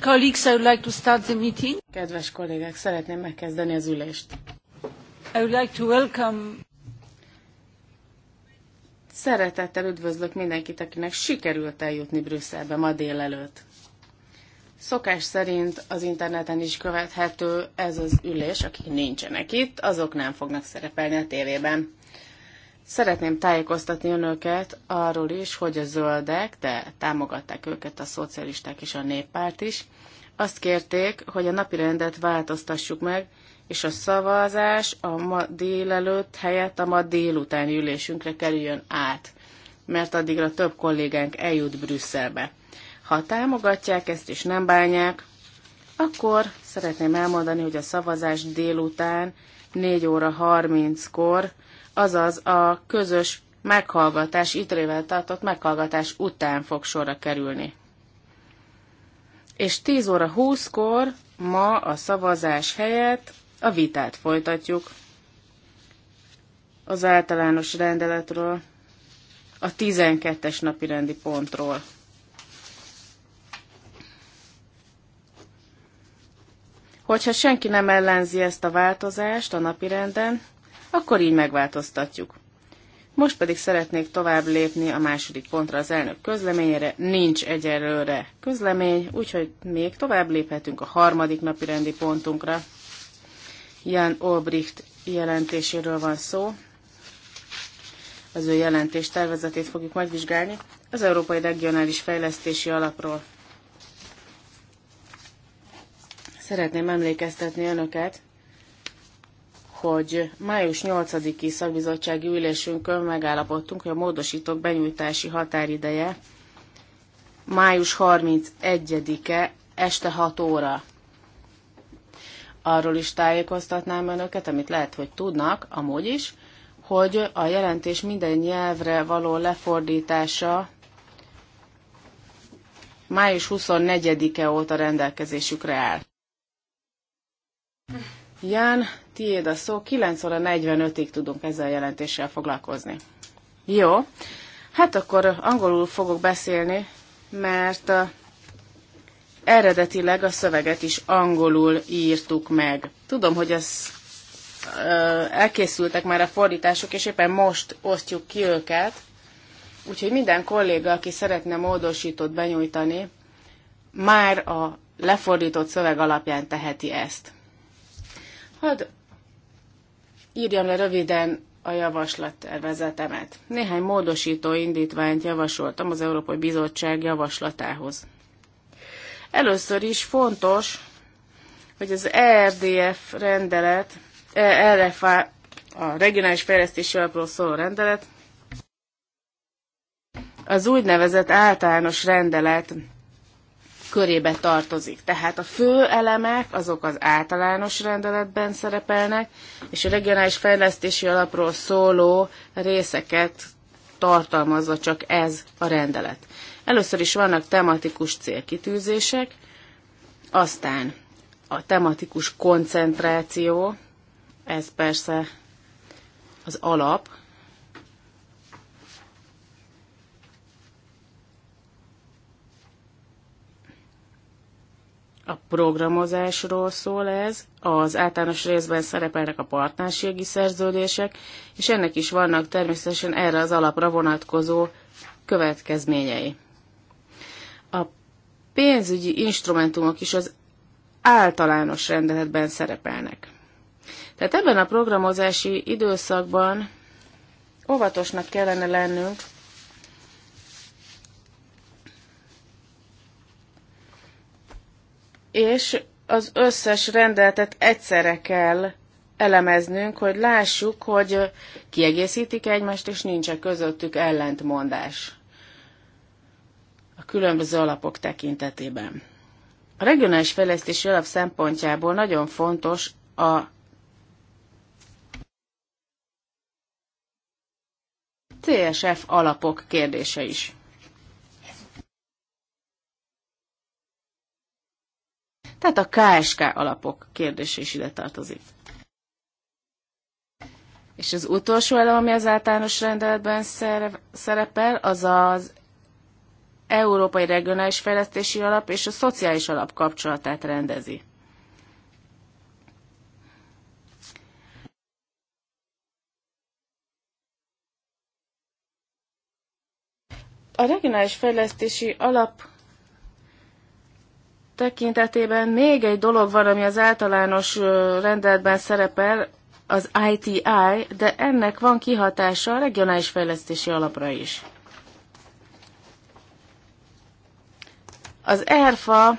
colleagues, I would like to start the meeting. Kedves kollégák, szeretném megkezdeni az ülést. I would like to welcome Szeretettel üdvözlök mindenkit, akinek sikerült eljutni Brüsszelbe ma délelőtt. Szokás szerint az interneten is követhető ez az ülés, akik nincsenek itt, azok nem fognak szerepelni a tévében. Szeretném tájékoztatni önöket arról is, hogy a zöldek, de támogatták őket a szocialisták és a néppárt is, azt kérték, hogy a napi rendet változtassuk meg, és a szavazás a ma délelőtt helyett a ma délutáni ülésünkre kerüljön át, mert addigra több kollégánk eljut Brüsszelbe. Ha támogatják ezt és nem bánják, akkor szeretném elmondani, hogy a szavazás délután 4 óra 30-kor azaz a közös meghallgatás, ítrével tartott meghallgatás után fog sorra kerülni. És 10 óra 20-kor ma a szavazás helyett a vitát folytatjuk az általános rendeletről, a 12-es napi rendi pontról. Hogyha senki nem ellenzi ezt a változást a napirenden, akkor így megváltoztatjuk. Most pedig szeretnék tovább lépni a második pontra az elnök közleményére. Nincs egyelőre közlemény, úgyhogy még tovább léphetünk a harmadik napi rendi pontunkra. Jan Olbricht jelentéséről van szó. Az ő jelentés tervezetét fogjuk megvizsgálni az Európai Regionális Fejlesztési Alapról. Szeretném emlékeztetni önöket, hogy május 8-i szakbizottsági ülésünkön megállapodtunk, hogy a módosítók benyújtási határideje május 31-e este 6 óra. Arról is tájékoztatnám önöket, amit lehet, hogy tudnak, amúgy is, hogy a jelentés minden nyelvre való lefordítása május 24-e óta rendelkezésükre áll. Ján, tiéd a szó, 9 óra 45-ig tudunk ezzel a jelentéssel foglalkozni. Jó, hát akkor angolul fogok beszélni, mert uh, eredetileg a szöveget is angolul írtuk meg. Tudom, hogy ez uh, elkészültek már a fordítások, és éppen most osztjuk ki őket, úgyhogy minden kolléga, aki szeretne módosítót benyújtani, már a lefordított szöveg alapján teheti ezt. Hadd írjam le röviden a javaslattervezetemet. Néhány módosító indítványt javasoltam az Európai Bizottság javaslatához. Először is fontos, hogy az ERDF rendelet, RFA, a Regionális Fejlesztési Alapról szóló rendelet, az úgynevezett általános rendelet körébe tartozik. Tehát a fő elemek azok az általános rendeletben szerepelnek, és a regionális fejlesztési alapról szóló részeket tartalmazza csak ez a rendelet. Először is vannak tematikus célkitűzések, aztán a tematikus koncentráció, ez persze az alap, A programozásról szól ez, az általános részben szerepelnek a partnerségi szerződések, és ennek is vannak természetesen erre az alapra vonatkozó következményei. A pénzügyi instrumentumok is az általános rendeletben szerepelnek. Tehát ebben a programozási időszakban óvatosnak kellene lennünk, és az összes rendeletet egyszerre kell elemeznünk, hogy lássuk, hogy kiegészítik egymást, és nincs -e közöttük ellentmondás a különböző alapok tekintetében. A regionális fejlesztési alap szempontjából nagyon fontos a CSF alapok kérdése is. Tehát a KSK alapok kérdése is ide tartozik. És az utolsó elem, ami az általános rendeletben szerepel, az az Európai Regionális Fejlesztési Alap és a Szociális Alap kapcsolatát rendezi. A regionális fejlesztési alap tekintetében még egy dolog van, ami az általános rendeletben szerepel, az ITI, de ennek van kihatása a regionális fejlesztési alapra is. Az ERFA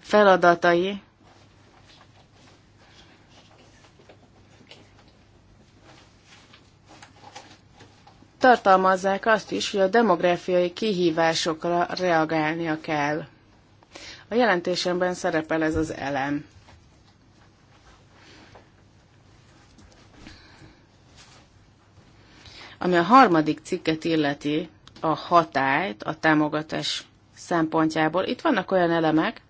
feladatai tartalmazzák azt is, hogy a demográfiai kihívásokra reagálnia kell. A jelentésemben szerepel ez az elem. Ami a harmadik cikket illeti, a hatályt a támogatás szempontjából. Itt vannak olyan elemek,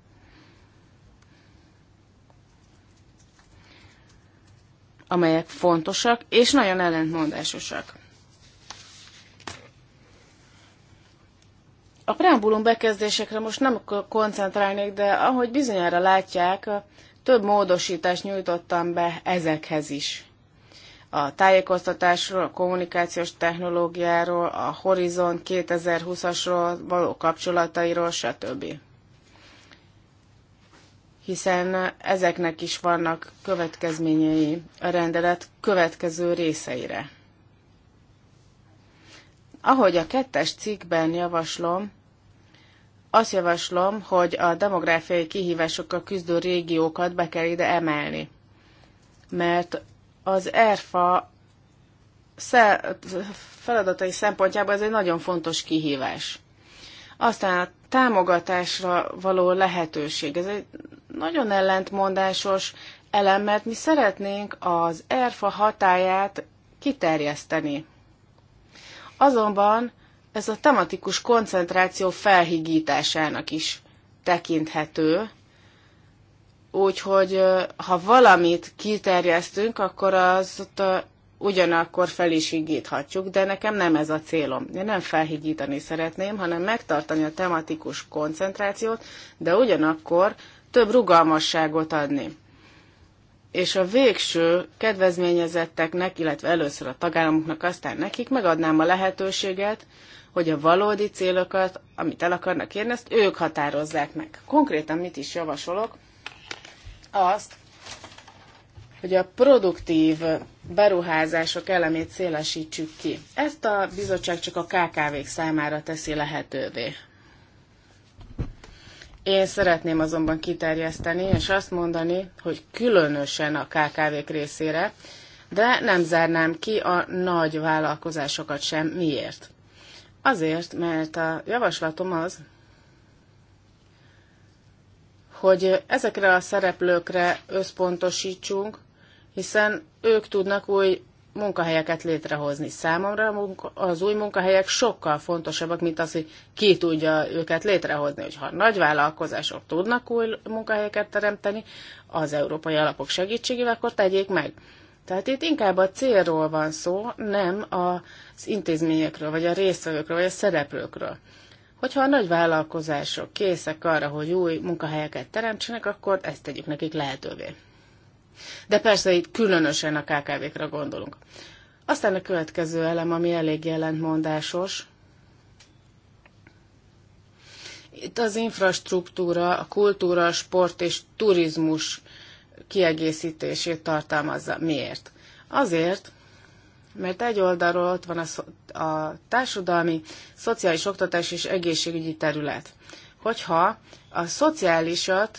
amelyek fontosak és nagyon ellentmondásosak. A preambulum bekezdésekre most nem koncentrálnék, de ahogy bizonyára látják, több módosítást nyújtottam be ezekhez is. A tájékoztatásról, a kommunikációs technológiáról, a Horizon 2020-asról való kapcsolatairól, stb. Hiszen ezeknek is vannak következményei a rendelet következő részeire. Ahogy a kettes cikkben javaslom, azt javaslom, hogy a demográfiai kihívásokkal küzdő régiókat be kell ide emelni. Mert az ERFA feladatai szempontjából ez egy nagyon fontos kihívás. Aztán a támogatásra való lehetőség. Ez egy nagyon ellentmondásos elem, mert mi szeretnénk az ERFA hatáját kiterjeszteni. Azonban ez a tematikus koncentráció felhigításának is tekinthető, úgyhogy ha valamit kiterjesztünk, akkor az ugyanakkor fel is higíthatjuk, de nekem nem ez a célom. Én nem felhigítani szeretném, hanem megtartani a tematikus koncentrációt, de ugyanakkor több rugalmasságot adni és a végső kedvezményezetteknek, illetve először a tagállamoknak, aztán nekik megadnám a lehetőséget, hogy a valódi célokat, amit el akarnak érni, ezt ők határozzák meg. Konkrétan mit is javasolok? Azt, hogy a produktív beruházások elemét szélesítsük ki. Ezt a bizottság csak a KKV-k számára teszi lehetővé. Én szeretném azonban kiterjeszteni, és azt mondani, hogy különösen a KKV-k részére, de nem zárnám ki a nagy vállalkozásokat sem. Miért? Azért, mert a javaslatom az, hogy ezekre a szereplőkre összpontosítsunk, hiszen ők tudnak új munkahelyeket létrehozni. Számomra az új munkahelyek sokkal fontosabbak, mint az, hogy ki tudja őket létrehozni. ha nagy vállalkozások tudnak új munkahelyeket teremteni az európai alapok segítségével, akkor tegyék meg. Tehát itt inkább a célról van szó, nem az intézményekről, vagy a résztvevőkről, vagy a szereplőkről. Hogyha a nagy vállalkozások készek arra, hogy új munkahelyeket teremtsenek, akkor ezt tegyük nekik lehetővé. De persze itt különösen a KKV-kra gondolunk. Aztán a következő elem, ami elég jelentmondásos, itt az infrastruktúra, a kultúra, a sport és turizmus kiegészítését tartalmazza. Miért? Azért, mert egy oldalról ott van a, a társadalmi, szociális, oktatás és egészségügyi terület. Hogyha a szociálisat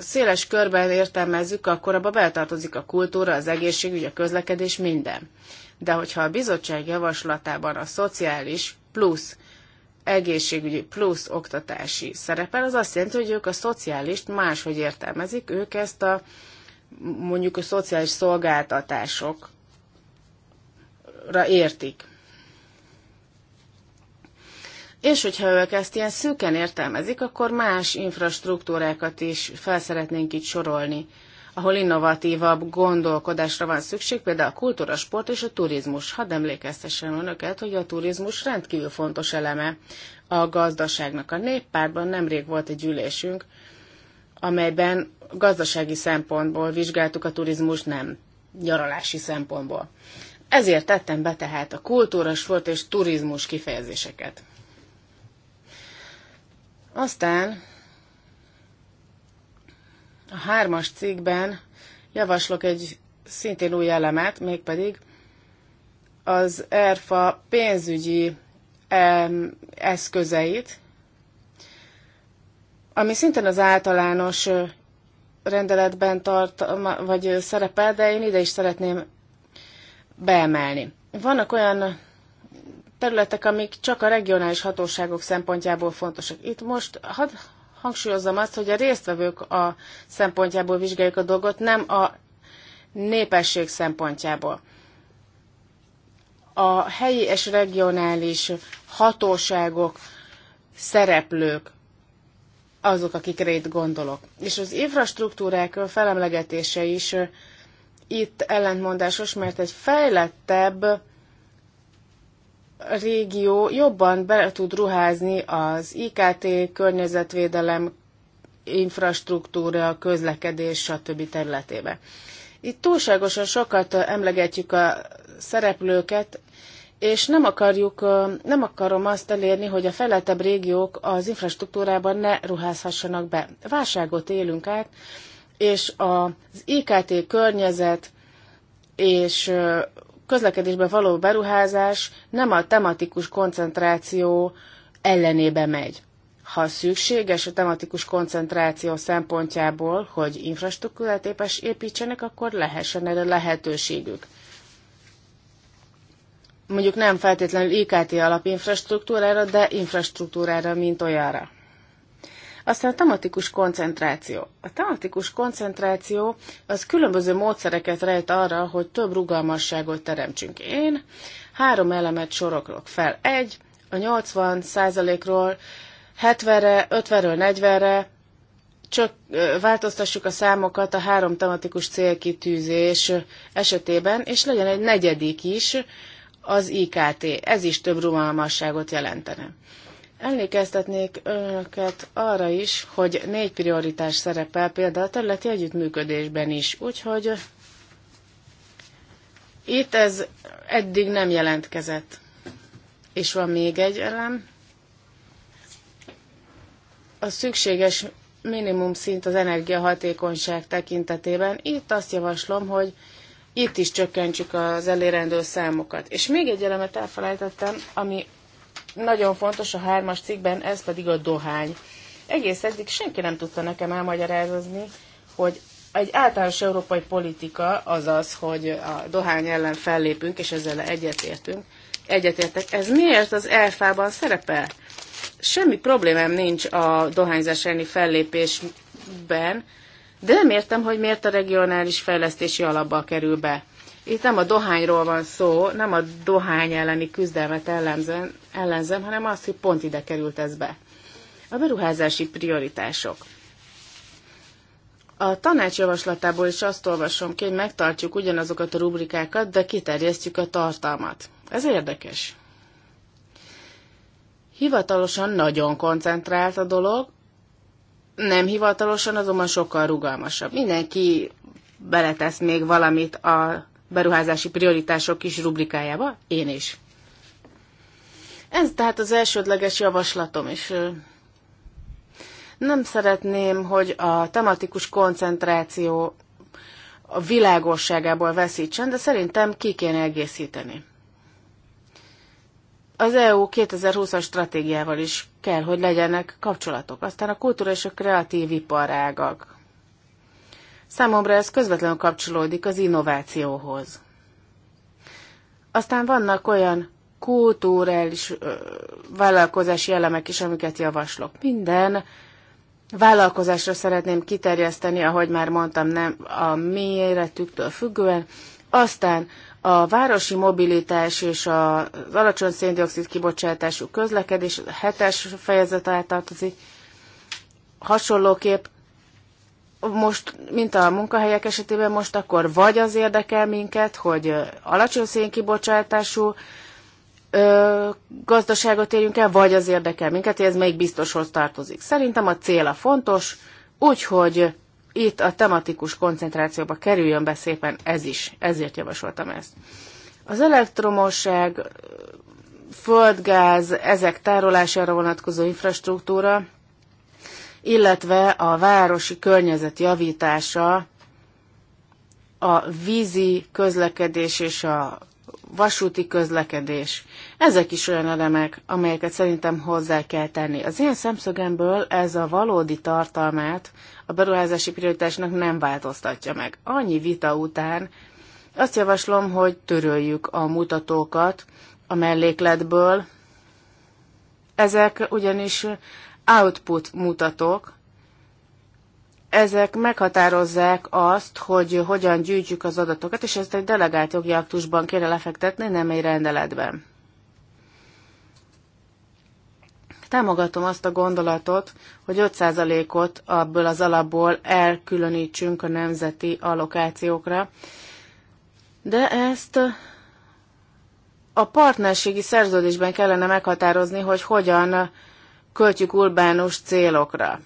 széles körben értelmezzük, akkor abba beletartozik a kultúra, az egészségügy, a közlekedés, minden. De hogyha a bizottság javaslatában a szociális plusz egészségügyi plusz oktatási szerepel, az azt jelenti, hogy ők a szociálist máshogy értelmezik, ők ezt a mondjuk a szociális szolgáltatásokra értik. És hogyha ők ezt ilyen szűken értelmezik, akkor más infrastruktúrákat is fel szeretnénk itt sorolni, ahol innovatívabb gondolkodásra van szükség, például a kultúra, sport és a turizmus. Hadd emlékeztessem önöket, hogy a turizmus rendkívül fontos eleme a gazdaságnak. A néppárban nemrég volt egy ülésünk, amelyben gazdasági szempontból vizsgáltuk a turizmus nem nyaralási szempontból. Ezért tettem be tehát a kultúra, sport és turizmus kifejezéseket. Aztán a hármas cikkben javaslok egy szintén új elemet, mégpedig az ERFA pénzügyi eszközeit, ami szintén az általános rendeletben tart, vagy szerepel, de én ide is szeretném beemelni. Vannak olyan területek, amik csak a regionális hatóságok szempontjából fontosak. Itt most hadd hangsúlyozzam azt, hogy a résztvevők a szempontjából vizsgáljuk a dolgot, nem a népesség szempontjából. A helyi és regionális hatóságok, szereplők, azok, akikre itt gondolok. És az infrastruktúrák felemlegetése is itt ellentmondásos, mert egy fejlettebb régió jobban bele tud ruházni az IKT, környezetvédelem, infrastruktúra, közlekedés, stb. területébe. Itt túlságosan sokat emlegetjük a szereplőket, és nem, akarjuk, nem akarom azt elérni, hogy a fejlettebb régiók az infrastruktúrában ne ruházhassanak be. Válságot élünk át, és az IKT környezet és közlekedésbe való beruházás nem a tematikus koncentráció ellenébe megy. Ha szükséges a tematikus koncentráció szempontjából, hogy infrastruktúrát építsenek, akkor lehessen erre lehetőségük mondjuk nem feltétlenül IKT alapinfrastruktúrára, de infrastruktúrára, mint olyanra. Aztán a tematikus koncentráció. A tematikus koncentráció az különböző módszereket rejt arra, hogy több rugalmasságot teremtsünk. Én három elemet soroklok fel. Egy, a 80 ról 70-re, 50-ről 40-re, csak változtassuk a számokat a három tematikus célkitűzés esetében, és legyen egy negyedik is, az IKT. Ez is több rugalmasságot jelentene. Emlékeztetnék önöket arra is, hogy négy prioritás szerepel például a területi együttműködésben is, úgyhogy itt ez eddig nem jelentkezett. És van még egy elem. A szükséges minimum szint az energiahatékonyság tekintetében. Itt azt javaslom, hogy itt is csökkentsük az elérendő számokat. És még egy elemet elfelejtettem, ami nagyon fontos a hármas cikkben, ez pedig a dohány. Egész eddig senki nem tudta nekem elmagyarázni, hogy egy általános európai politika az az, hogy a dohány ellen fellépünk, és ezzel egyetértünk. Egyetértek. Ez miért az EFA-ban szerepel? Semmi problémám nincs a dohányzás elleni fellépésben, de nem értem, hogy miért a regionális fejlesztési alapba kerül be. Itt nem a dohányról van szó, nem a dohány elleni küzdelmet ellenzem, ellenzem hanem az, hogy pont ide került ez be. A beruházási prioritások. A tanács javaslatából is azt olvasom ki, hogy megtartjuk ugyanazokat a rubrikákat, de kiterjesztjük a tartalmat. Ez érdekes. Hivatalosan nagyon koncentrált a dolog, nem hivatalosan azonban sokkal rugalmasabb. Mindenki beletesz még valamit a beruházási prioritások kis rubrikájába, én is. Ez tehát az elsődleges javaslatom, és nem szeretném, hogy a tematikus koncentráció a világosságából veszítsen, de szerintem ki kéne egészíteni. Az EU 2020-as stratégiával is kell, hogy legyenek kapcsolatok. Aztán a kultúra és a kreatív iparágak. Számomra ez közvetlenül kapcsolódik az innovációhoz. Aztán vannak olyan kultúrális vállalkozási elemek is, amiket javaslok. Minden vállalkozásra szeretném kiterjeszteni, ahogy már mondtam, nem a méretüktől függően. Aztán a városi mobilitás és az alacsony széndiokszid kibocsátású közlekedés a hetes fejezet tartozik. Hasonlóképp most, mint a munkahelyek esetében most akkor vagy az érdekel minket, hogy alacsony szénkibocsátású ö, gazdaságot érjünk el, vagy az érdekel minket, hogy ez melyik biztoshoz tartozik. Szerintem a cél a fontos, úgyhogy itt a tematikus koncentrációba kerüljön be szépen ez is, ezért javasoltam ezt. Az elektromosság, földgáz, ezek tárolására vonatkozó infrastruktúra, illetve a városi környezet javítása, a vízi közlekedés és a vasúti közlekedés. Ezek is olyan elemek, amelyeket szerintem hozzá kell tenni. Az én szemszögemből ez a valódi tartalmát a beruházási prioritásnak nem változtatja meg. Annyi vita után azt javaslom, hogy töröljük a mutatókat a mellékletből. Ezek ugyanis output mutatók, ezek meghatározzák azt, hogy hogyan gyűjtjük az adatokat, és ezt egy delegált jogi aktusban kéne lefektetni, nem egy rendeletben. Támogatom azt a gondolatot, hogy 5%-ot abból az alapból elkülönítsünk a nemzeti allokációkra, de ezt a partnerségi szerződésben kellene meghatározni, hogy hogyan költjük urbánus célokra.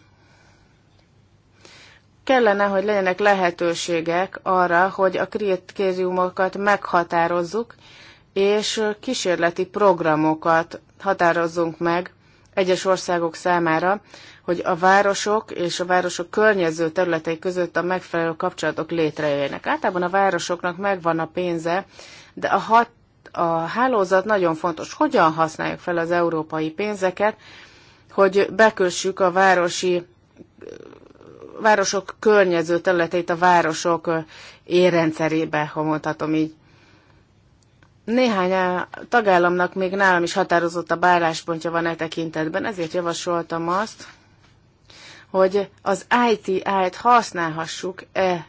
Kellene, hogy legyenek lehetőségek arra, hogy a kritériumokat meghatározzuk, és kísérleti programokat határozzunk meg egyes országok számára, hogy a városok és a városok környező területei között a megfelelő kapcsolatok létrejöjjenek. Általában a városoknak megvan a pénze, de a, hat, a hálózat nagyon fontos, hogyan használjuk fel az európai pénzeket, hogy bekössük a városi városok környező területeit a városok érrendszerébe, ha mondhatom így. Néhány tagállamnak még nálam is határozott a álláspontja van e tekintetben, ezért javasoltam azt, hogy az IT-t használhassuk e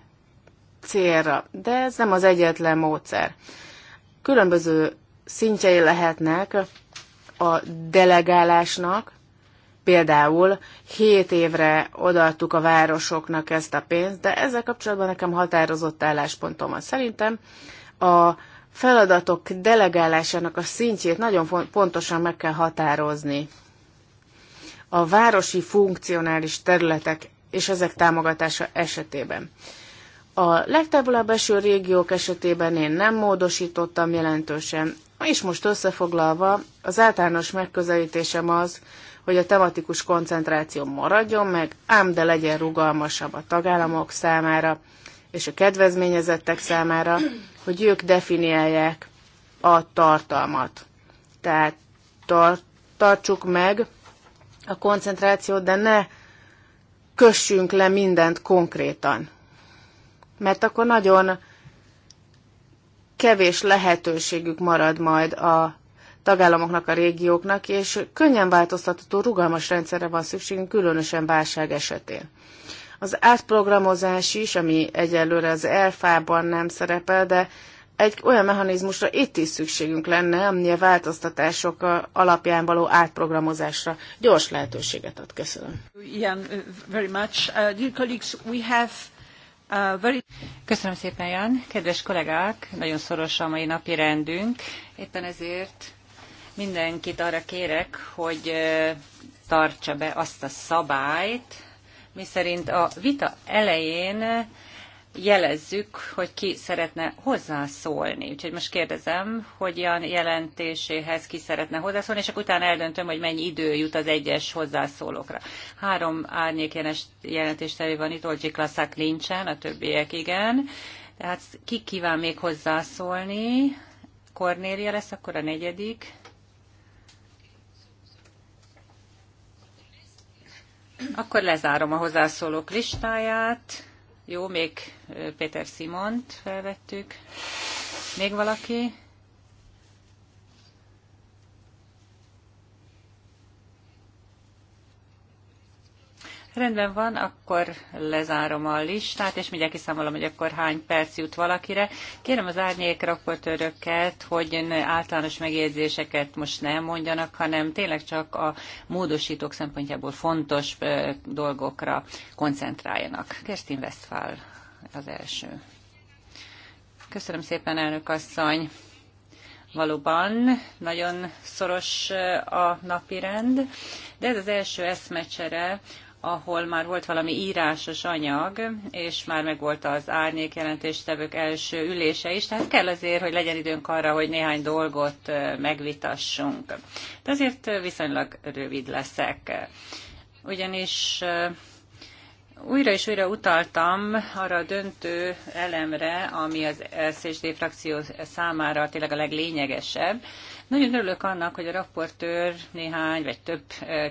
célra, de ez nem az egyetlen módszer. Különböző szintjei lehetnek a delegálásnak, Például 7 évre odaadtuk a városoknak ezt a pénzt, de ezzel kapcsolatban nekem határozott álláspontom van. Szerintem a feladatok delegálásának a szintjét nagyon pontosan meg kell határozni. A városi funkcionális területek és ezek támogatása esetében. A legtávolabb eső régiók esetében én nem módosítottam jelentősen, és most összefoglalva az általános megközelítésem az, hogy a tematikus koncentráció maradjon meg, ám de legyen rugalmasabb a tagállamok számára és a kedvezményezettek számára, hogy ők definiálják a tartalmat. Tehát tar tartsuk meg a koncentrációt, de ne kössünk le mindent konkrétan. Mert akkor nagyon kevés lehetőségük marad majd a tagállamoknak, a régióknak, és könnyen változtatható, rugalmas rendszerre van szükségünk, különösen válság esetén. Az átprogramozás is, ami egyelőre az RF-ban nem szerepel, de egy olyan mechanizmusra itt is szükségünk lenne, ami a változtatások alapján való átprogramozásra gyors lehetőséget ad. Köszönöm. Uh, uh, uh, Köszönöm szépen, Jan. Kedves kollégák, nagyon szoros a mai napi rendünk. Éppen ezért Mindenkit arra kérek, hogy tartsa be azt a szabályt, miszerint a vita elején jelezzük, hogy ki szeretne hozzászólni. Úgyhogy most kérdezem, hogy ilyen jelentéséhez ki szeretne hozzászólni, és akkor utána eldöntöm, hogy mennyi idő jut az egyes hozzászólókra. Három árnyék jelentéstevő van itt, Olcsi Klasszák nincsen, a többiek igen. Tehát ki kíván még hozzászólni? Kornélia lesz akkor a negyedik. Akkor lezárom a hozzászólók listáját. Jó, még Péter Simont felvettük. Még valaki? Rendben van, akkor lezárom a listát, és mindjárt kiszámolom, hogy akkor hány perc jut valakire. Kérem az árnyék raportőröket, hogy általános megjegyzéseket most nem mondjanak, hanem tényleg csak a módosítók szempontjából fontos dolgokra koncentráljanak. Kerstin Westphal az első. Köszönöm szépen, elnök asszony. Valóban nagyon szoros a rend, de ez az első eszmecsere, ahol már volt valami írásos anyag, és már megvolt az árnyék jelentéstevők első ülése is, tehát kell azért, hogy legyen időnk arra, hogy néhány dolgot megvitassunk. De azért viszonylag rövid leszek. Ugyanis újra és újra utaltam arra a döntő elemre, ami az SZSD frakció számára tényleg a leglényegesebb, nagyon örülök annak, hogy a raportőr néhány vagy több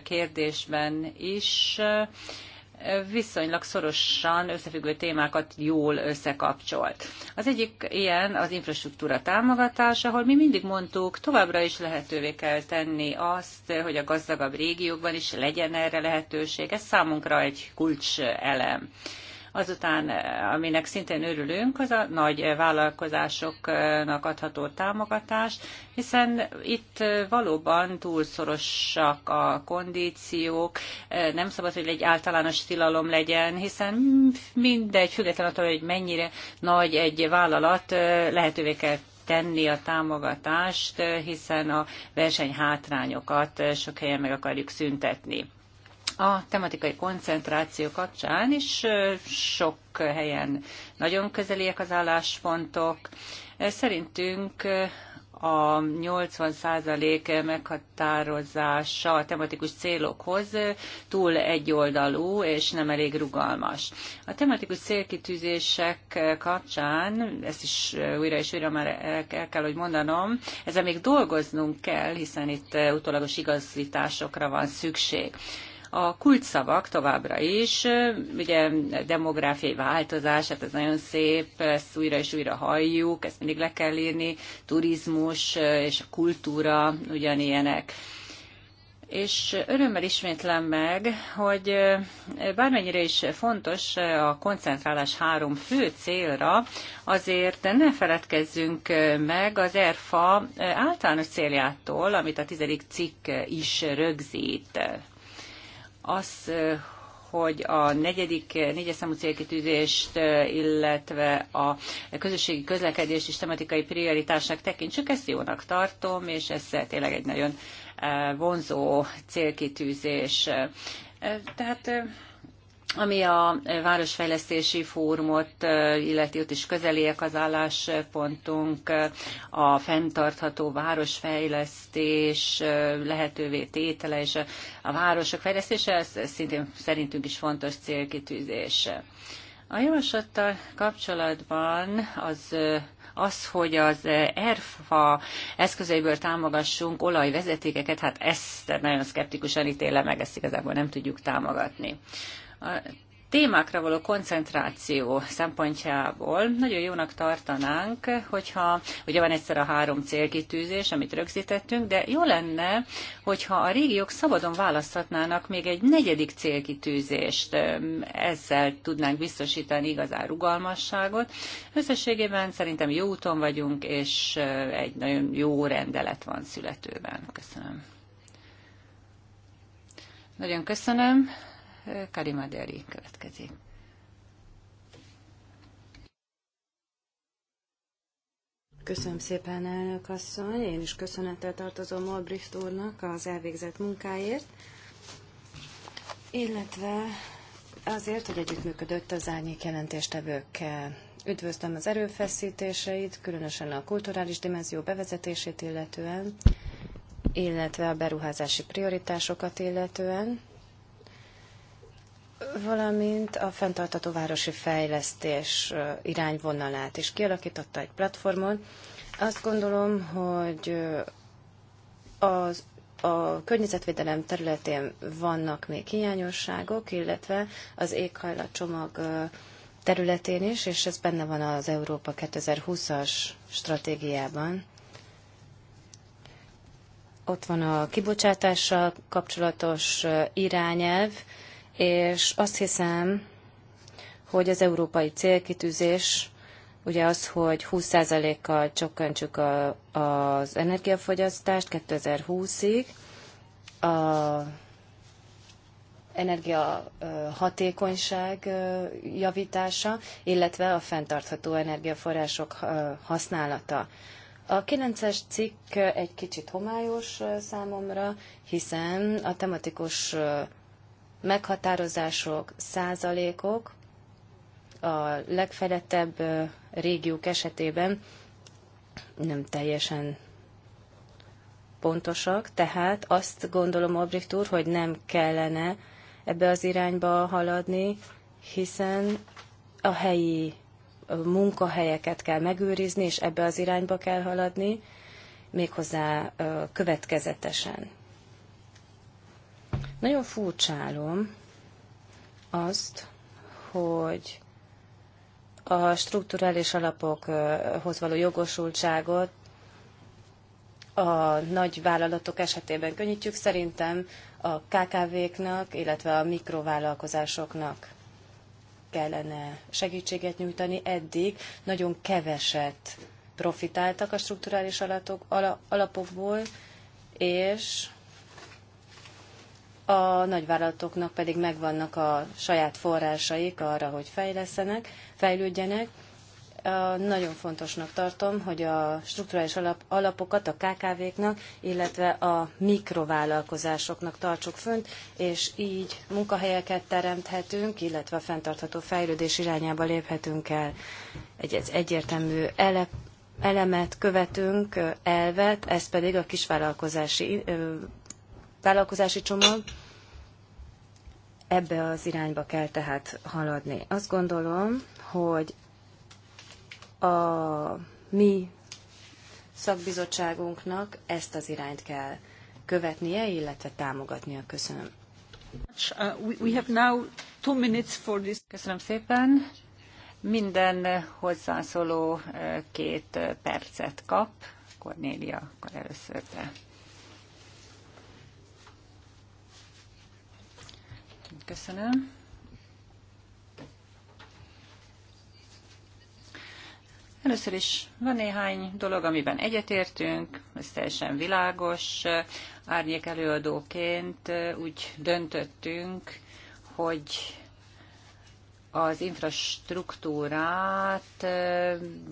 kérdésben is viszonylag szorosan összefüggő témákat jól összekapcsolt. Az egyik ilyen az infrastruktúra támogatása, ahol mi mindig mondtuk, továbbra is lehetővé kell tenni azt, hogy a gazdagabb régiókban is legyen erre lehetőség. Ez számunkra egy kulcselem. elem. Azután, eh, aminek szintén örülünk, az a nagy vállalkozásoknak adható támogatás, hiszen itt eh, valóban túl szorosak a kondíciók, eh, nem szabad, hogy egy általános tilalom legyen, hiszen mindegy, független attól, hogy mennyire nagy egy vállalat, lehetővé kell tenni a támogatást, hiszen a verseny hátrányokat sok helyen meg akarjuk szüntetni a tematikai koncentráció kapcsán is sok helyen nagyon közeliek az álláspontok. Szerintünk a 80% meghatározása a tematikus célokhoz túl egyoldalú és nem elég rugalmas. A tematikus célkitűzések kapcsán, ezt is újra és újra már el kell, hogy mondanom, ezzel még dolgoznunk kell, hiszen itt utólagos igazításokra van szükség. A kulcsszavak továbbra is, ugye demográfiai változás, hát ez nagyon szép, ezt újra és újra halljuk, ezt mindig le kell írni, turizmus és a kultúra ugyanilyenek és örömmel ismétlem meg, hogy bármennyire is fontos a koncentrálás három fő célra, azért ne feledkezzünk meg az ERFA általános céljától, amit a tizedik cikk is rögzít az, hogy a negyedik, négyes számú célkitűzést, illetve a közösségi közlekedést és tematikai prioritásnak tekintsük, ezt jónak tartom, és ez tényleg egy nagyon eh, vonzó célkitűzés. Eh, tehát eh, ami a Városfejlesztési Fórumot illeti, ott is közeliek az álláspontunk, a fenntartható városfejlesztés lehetővé tétele és a városok fejlesztése, ez szintén szerintünk is fontos célkitűzés. A javaslattal kapcsolatban az az, hogy az ERFA eszközeiből támogassunk olajvezetékeket, hát ezt nagyon szkeptikusan ítélem meg, ezt igazából nem tudjuk támogatni a témákra való koncentráció szempontjából nagyon jónak tartanánk, hogyha ugye van egyszer a három célkitűzés, amit rögzítettünk, de jó lenne, hogyha a régiók szabadon választhatnának még egy negyedik célkitűzést, ezzel tudnánk biztosítani igazán rugalmasságot. Összességében szerintem jó úton vagyunk, és egy nagyon jó rendelet van születőben. Köszönöm. Nagyon köszönöm. Karima Deri következik. Köszönöm szépen, elnök asszony. Én is köszönettel tartozom Olbricht úrnak az elvégzett munkáért, illetve azért, hogy együttműködött az árnyék jelentéstevőkkel. Üdvözlöm az erőfeszítéseit, különösen a kulturális dimenzió bevezetését illetően, illetve a beruházási prioritásokat illetően valamint a fenntartató városi fejlesztés irányvonalát is kialakította egy platformon. Azt gondolom, hogy az a környezetvédelem területén vannak még hiányosságok, illetve az éghajlatcsomag területén is, és ez benne van az Európa 2020-as stratégiában. Ott van a kibocsátással kapcsolatos irányelv, és azt hiszem, hogy az európai célkitűzés ugye az, hogy 20%-kal csökkentsük a, az energiafogyasztást 2020-ig, a energia hatékonyság javítása, illetve a fenntartható energiaforrások használata. A 9-es cikk egy kicsit homályos számomra, hiszen a tematikus meghatározások, százalékok a legfedettebb régiók esetében nem teljesen pontosak, tehát azt gondolom, Obrift úr, hogy nem kellene ebbe az irányba haladni, hiszen a helyi munkahelyeket kell megőrizni, és ebbe az irányba kell haladni, méghozzá következetesen. Nagyon furcsálom azt, hogy a strukturális alapokhoz való jogosultságot a nagy vállalatok esetében könnyítjük, szerintem a KKV-knak, illetve a mikrovállalkozásoknak kellene segítséget nyújtani. Eddig nagyon keveset profitáltak a strukturális alapokból, és a nagyvállalatoknak pedig megvannak a saját forrásaik arra, hogy fejlesztenek, fejlődjenek. Nagyon fontosnak tartom, hogy a strukturális alap, alapokat a KKV-knak, illetve a mikrovállalkozásoknak tartsuk fönt, és így munkahelyeket teremthetünk, illetve a fenntartható fejlődés irányába léphetünk el. Egy, egy egyértelmű ele, elemet követünk, elvet, ez pedig a kisvállalkozási vállalkozási csomag, Ebbe az irányba kell tehát haladni. Azt gondolom, hogy a mi szakbizottságunknak ezt az irányt kell követnie, illetve támogatnia. Köszönöm. Uh, Köszönöm szépen. Minden hozzászóló uh, két uh, percet kap. Cornélia, akkor először te. Köszönöm. Először is van néhány dolog, amiben egyetértünk, ez teljesen világos. Árnyék előadóként úgy döntöttünk, hogy az infrastruktúrát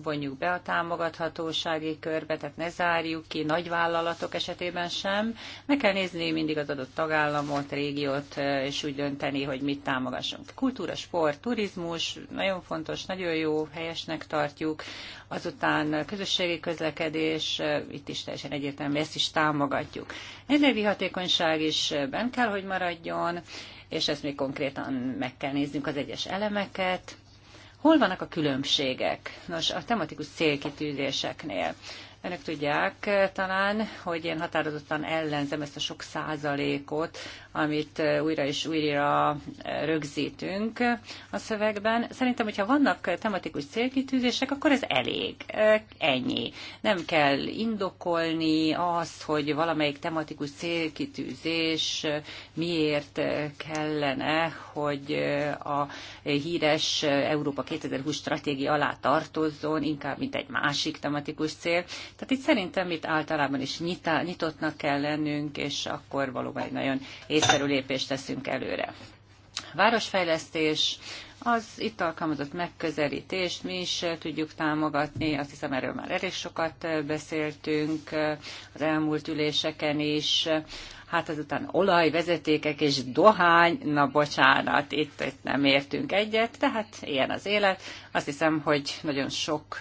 vonjuk be a támogathatósági körbe, tehát ne zárjuk ki nagyvállalatok esetében sem. Meg kell nézni mindig az adott tagállamot, régiót, és úgy dönteni, hogy mit támogassunk. Kultúra, sport, turizmus, nagyon fontos, nagyon jó, helyesnek tartjuk. Azután közösségi közlekedés, itt is teljesen egyértelmű, ezt is támogatjuk. Energiahatékonyság is ben kell, hogy maradjon és ezt még konkrétan meg kell néznünk az egyes elemeket. Hol vannak a különbségek? Nos, a tematikus célkitűzéseknél. Önök tudják eh, talán, hogy én határozottan ellenzem ezt a sok százalékot, amit eh, újra és újra eh, rögzítünk a szövegben. Szerintem, hogyha vannak tematikus célkitűzések, akkor ez elég. Ennyi. Nem kell indokolni azt, hogy valamelyik tematikus célkitűzés miért kellene, hogy a híres Európa 2020 stratégia alá tartozzon, inkább mint egy másik tematikus cél. Tehát itt szerintem itt általában is nyitá, nyitottnak kell lennünk, és akkor valóban egy nagyon észszerű lépést teszünk előre. Városfejlesztés, az itt alkalmazott megközelítést mi is tudjuk támogatni, azt hiszem erről már elég sokat beszéltünk az elmúlt üléseken is hát azután olajvezetékek és dohány, na bocsánat, itt, itt nem értünk egyet, tehát ilyen az élet. Azt hiszem, hogy nagyon sok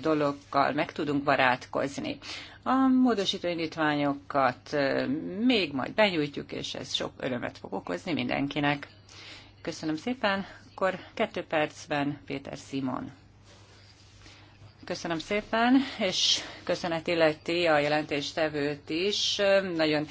dologkal meg tudunk barátkozni. A módosító indítványokat még majd benyújtjuk, és ez sok örömet fog okozni mindenkinek. Köszönöm szépen, akkor kettő percben Péter Simon. Köszönöm szépen, és köszönet illeti a jelentéstevőt is. Nagyon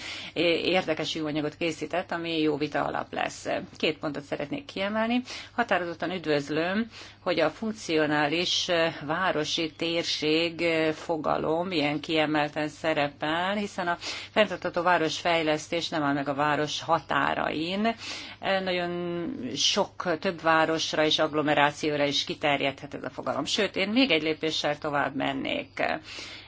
érdekes jóanyagot készített, ami jó vita alap lesz. Két pontot szeretnék kiemelni. Határozottan üdvözlöm hogy a funkcionális eh, városi térség eh, fogalom ilyen kiemelten szerepel, hiszen a fenntartható városfejlesztés nem áll meg a város határain. Eh, nagyon sok több városra és agglomerációra is kiterjedhet ez a fogalom. Sőt, én még egy lépéssel tovább mennék.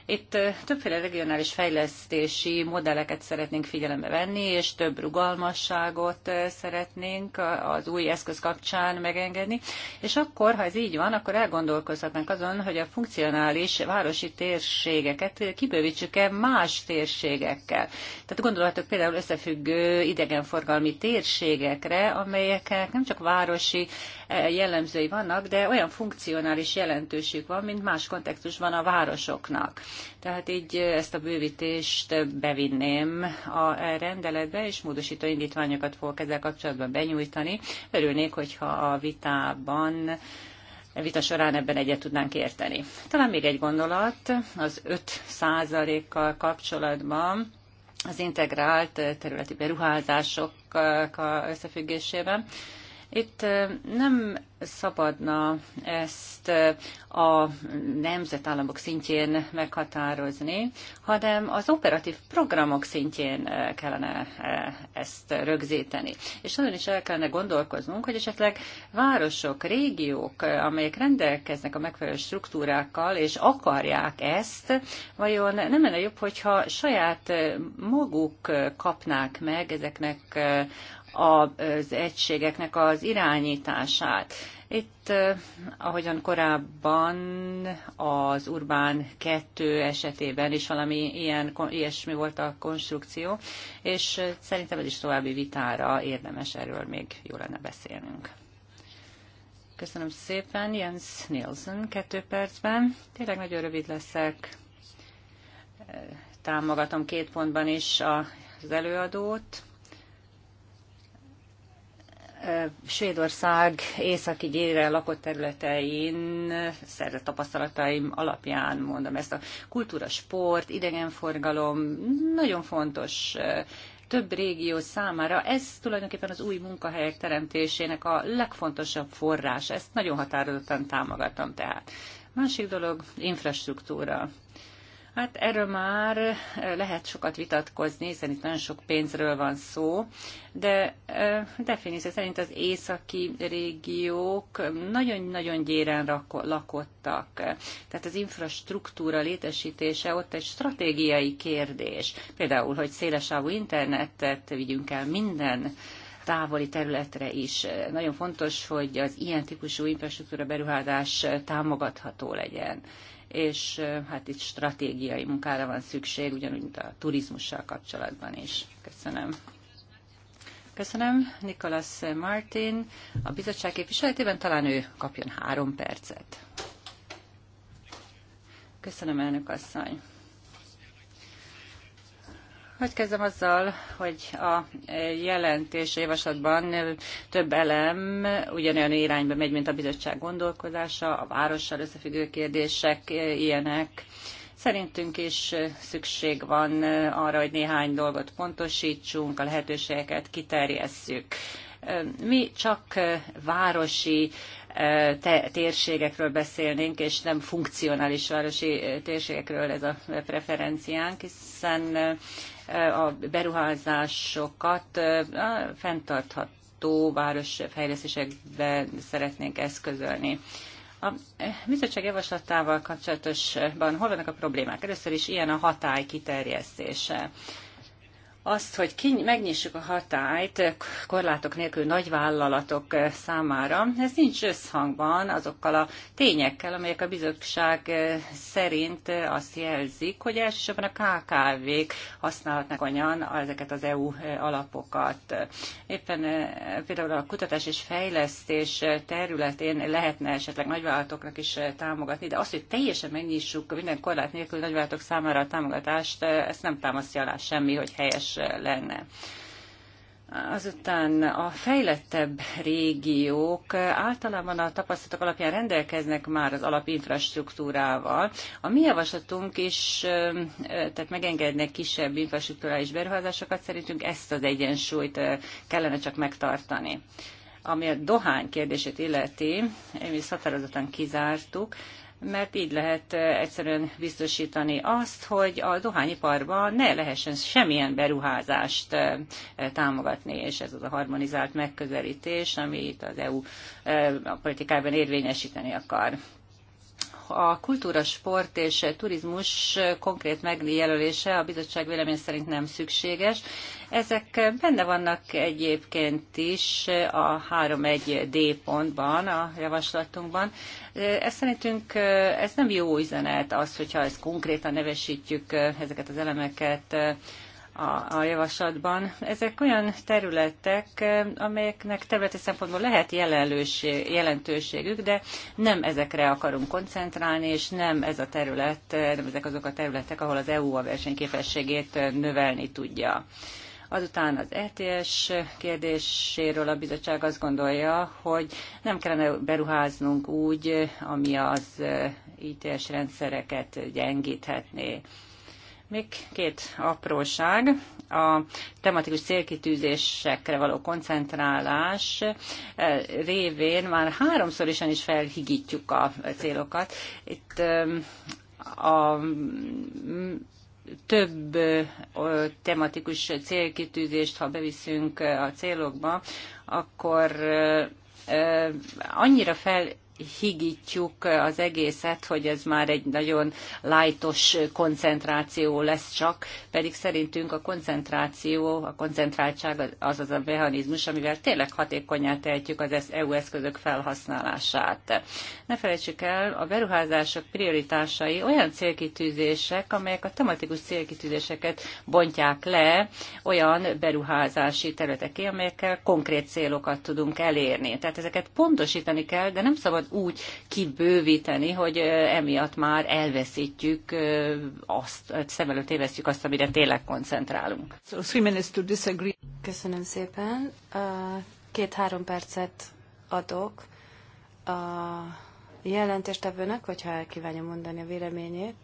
Itt többféle regionális fejlesztési modelleket szeretnénk figyelembe venni, és több rugalmasságot szeretnénk az új eszköz kapcsán megengedni. És akkor, ha ez így van, akkor elgondolkozhatnánk azon, hogy a funkcionális városi térségeket kibővítsük-e más térségekkel. Tehát gondolhatok például összefüggő idegenforgalmi térségekre, amelyek nem csak városi jellemzői vannak, de olyan funkcionális jelentőség van, mint más kontextusban a városoknak. Tehát így ezt a bővítést bevinném a rendeletbe, és módosító indítványokat fogok ezzel kapcsolatban benyújtani. Örülnék, hogyha a vitában vita során ebben egyet tudnánk érteni. Talán még egy gondolat az 5 kal kapcsolatban az integrált területi beruházások összefüggésében. Itt nem szabadna ezt a nemzetállamok szintjén meghatározni, hanem az operatív programok szintjén kellene ezt rögzíteni. És nagyon is el kellene gondolkoznunk, hogy esetleg városok, régiók, amelyek rendelkeznek a megfelelő struktúrákkal, és akarják ezt, vajon nem lenne jobb, hogyha saját maguk kapnák meg ezeknek az egységeknek az irányítását. Itt, eh, ahogyan korábban az Urbán 2 esetében is valami ilyen, ilyesmi volt a konstrukció, és eh, szerintem ez is további vitára érdemes, erről még jó lenne beszélnünk. Köszönöm szépen, Jens Nielsen, kettő percben. Tényleg nagyon rövid leszek. Eh, támogatom két pontban is az előadót Svédország északi gyére lakott területein szerzett tapasztalataim alapján mondom ezt a kultúra, sport, idegenforgalom nagyon fontos több régió számára. Ez tulajdonképpen az új munkahelyek teremtésének a legfontosabb forrás. Ezt nagyon határozottan támogatom tehát. Másik dolog, infrastruktúra. Hát erről már lehet sokat vitatkozni, hiszen itt nagyon sok pénzről van szó, de definíció szerint az északi régiók nagyon-nagyon gyéren lakottak. Tehát az infrastruktúra létesítése ott egy stratégiai kérdés. Például, hogy szélesávú internetet vigyünk el minden távoli területre is. Nagyon fontos, hogy az ilyen típusú infrastruktúra beruházás támogatható legyen és hát itt stratégiai munkára van szükség, ugyanúgy, mint a turizmussal kapcsolatban is. Köszönöm. Köszönöm, Nikolas Martin. A bizottság képviseletében talán ő kapjon három percet. Köszönöm, elnök asszony. Hogy kezdem azzal, hogy a jelentés javaslatban több elem ugyanolyan irányba megy, mint a bizottság gondolkodása, a várossal összefüggő kérdések e, ilyenek. Szerintünk is szükség van arra, hogy néhány dolgot pontosítsunk, a lehetőségeket kiterjesszük. E, mi csak városi e, térségekről beszélnénk, és nem funkcionális városi térségekről ez a preferenciánk, hiszen a beruházásokat a fenntartható városfejlesztésekbe szeretnénk eszközölni. A bizottság javaslatával kapcsolatosban hol vannak a problémák? Először is ilyen a hatály kiterjesztése azt, hogy kiny- megnyissuk a hatályt korlátok nélkül nagy vállalatok eh, számára, ez nincs összhangban azokkal a tényekkel, amelyek a bizottság eh, szerint eh, azt jelzik, hogy elsősorban a KKV-k használhatnak olyan ezeket az EU alapokat. Éppen például a kutatás és fejlesztés területén lehetne esetleg nagyvállalatoknak is támogatni, de azt, hogy teljesen megnyissuk minden korlát nélkül nagyvállalatok számára a támogatást, ezt nem támasztja alá semmi, hogy helyes lenne. Azután a fejlettebb régiók általában a tapasztalatok alapján rendelkeznek már az alapinfrastruktúrával. A mi javaslatunk is, tehát megengednek kisebb infrastruktúrális beruházásokat, szerintünk ezt az egyensúlyt kellene csak megtartani. Ami a dohány kérdését illeti, mi is határozottan kizártuk, mert így lehet egyszerűen biztosítani azt, hogy a dohányiparban ne lehessen semmilyen beruházást támogatni, és ez az a harmonizált megközelítés, amit az EU a politikában érvényesíteni akar a kultúra, sport és turizmus konkrét megjelölése a bizottság vélemény szerint nem szükséges. Ezek benne vannak egyébként is a 3.1d pontban, a javaslatunkban, ez szerintünk ez nem jó üzenet, az, hogyha ezt konkrétan nevesítjük ezeket az elemeket a, a javaslatban. Ezek olyan területek, amelyeknek területi szempontból lehet jelentőségük, de nem ezekre akarunk koncentrálni, és nem ez a terület, nem ezek azok a területek, ahol az EU a versenyképességét növelni tudja. Azután az ETS kérdéséről a bizottság azt gondolja, hogy nem kellene beruháznunk úgy, ami az ITS e rendszereket gyengíthetné. Még két apróság. A tematikus célkitűzésekre való koncentrálás révén már háromszor is, is felhigítjuk a célokat. Itt a több tematikus célkitűzést, ha beviszünk a célokba, akkor annyira fel higítjuk az egészet, hogy ez már egy nagyon lájtos koncentráció lesz csak, pedig szerintünk a koncentráció, a koncentráltság az az a mechanizmus, amivel tényleg hatékonyá tehetjük az EU eszközök felhasználását. Ne felejtsük el, a beruházások prioritásai olyan célkitűzések, amelyek a tematikus célkitűzéseket bontják le olyan beruházási területeké, amelyekkel konkrét célokat tudunk elérni. Tehát ezeket pontosítani kell, de nem szabad szabad úgy kibővíteni, hogy emiatt már elveszítjük azt, szem előtt éveszjük azt, amire tényleg koncentrálunk. So disagree. Köszönöm szépen. Két-három percet adok a jelentéstevőnek, hogyha el kívánja mondani a véleményét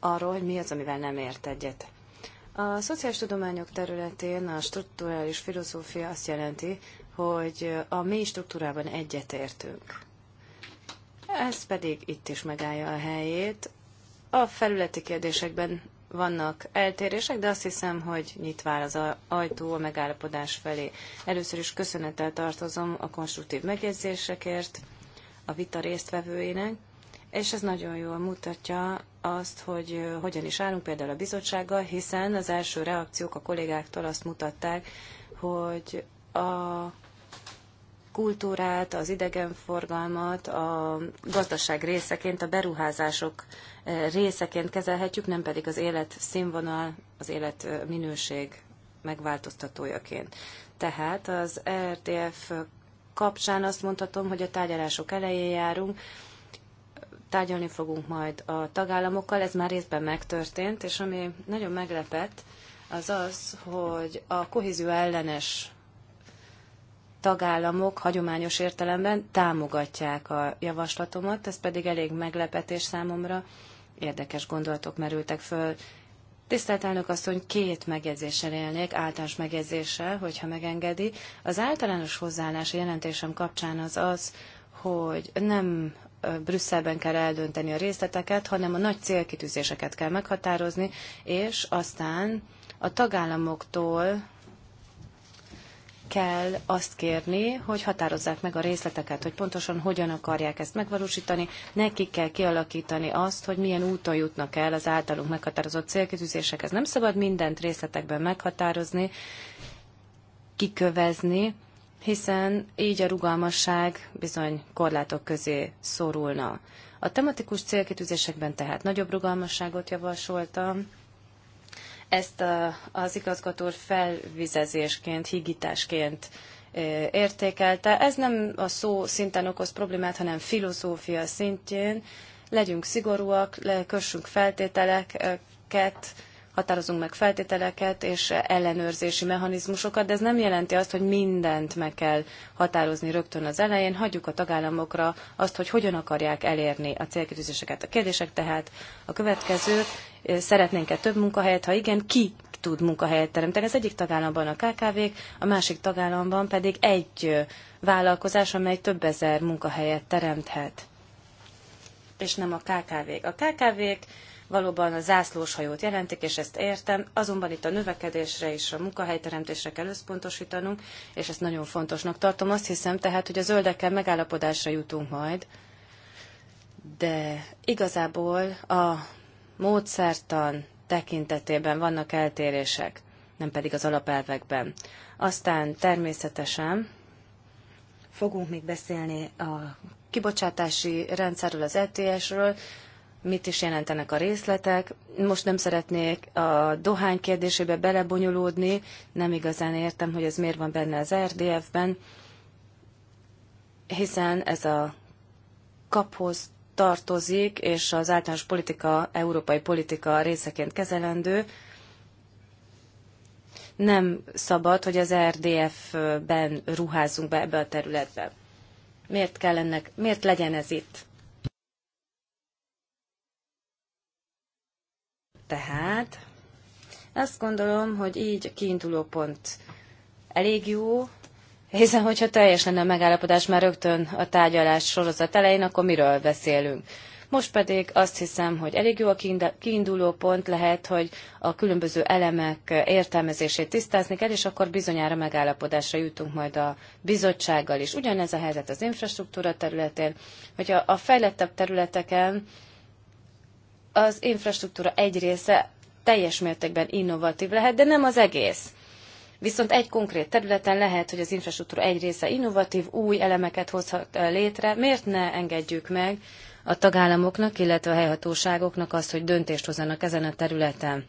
arról, hogy mi az, amivel nem ért egyet. A szociális tudományok területén a strukturális filozófia azt jelenti, hogy a mély struktúrában egyetértünk. Ez pedig itt is megállja a helyét. A felületi kérdésekben vannak eltérések, de azt hiszem, hogy nyit vár az ajtó a megállapodás felé. Először is köszönettel tartozom a konstruktív megjegyzésekért, a vita résztvevőinek, és ez nagyon jól mutatja azt, hogy hogyan is állunk például a bizottsággal, hiszen az első reakciók a kollégáktól azt mutatták, hogy a kultúrát, az idegenforgalmat a gazdaság részeként, a beruházások eh, részeként kezelhetjük, nem pedig az élet színvonal, az élet eh, minőség megváltoztatójaként. Tehát az RTF kapcsán azt mondhatom, hogy a tárgyalások elején járunk, tárgyalni fogunk majd a tagállamokkal, ez már részben megtörtént, és ami nagyon meglepett, az az, hogy a kohézió ellenes tagállamok hagyományos értelemben támogatják a javaslatomat, ez pedig elég meglepetés számomra. Érdekes gondolatok merültek föl. Tisztelt elnök asszony, két megjegyzéssel élnék, általános megjegyzéssel, hogyha megengedi. Az általános hozzáállás a jelentésem kapcsán az az, hogy nem Brüsszelben kell eldönteni a részleteket, hanem a nagy célkitűzéseket kell meghatározni, és aztán a tagállamoktól kell azt kérni, hogy határozzák meg a részleteket, hogy pontosan hogyan akarják ezt megvalósítani, nekik kell kialakítani azt, hogy milyen úton jutnak el az általunk meghatározott célkitűzésekhez. Nem szabad mindent részletekben meghatározni, kikövezni, hiszen így a rugalmasság bizony korlátok közé szorulna. A tematikus célkitűzésekben tehát nagyobb rugalmasságot javasoltam, ezt a, az igazgató felvizezésként, higításként értékelte. Ez nem a szó szinten okoz problémát, hanem filozófia szintjén. Legyünk szigorúak, kössünk feltételeket, határozunk meg feltételeket és ellenőrzési mechanizmusokat, de ez nem jelenti azt, hogy mindent meg kell határozni rögtön az elején, hagyjuk a tagállamokra azt, hogy hogyan akarják elérni a célkitűzéseket. A kérdések tehát a következő, szeretnénk-e több munkahelyet, ha igen, ki tud munkahelyet teremteni. Az egyik tagállamban a KKV-k, a másik tagállamban pedig egy vállalkozás, amely több ezer munkahelyet teremthet. És nem a KKV-k. A KKV-k valóban a hajót jelentik, és ezt értem, azonban itt a növekedésre és a munkahelyteremtésre kell összpontosítanunk, és ezt nagyon fontosnak tartom. Azt hiszem tehát, hogy a zöldekkel megállapodásra jutunk majd, de igazából a módszertan tekintetében vannak eltérések, nem pedig az alapelvekben. Aztán természetesen fogunk még beszélni a kibocsátási rendszerről, az ETS-ről, mit is jelentenek a részletek. Most nem szeretnék a dohány kérdésébe belebonyolódni, nem igazán értem, hogy ez miért van benne az RDF-ben, hiszen ez a kaphoz tartozik, és az általános politika, európai politika részeként kezelendő. Nem szabad, hogy az RDF-ben ruházzunk be ebbe a területbe. Miért kell ennek, miért legyen ez itt? tehát. Azt gondolom, hogy így a kiinduló pont elég jó, hiszen hogyha teljes lenne a megállapodás már rögtön a tárgyalás sorozat elején, akkor miről beszélünk? Most pedig azt hiszem, hogy elég jó a kiinduló pont lehet, hogy a különböző elemek értelmezését tisztázni kell, és akkor bizonyára megállapodásra jutunk majd a bizottsággal is. Ugyanez a helyzet az infrastruktúra területén, hogyha a fejlettebb területeken az infrastruktúra egy része teljes mértékben innovatív lehet, de nem az egész. Viszont egy konkrét területen lehet, hogy az infrastruktúra egy része innovatív, új elemeket hozhat létre. Miért ne engedjük meg a tagállamoknak, illetve a helyhatóságoknak azt, hogy döntést hozzanak ezen a területen?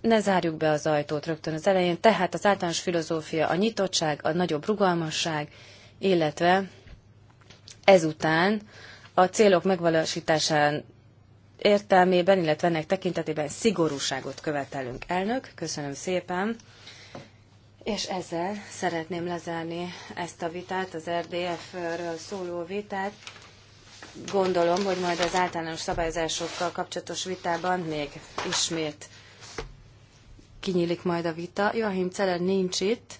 Ne zárjuk be az ajtót rögtön az elején. Tehát az általános filozófia a nyitottság, a nagyobb rugalmasság, illetve ezután a célok megvalósításán értelmében, illetve ennek tekintetében szigorúságot követelünk. Elnök, köszönöm szépen. És ezzel szeretném lezárni ezt a vitát, az RDF-ről szóló vitát. Gondolom, hogy majd az általános szabályozásokkal kapcsolatos vitában még ismét kinyílik majd a vita. Joachim Celer nincs itt,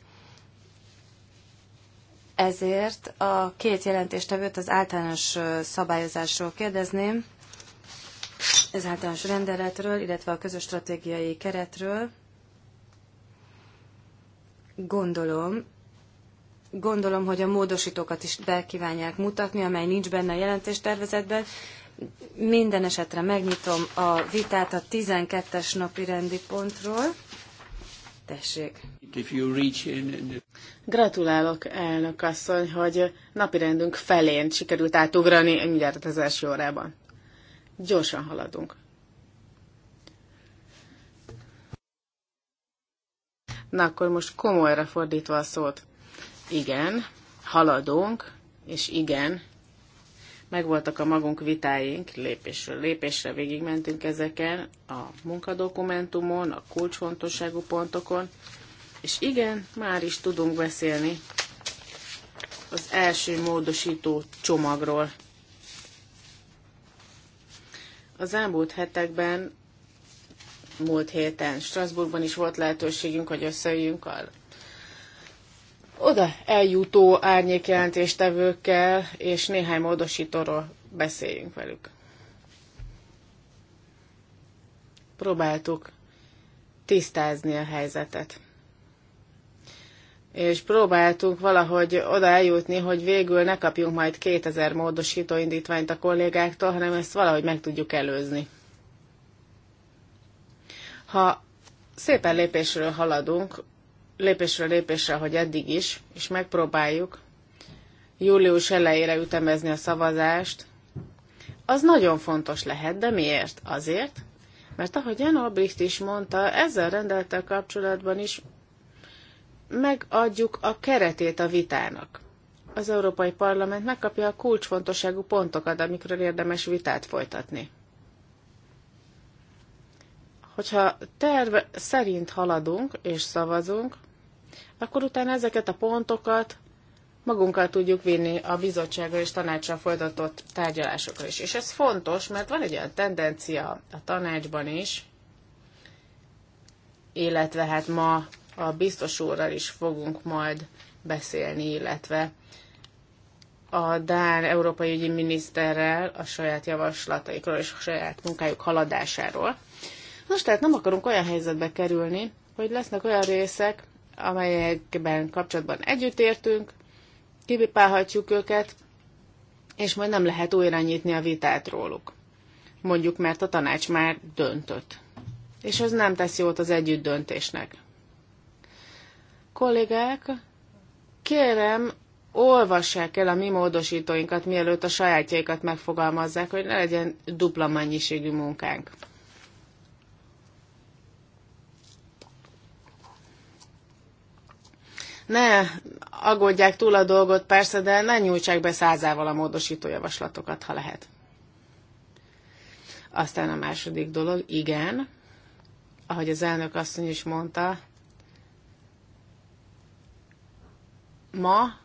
ezért a két jelentéstevőt az általános szabályozásról kérdezném az általános rendeletről, illetve a közös stratégiai keretről. Gondolom, gondolom, hogy a módosítókat is be kívánják mutatni, amely nincs benne a jelentéstervezetben. Minden esetre megnyitom a vitát a 12-es napi rendi pontról. Tessék. In... Gratulálok, elnök asszony, hogy napirendünk felén sikerült átugrani mindjárt az első órában. Gyorsan haladunk. Na akkor most komolyra fordítva a szót. Igen, haladunk, és igen, megvoltak a magunk vitáink, lépésről lépésre végigmentünk ezeken, a munkadokumentumon, a kulcsfontosságú pontokon, és igen, már is tudunk beszélni az első módosító csomagról. Az elmúlt hetekben, múlt héten Strasbourgban is volt lehetőségünk, hogy összejöjjünk a oda eljutó árnyékjelentéstevőkkel, és néhány módosítóról beszéljünk velük. Próbáltuk tisztázni a helyzetet és próbáltunk valahogy oda eljutni, hogy végül ne kapjunk majd 2000 módosító indítványt a kollégáktól, hanem ezt valahogy meg tudjuk előzni. Ha szépen lépésről haladunk, lépésről lépésre, hogy eddig is, és megpróbáljuk július elejére ütemezni a szavazást, az nagyon fontos lehet, de miért? Azért, mert ahogy Jan Albrecht is mondta, ezzel rendeltel kapcsolatban is megadjuk a keretét a vitának. Az Európai Parlament megkapja a kulcsfontosságú pontokat, amikről érdemes vitát folytatni. Hogyha terv szerint haladunk és szavazunk, akkor utána ezeket a pontokat magunkkal tudjuk vinni a bizottsággal és tanácsra folytatott tárgyalásokra is. És ez fontos, mert van egy olyan tendencia a tanácsban is, illetve hát ma a biztos úrral is fogunk majd beszélni, illetve a Dán Európai Ügyi Miniszterrel a saját javaslataikról és a saját munkájuk haladásáról. Nos, tehát nem akarunk olyan helyzetbe kerülni, hogy lesznek olyan részek, amelyekben kapcsolatban együttértünk, kipipálhatjuk őket, és majd nem lehet újra nyitni a vitát róluk. Mondjuk, mert a tanács már döntött. És ez nem tesz jót az döntésnek. Kollégák, kérem, olvassák el a mi módosítóinkat, mielőtt a sajátjaikat megfogalmazzák, hogy ne legyen dupla mennyiségű munkánk. Ne aggódják túl a dolgot persze, de ne nyújtsák be százával a módosító javaslatokat, ha lehet. Aztán a második dolog, igen, ahogy az elnök asszony is mondta, ma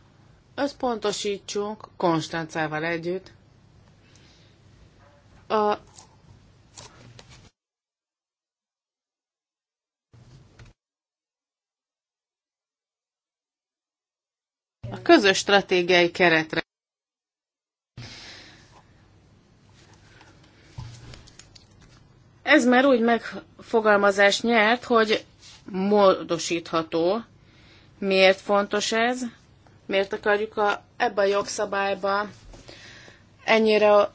összpontosítsunk Konstancával együtt a a közös stratégiai keretre. Ez már úgy megfogalmazást nyert, hogy módosítható. Miért fontos ez? Miért akarjuk a, ebbe a jogszabályba ennyire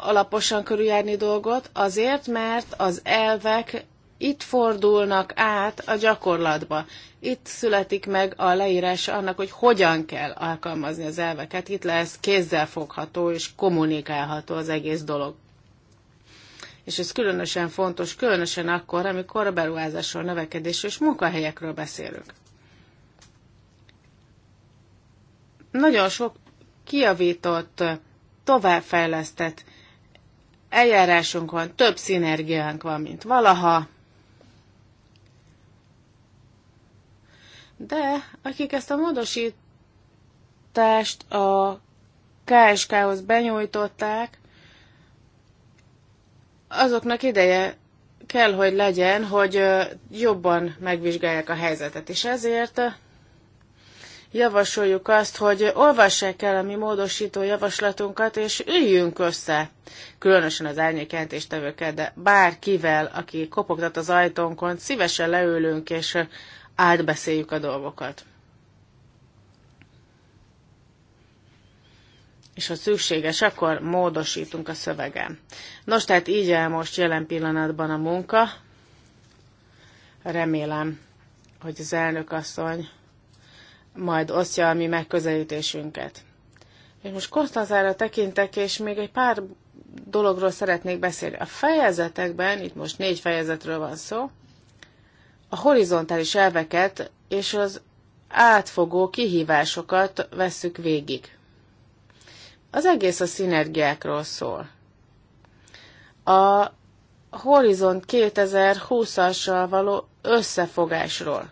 alaposan körüljárni dolgot? Azért, mert az elvek itt fordulnak át a gyakorlatba. Itt születik meg a leírása annak, hogy hogyan kell alkalmazni az elveket. Itt lesz kézzelfogható és kommunikálható az egész dolog. És ez különösen fontos, különösen akkor, amikor a beruházásról, növekedésről és munkahelyekről beszélünk. nagyon sok kiavított, továbbfejlesztett eljárásunk van, több szinergiánk van, mint valaha. De akik ezt a módosítást a KSK-hoz benyújtották, azoknak ideje kell, hogy legyen, hogy jobban megvizsgálják a helyzetet, és ezért javasoljuk azt, hogy olvassák el a mi módosító javaslatunkat, és üljünk össze, különösen az árnyékjelentéstevőkkel, de bárkivel, aki kopogtat az ajtónkon, szívesen leülünk, és átbeszéljük a dolgokat. és ha szükséges, akkor módosítunk a szövegen. Nos, tehát így el most jelen pillanatban a munka. Remélem, hogy az elnök asszony majd osztja a mi megközelítésünket. És most Konstanzára tekintek, és még egy pár dologról szeretnék beszélni. A fejezetekben, itt most négy fejezetről van szó, a horizontális elveket és az átfogó kihívásokat vesszük végig. Az egész a szinergiákról szól. A Horizont 2020-assal való összefogásról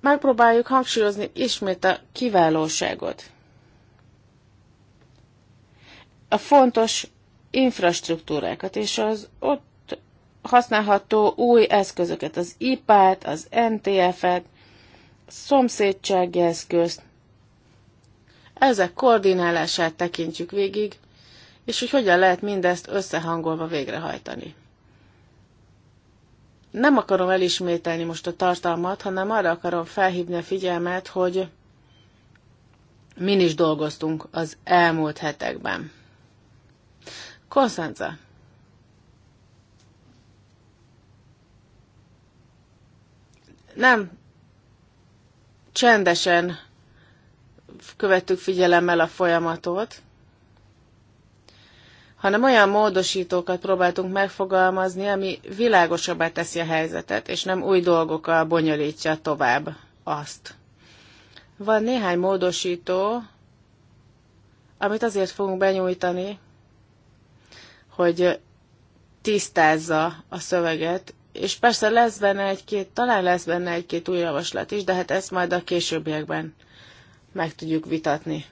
megpróbáljuk hangsúlyozni ismét a kiválóságot. A fontos infrastruktúrákat és az ott használható új eszközöket, az IPA-t, az NTF-et, szomszédsági eszközt, ezek koordinálását tekintjük végig, és hogy hogyan lehet mindezt összehangolva végrehajtani. Nem akarom elismételni most a tartalmat, hanem arra akarom felhívni a figyelmet, hogy min is dolgoztunk az elmúlt hetekben. Konszenza. Nem csendesen követtük figyelemmel a folyamatot, hanem olyan módosítókat próbáltunk megfogalmazni, ami világosabbá teszi a helyzetet, és nem új dolgokkal bonyolítja tovább azt. Van néhány módosító, amit azért fogunk benyújtani, hogy tisztázza a szöveget, és persze lesz benne egy-két, talán lesz benne egy-két új javaslat is, de hát ezt majd a későbbiekben meg tudjuk vitatni.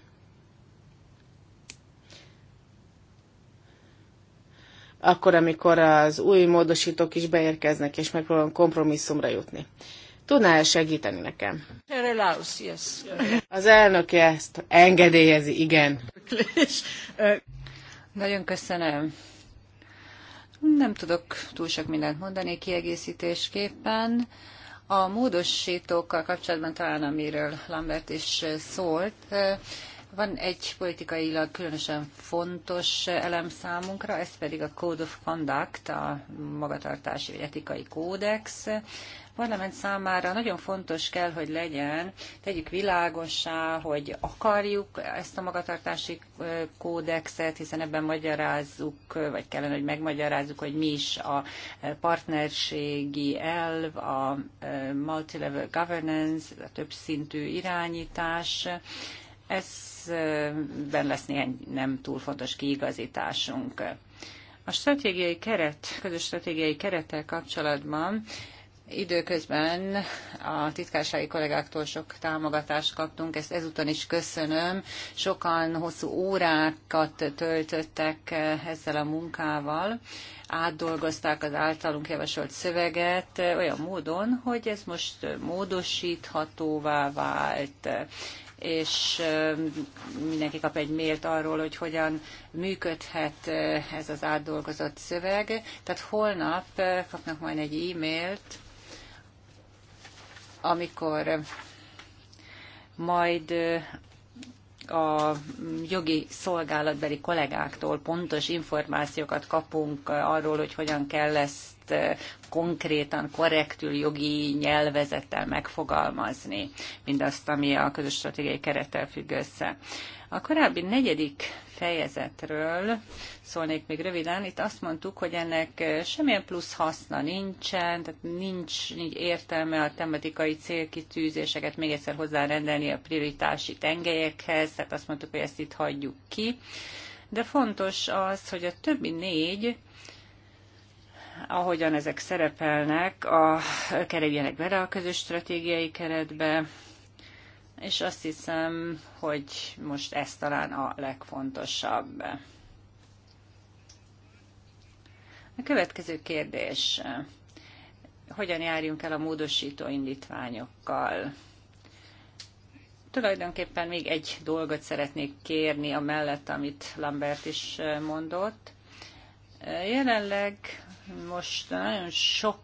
akkor, amikor az új módosítók is beérkeznek, és megpróbálom kompromisszumra jutni. Tudná-e segíteni nekem? Az elnök ezt engedélyezi, igen. Nagyon köszönöm. Nem tudok túl sok mindent mondani kiegészítésképpen. A módosítókkal kapcsolatban talán, amiről Lambert is szólt, van egy politikailag különösen fontos elem számunkra, ez pedig a Code of Conduct, a magatartási vagy etikai kódex. A parlament számára nagyon fontos kell, hogy legyen, tegyük világosá, hogy akarjuk ezt a magatartási kódexet, hiszen ebben magyarázzuk, vagy kellene, hogy megmagyarázzuk, hogy mi is a partnerségi elv, a multilevel governance, a többszintű irányítás, ez ben lesz néhány nem túl fontos kiigazításunk. A stratégiai keret, közös stratégiai kerettel kapcsolatban Időközben a titkársági kollégáktól sok támogatást kaptunk, ezt ezúton is köszönöm. Sokan hosszú órákat töltöttek eh, ezzel a munkával, átdolgozták az általunk javasolt szöveget eh, olyan módon, hogy ez most eh, módosíthatóvá vált és mindenki kap egy mélt arról, hogy hogyan működhet ez az átdolgozott szöveg. Tehát holnap kapnak majd egy e-mailt, amikor majd a jogi szolgálatbeli kollégáktól pontos információkat kapunk arról, hogy hogyan kell ezt eh, konkrétan, korrektül jogi nyelvezettel megfogalmazni, mindazt, ami a közös stratégiai kerettel függ össze. A korábbi negyedik fejezetről szólnék még röviden. Itt azt mondtuk, hogy ennek semmilyen plusz haszna nincsen, tehát nincs, nincs értelme a tematikai célkitűzéseket még egyszer hozzárendelni a prioritási tengelyekhez, tehát azt mondtuk, hogy ezt itt hagyjuk ki. De fontos az, hogy a többi négy ahogyan ezek szerepelnek, a, kerüljenek bele a közös stratégiai keretbe, és azt hiszem, hogy most ez talán a legfontosabb. A következő kérdés. Hogyan járjunk el a módosító indítványokkal? Tulajdonképpen még egy dolgot szeretnék kérni a mellett, amit Lambert is mondott. Jelenleg most nagyon sok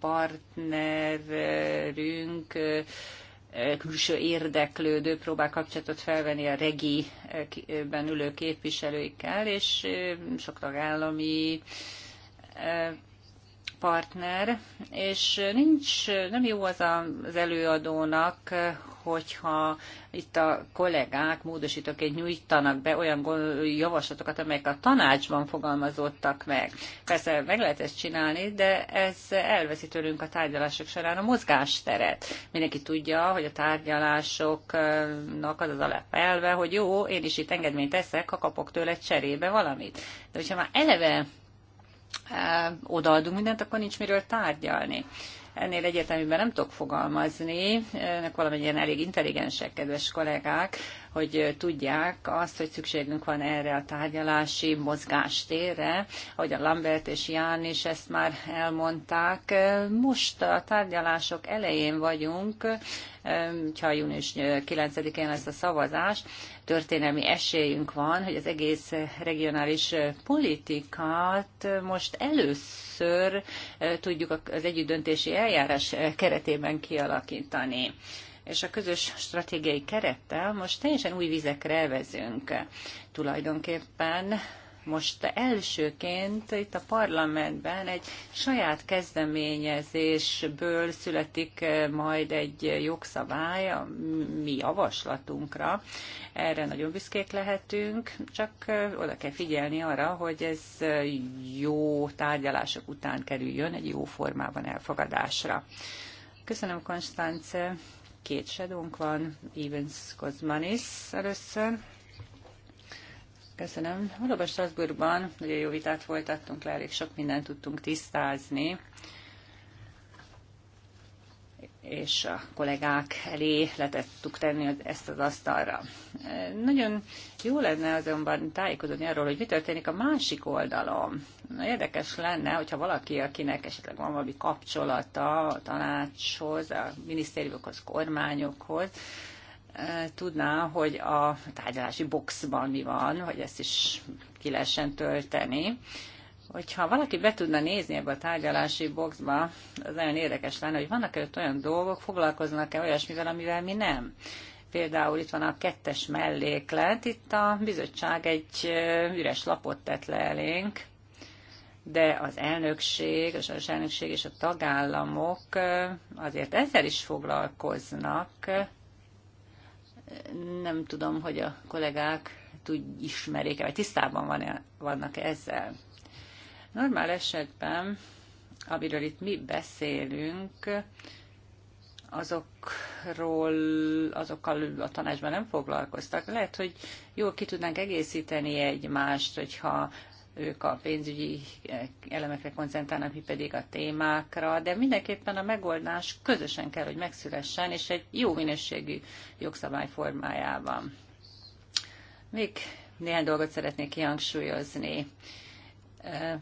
partnerünk külső érdeklődő próbál kapcsolatot felvenni a regiben eh, eh, ülő képviselőikkel, és eh, sok tagállami partner, és nincs, nem jó az az előadónak, hogyha itt a kollégák módosítóként nyújtanak be olyan javaslatokat, amelyek a tanácsban fogalmazottak meg. Persze meg lehet ezt csinálni, de ez elveszi tőlünk a tárgyalások során a mozgásteret. Mindenki tudja, hogy a tárgyalásoknak az az alapelve, hogy jó, én is itt engedményt teszek, ha kapok tőle cserébe valamit. De hogyha már eleve eh, odaadunk mindent, akkor nincs miről tárgyalni. Ennél egyértelműbben nem tudok fogalmazni, ennek valamennyien elég intelligensek, kedves kollégák, hogy tudják azt, hogy szükségünk van erre a tárgyalási mozgástérre, ahogy a Lambert és Ján is ezt már elmondták. Most a tárgyalások elején vagyunk, um, ha június 9-én lesz a szavazás, történelmi esélyünk van, hogy az egész regionális politikát most először tudjuk az együttdöntési eljárás keretében kialakítani és a közös stratégiai kerettel most teljesen új vizekre vezünk. Tulajdonképpen most elsőként itt a parlamentben egy saját kezdeményezésből születik eh, majd egy jogszabály a mi javaslatunkra. Erre nagyon büszkék lehetünk, csak eh, oda kell figyelni arra, hogy ez eh, jó tárgyalások után kerüljön egy jó formában elfogadásra. Köszönöm, Konstance. Két sedónk van, Evans Kozmanis először. Köszönöm. Valóban Strasbourgban nagyon jó vitát folytattunk le, elég sok mindent tudtunk tisztázni és a kollégák elé letettük tenni ezt az asztalra. Nagyon jó lenne azonban tájékozódni arról, hogy mi történik a másik oldalon. Na, érdekes lenne, hogyha valaki, akinek esetleg van valami kapcsolata a tanácshoz, a minisztériumokhoz, kormányokhoz, tudná, hogy a tárgyalási boxban mi van, hogy ezt is ki lehessen tölteni. Hogyha valaki be tudna nézni ebbe a tárgyalási boxba, az nagyon érdekes lenne, hogy vannak előtt olyan dolgok, foglalkoznak-e olyasmivel, amivel mi nem. Például itt van a kettes melléklet, itt a bizottság egy üres lapot tett le elénk, de az elnökség, az elnökség és a tagállamok azért ezzel is foglalkoznak, nem tudom, hogy a kollégák tud, ismerik-e, vagy tisztában van vannak ezzel. Normál esetben, amiről itt mi beszélünk, azokról, azokkal a tanácsban nem foglalkoztak. Lehet, hogy jól ki tudnánk egészíteni egymást, hogyha ők a pénzügyi eh, elemekre koncentrálnak, mi pedig a témákra, de mindenképpen a megoldás közösen kell, hogy megszülessen, és egy jó minőségű jogszabály formájában. Még néhány dolgot szeretnék kihangsúlyozni. Eh,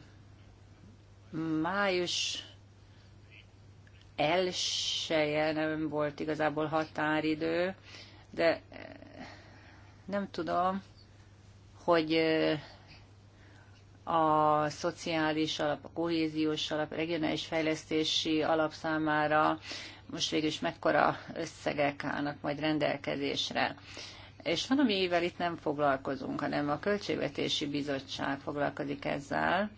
május elsője nem volt igazából határidő, de eh, nem tudom, hogy a szociális alap, a kohéziós alap, a regionális fejlesztési alap számára most végül is mekkora összegek állnak majd rendelkezésre. És van, amivel itt nem foglalkozunk, hanem a Költségvetési Bizottság foglalkozik ezzel,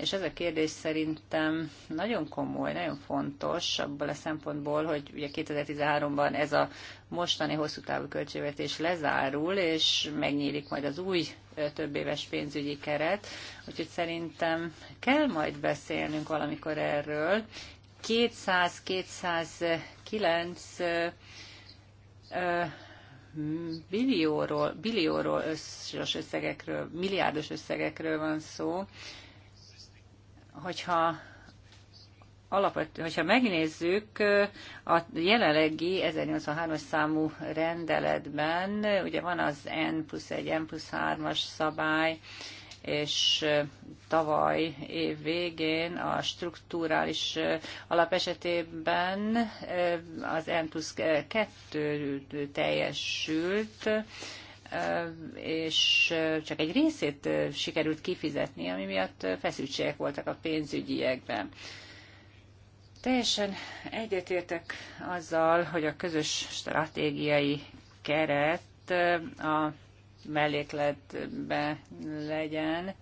és ez a kérdés szerintem nagyon komoly, nagyon fontos abból a szempontból, hogy ugye 2013-ban ez a mostani hosszú távú költségvetés lezárul, és megnyílik majd az új több éves pénzügyi keret. Úgyhogy szerintem kell majd beszélnünk valamikor erről. 200-209 billióról, billióról összes összegekről, milliárdos összegekről van szó, hogyha alapvet, hogyha megnézzük a jelenlegi 1083-as számú rendeletben, ugye van az N plusz 1, N plusz 3-as szabály, és tavaly év végén a struktúrális alap esetében az N plusz 2 teljesült, és csak egy részét sikerült kifizetni, ami miatt feszültségek voltak a pénzügyiekben. Teljesen egyetértek azzal, hogy a közös stratégiai keret a mellékletbe legyen,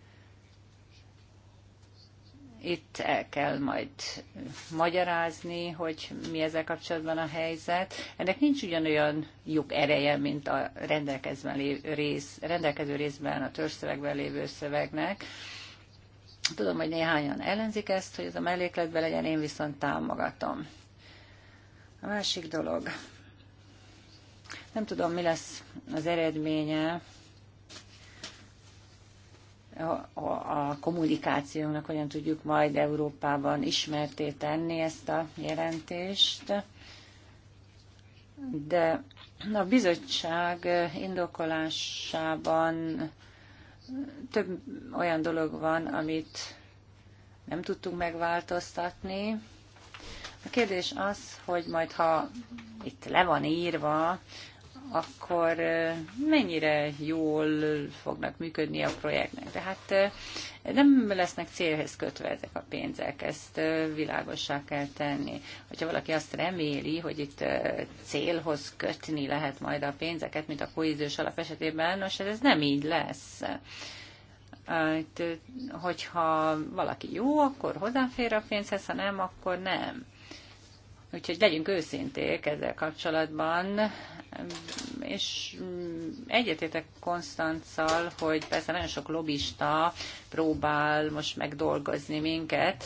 itt el kell majd magyarázni, hogy mi ezzel kapcsolatban a helyzet. Ennek nincs ugyanolyan jog ereje, mint a rész, rendelkező részben, a törzszövegben lévő szövegnek. Tudom, hogy néhányan ellenzik ezt, hogy ez a mellékletben legyen, én viszont támogatom. A másik dolog. Nem tudom, mi lesz az eredménye a kommunikációnak hogyan tudjuk majd Európában ismerté tenni ezt a jelentést. De a bizottság indokolásában több olyan dolog van, amit nem tudtunk megváltoztatni. A kérdés az, hogy majd ha itt le van írva, akkor mennyire jól fognak működni a projektnek. Tehát nem lesznek célhez kötve ezek a pénzek, ezt világossá kell tenni. Hogyha valaki azt reméli, hogy itt célhoz kötni lehet majd a pénzeket, mint a kohéziós alap esetében, nos, ez nem így lesz hogyha valaki jó, akkor hozzáfér a pénzhez, ha nem, akkor nem. Úgyhogy legyünk őszinték ezzel kapcsolatban, és egyetétek Konstanccal, hogy persze nagyon sok lobista próbál most megdolgozni minket,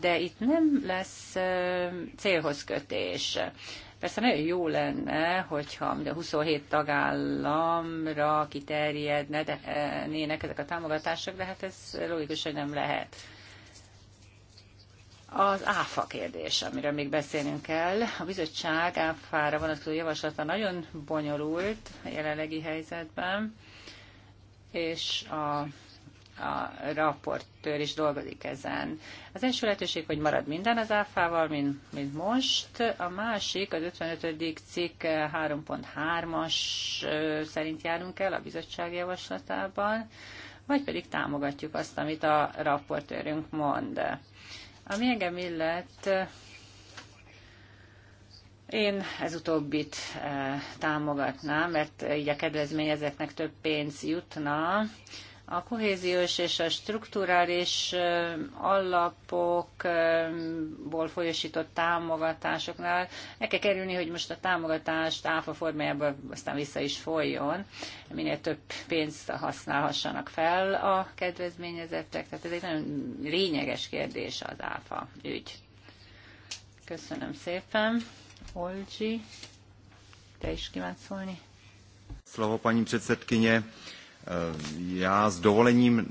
de itt nem lesz célhoz kötés. Persze nagyon jó lenne, hogyha a 27 tagállamra kiterjednének ezek a támogatások, de hát ez logikus, hogy nem lehet. Az áfa kérdés, amiről még beszélnünk kell. A bizottság áfára vonatkozó javaslata nagyon bonyolult a jelenlegi helyzetben, és a, a raportőr is dolgozik ezen. Az első lehetőség, hogy marad minden az áfával, mint, mint most. A másik, az 55. cikk 3.3-as szerint járunk el a bizottság javaslatában, vagy pedig támogatjuk azt, amit a raportőrünk mond. Ami engem illet, én ez utóbbit eh, támogatnám, mert így a kedvezményezetnek több pénz jutna, a kohéziós és a strukturális alapokból folyosított támogatásoknál meg kell kerülni, hogy most a támogatást áfa formájában aztán vissza is folyjon, minél több pénzt használhassanak fel a kedvezményezettek. Tehát ez egy nagyon lényeges kérdés az áfa ügy. Köszönöm szépen. Olgyi, te is kívánsz szólni? Slovo, paní předsedkyně. Eh, já s dovolením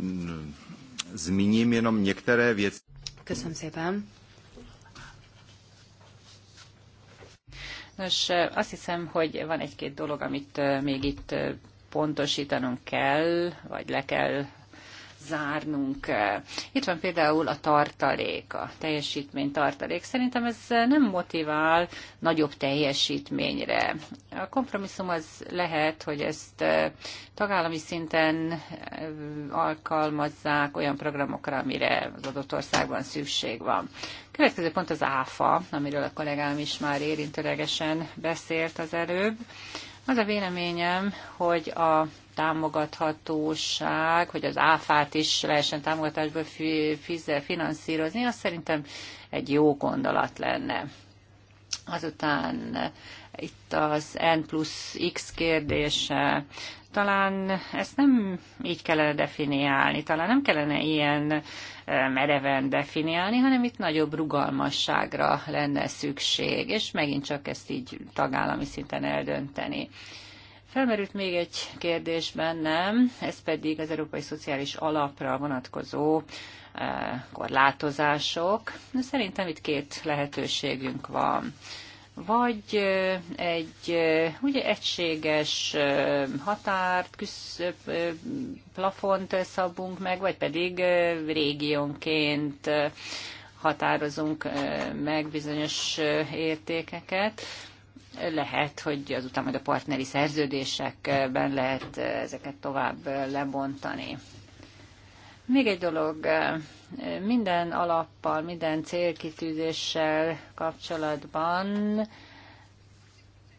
zmíním jenom některé věci. Köszönöm szépen. Nos, eh, azt hiszem, hogy van egy-két dolog, amit eh, még itt pontosítanunk kell, vagy le kell zárnunk. Itt van például a tartalék, a teljesítmény tartalék. Szerintem ez nem motivál nagyobb teljesítményre. A kompromisszum az lehet, hogy ezt eh, tagállami szinten eh, alkalmazzák olyan programokra, amire az adott országban szükség van. Következő pont az ÁFA, amiről a kollégám is már érintőlegesen beszélt az előbb. Az a véleményem, hogy a támogathatóság, hogy az áfát is lehessen támogatásból finanszírozni, az szerintem egy jó gondolat lenne. Azután eh, itt az N plusz X kérdése, talán ezt nem így kellene definiálni, talán nem kellene ilyen mereven definiálni, hanem itt nagyobb rugalmasságra lenne szükség, és megint csak ezt így tagállami szinten eldönteni. Felmerült még egy kérdés bennem, ez pedig az Európai Szociális Alapra vonatkozó korlátozások. Szerintem itt két lehetőségünk van vagy egy ugye egységes határt, küsz plafont szabunk meg, vagy pedig régiónként határozunk meg bizonyos értékeket. Lehet, hogy azután majd a partneri szerződésekben lehet ezeket tovább lebontani. Még egy dolog, eh, minden alappal, minden célkitűzéssel kapcsolatban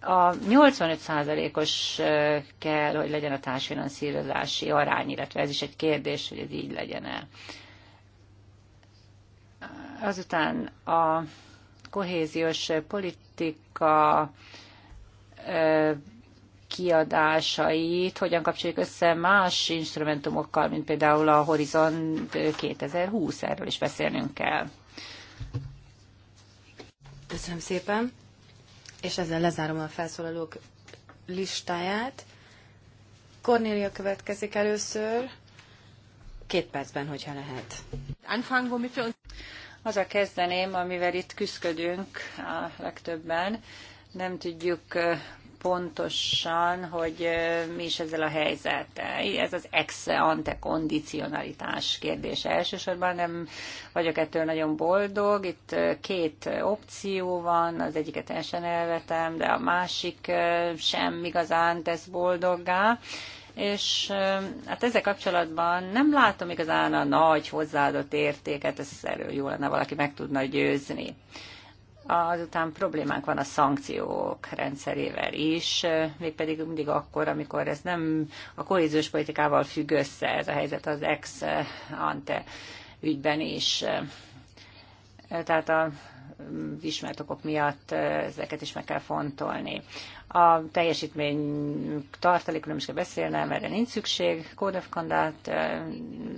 a 85%-os eh, kell, hogy legyen a társfinanszírozási arány, illetve ez is egy kérdés, hogy ez így legyen-e. Azután a kohéziós politika eh, kiadásait hogyan kapcsoljuk össze más instrumentumokkal, mint például a Horizont 2020, erről is beszélnünk kell. Köszönöm szépen, és ezzel lezárom a felszólalók listáját. Kornélia következik először, két percben, hogyha lehet. Anfang, womit wir uns... kezdeném, amivel itt küzdködünk a legtöbben, nem tudjuk pontosan, hogy mi is ezzel a helyzet. Ez az ex-ante kondicionalitás kérdése. Elsősorban nem vagyok ettől nagyon boldog. Itt két opció van, az egyiket teljesen elvetem, de a másik sem igazán tesz boldoggá és hát ezzel kapcsolatban nem látom igazán a nagy hozzáadott értéket, ez erről jó lenne valaki meg tudna győzni. Azután problémánk van a szankciók rendszerével is, mégpedig mindig akkor, amikor ez nem a kohéziós politikával függ össze, ez a helyzet az ex-ante ügyben is. Tehát a ismert okok miatt ezeket is meg kell fontolni. A teljesítmény tartalék nem is kell beszélnem, erre nincs szükség. Code of Conduct,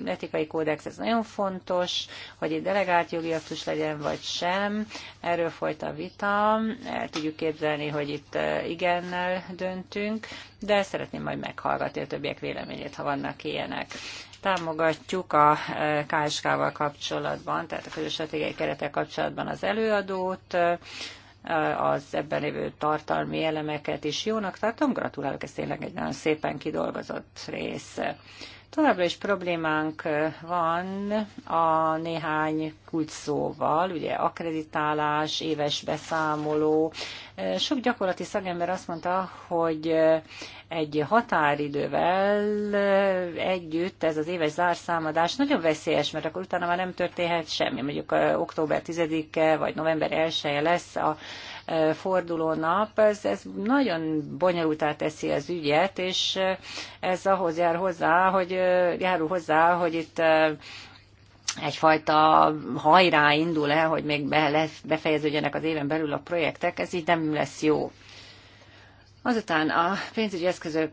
etikai kódex, ez nagyon fontos, hogy egy delegált jogi aktus legyen, vagy sem. Erről folyt a vita. El tudjuk képzelni, hogy itt igennel döntünk, de szeretném majd meghallgatni a többiek véleményét, ha vannak ilyenek támogatjuk a KSK-val kapcsolatban, tehát a közös stratégiai keretek kapcsolatban az előadót az ebben lévő tartalmi elemeket is jónak tartom. Gratulálok, ez tényleg egy nagyon szépen kidolgozott rész. Továbbra is problémánk van a néhány szóval, ugye akreditálás, éves beszámoló. Sok gyakorlati szakember azt mondta, hogy egy határidővel együtt ez az éves zárszámadás nagyon veszélyes, mert akkor utána már nem történhet semmi. Mondjuk október 10-e vagy november 1-e lesz a fordulónap, ez, ez nagyon bonyolultá teszi az ügyet, és ez ahhoz jár hozzá, hogy járul hozzá, hogy itt egyfajta hajrá indul el, hogy még befejeződjenek az éven belül a projektek, ez így nem lesz jó. Azután a pénzügyi eszközök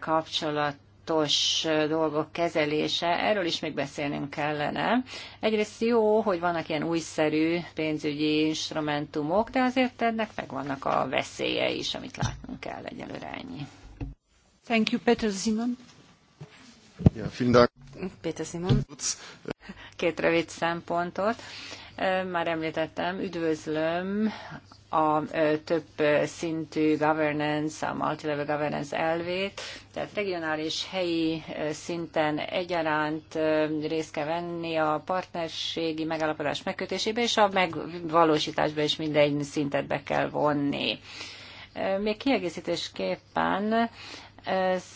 kapcsolat fontos dolgok kezelése, erről is még beszélnünk kellene. Egyrészt jó, hogy vannak ilyen újszerű pénzügyi instrumentumok, de azért ennek megvannak a veszélye is, amit látnunk kell egyelőre ennyi. Thank you, Peter Simon. Ja, vielen Dank. Péter Simon. Két rövid szempontot. Már említettem, üdvözlöm a több szintű governance, a multilevel governance elvét, tehát regionális, helyi szinten egyaránt részt kell venni a partnerségi megállapodás megkötésébe, és a megvalósításba is minden szintet be kell vonni. Még kiegészítésképpen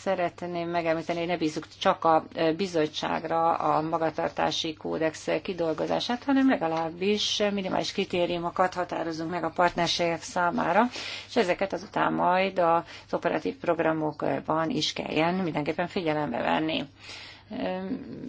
Szeretném megemlíteni, hogy ne bízzuk csak a bizottságra a magatartási kódex kidolgozását, hanem legalábbis minimális kritériumokat határozunk meg a partnerségek számára, és ezeket azután majd az operatív programokban is kelljen mindenképpen figyelembe venni.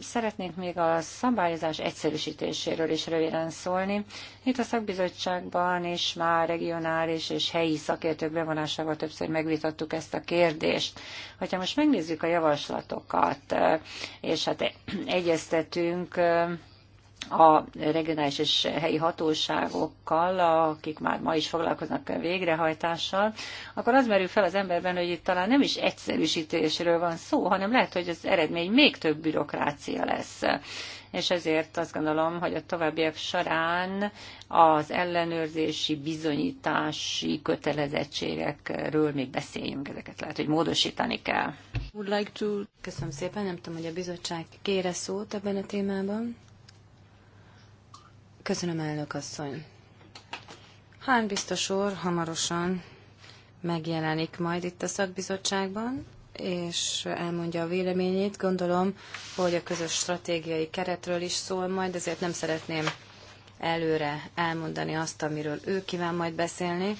Szeretnék még a szabályozás egyszerűsítéséről is röviden szólni. Itt a szakbizottságban és már regionális és helyi szakértők bevonásával többször megvitattuk ezt a kérdést. Hogyha most megnézzük a javaslatokat, eh, és hát egyeztetünk eh, a regionális és helyi hatóságokkal, akik már ma is foglalkoznak a végrehajtással, akkor az merül fel az emberben, hogy itt talán nem is egyszerűsítésről van szó, hanem lehet, hogy az eredmény még több bürokrácia lesz. És ezért azt gondolom, hogy a továbbiak során az ellenőrzési, bizonyítási kötelezettségekről még beszéljünk, ezeket lehet, hogy módosítani kell. Would like to... Köszönöm szépen, nem tudom, hogy a bizottság kére szót ebben a témában. Köszönöm, elnök asszony. Hán biztos úr hamarosan megjelenik majd itt a szakbizottságban, és elmondja a véleményét. Gondolom, hogy a közös stratégiai keretről is szól majd, ezért nem szeretném előre elmondani azt, amiről ő kíván majd beszélni,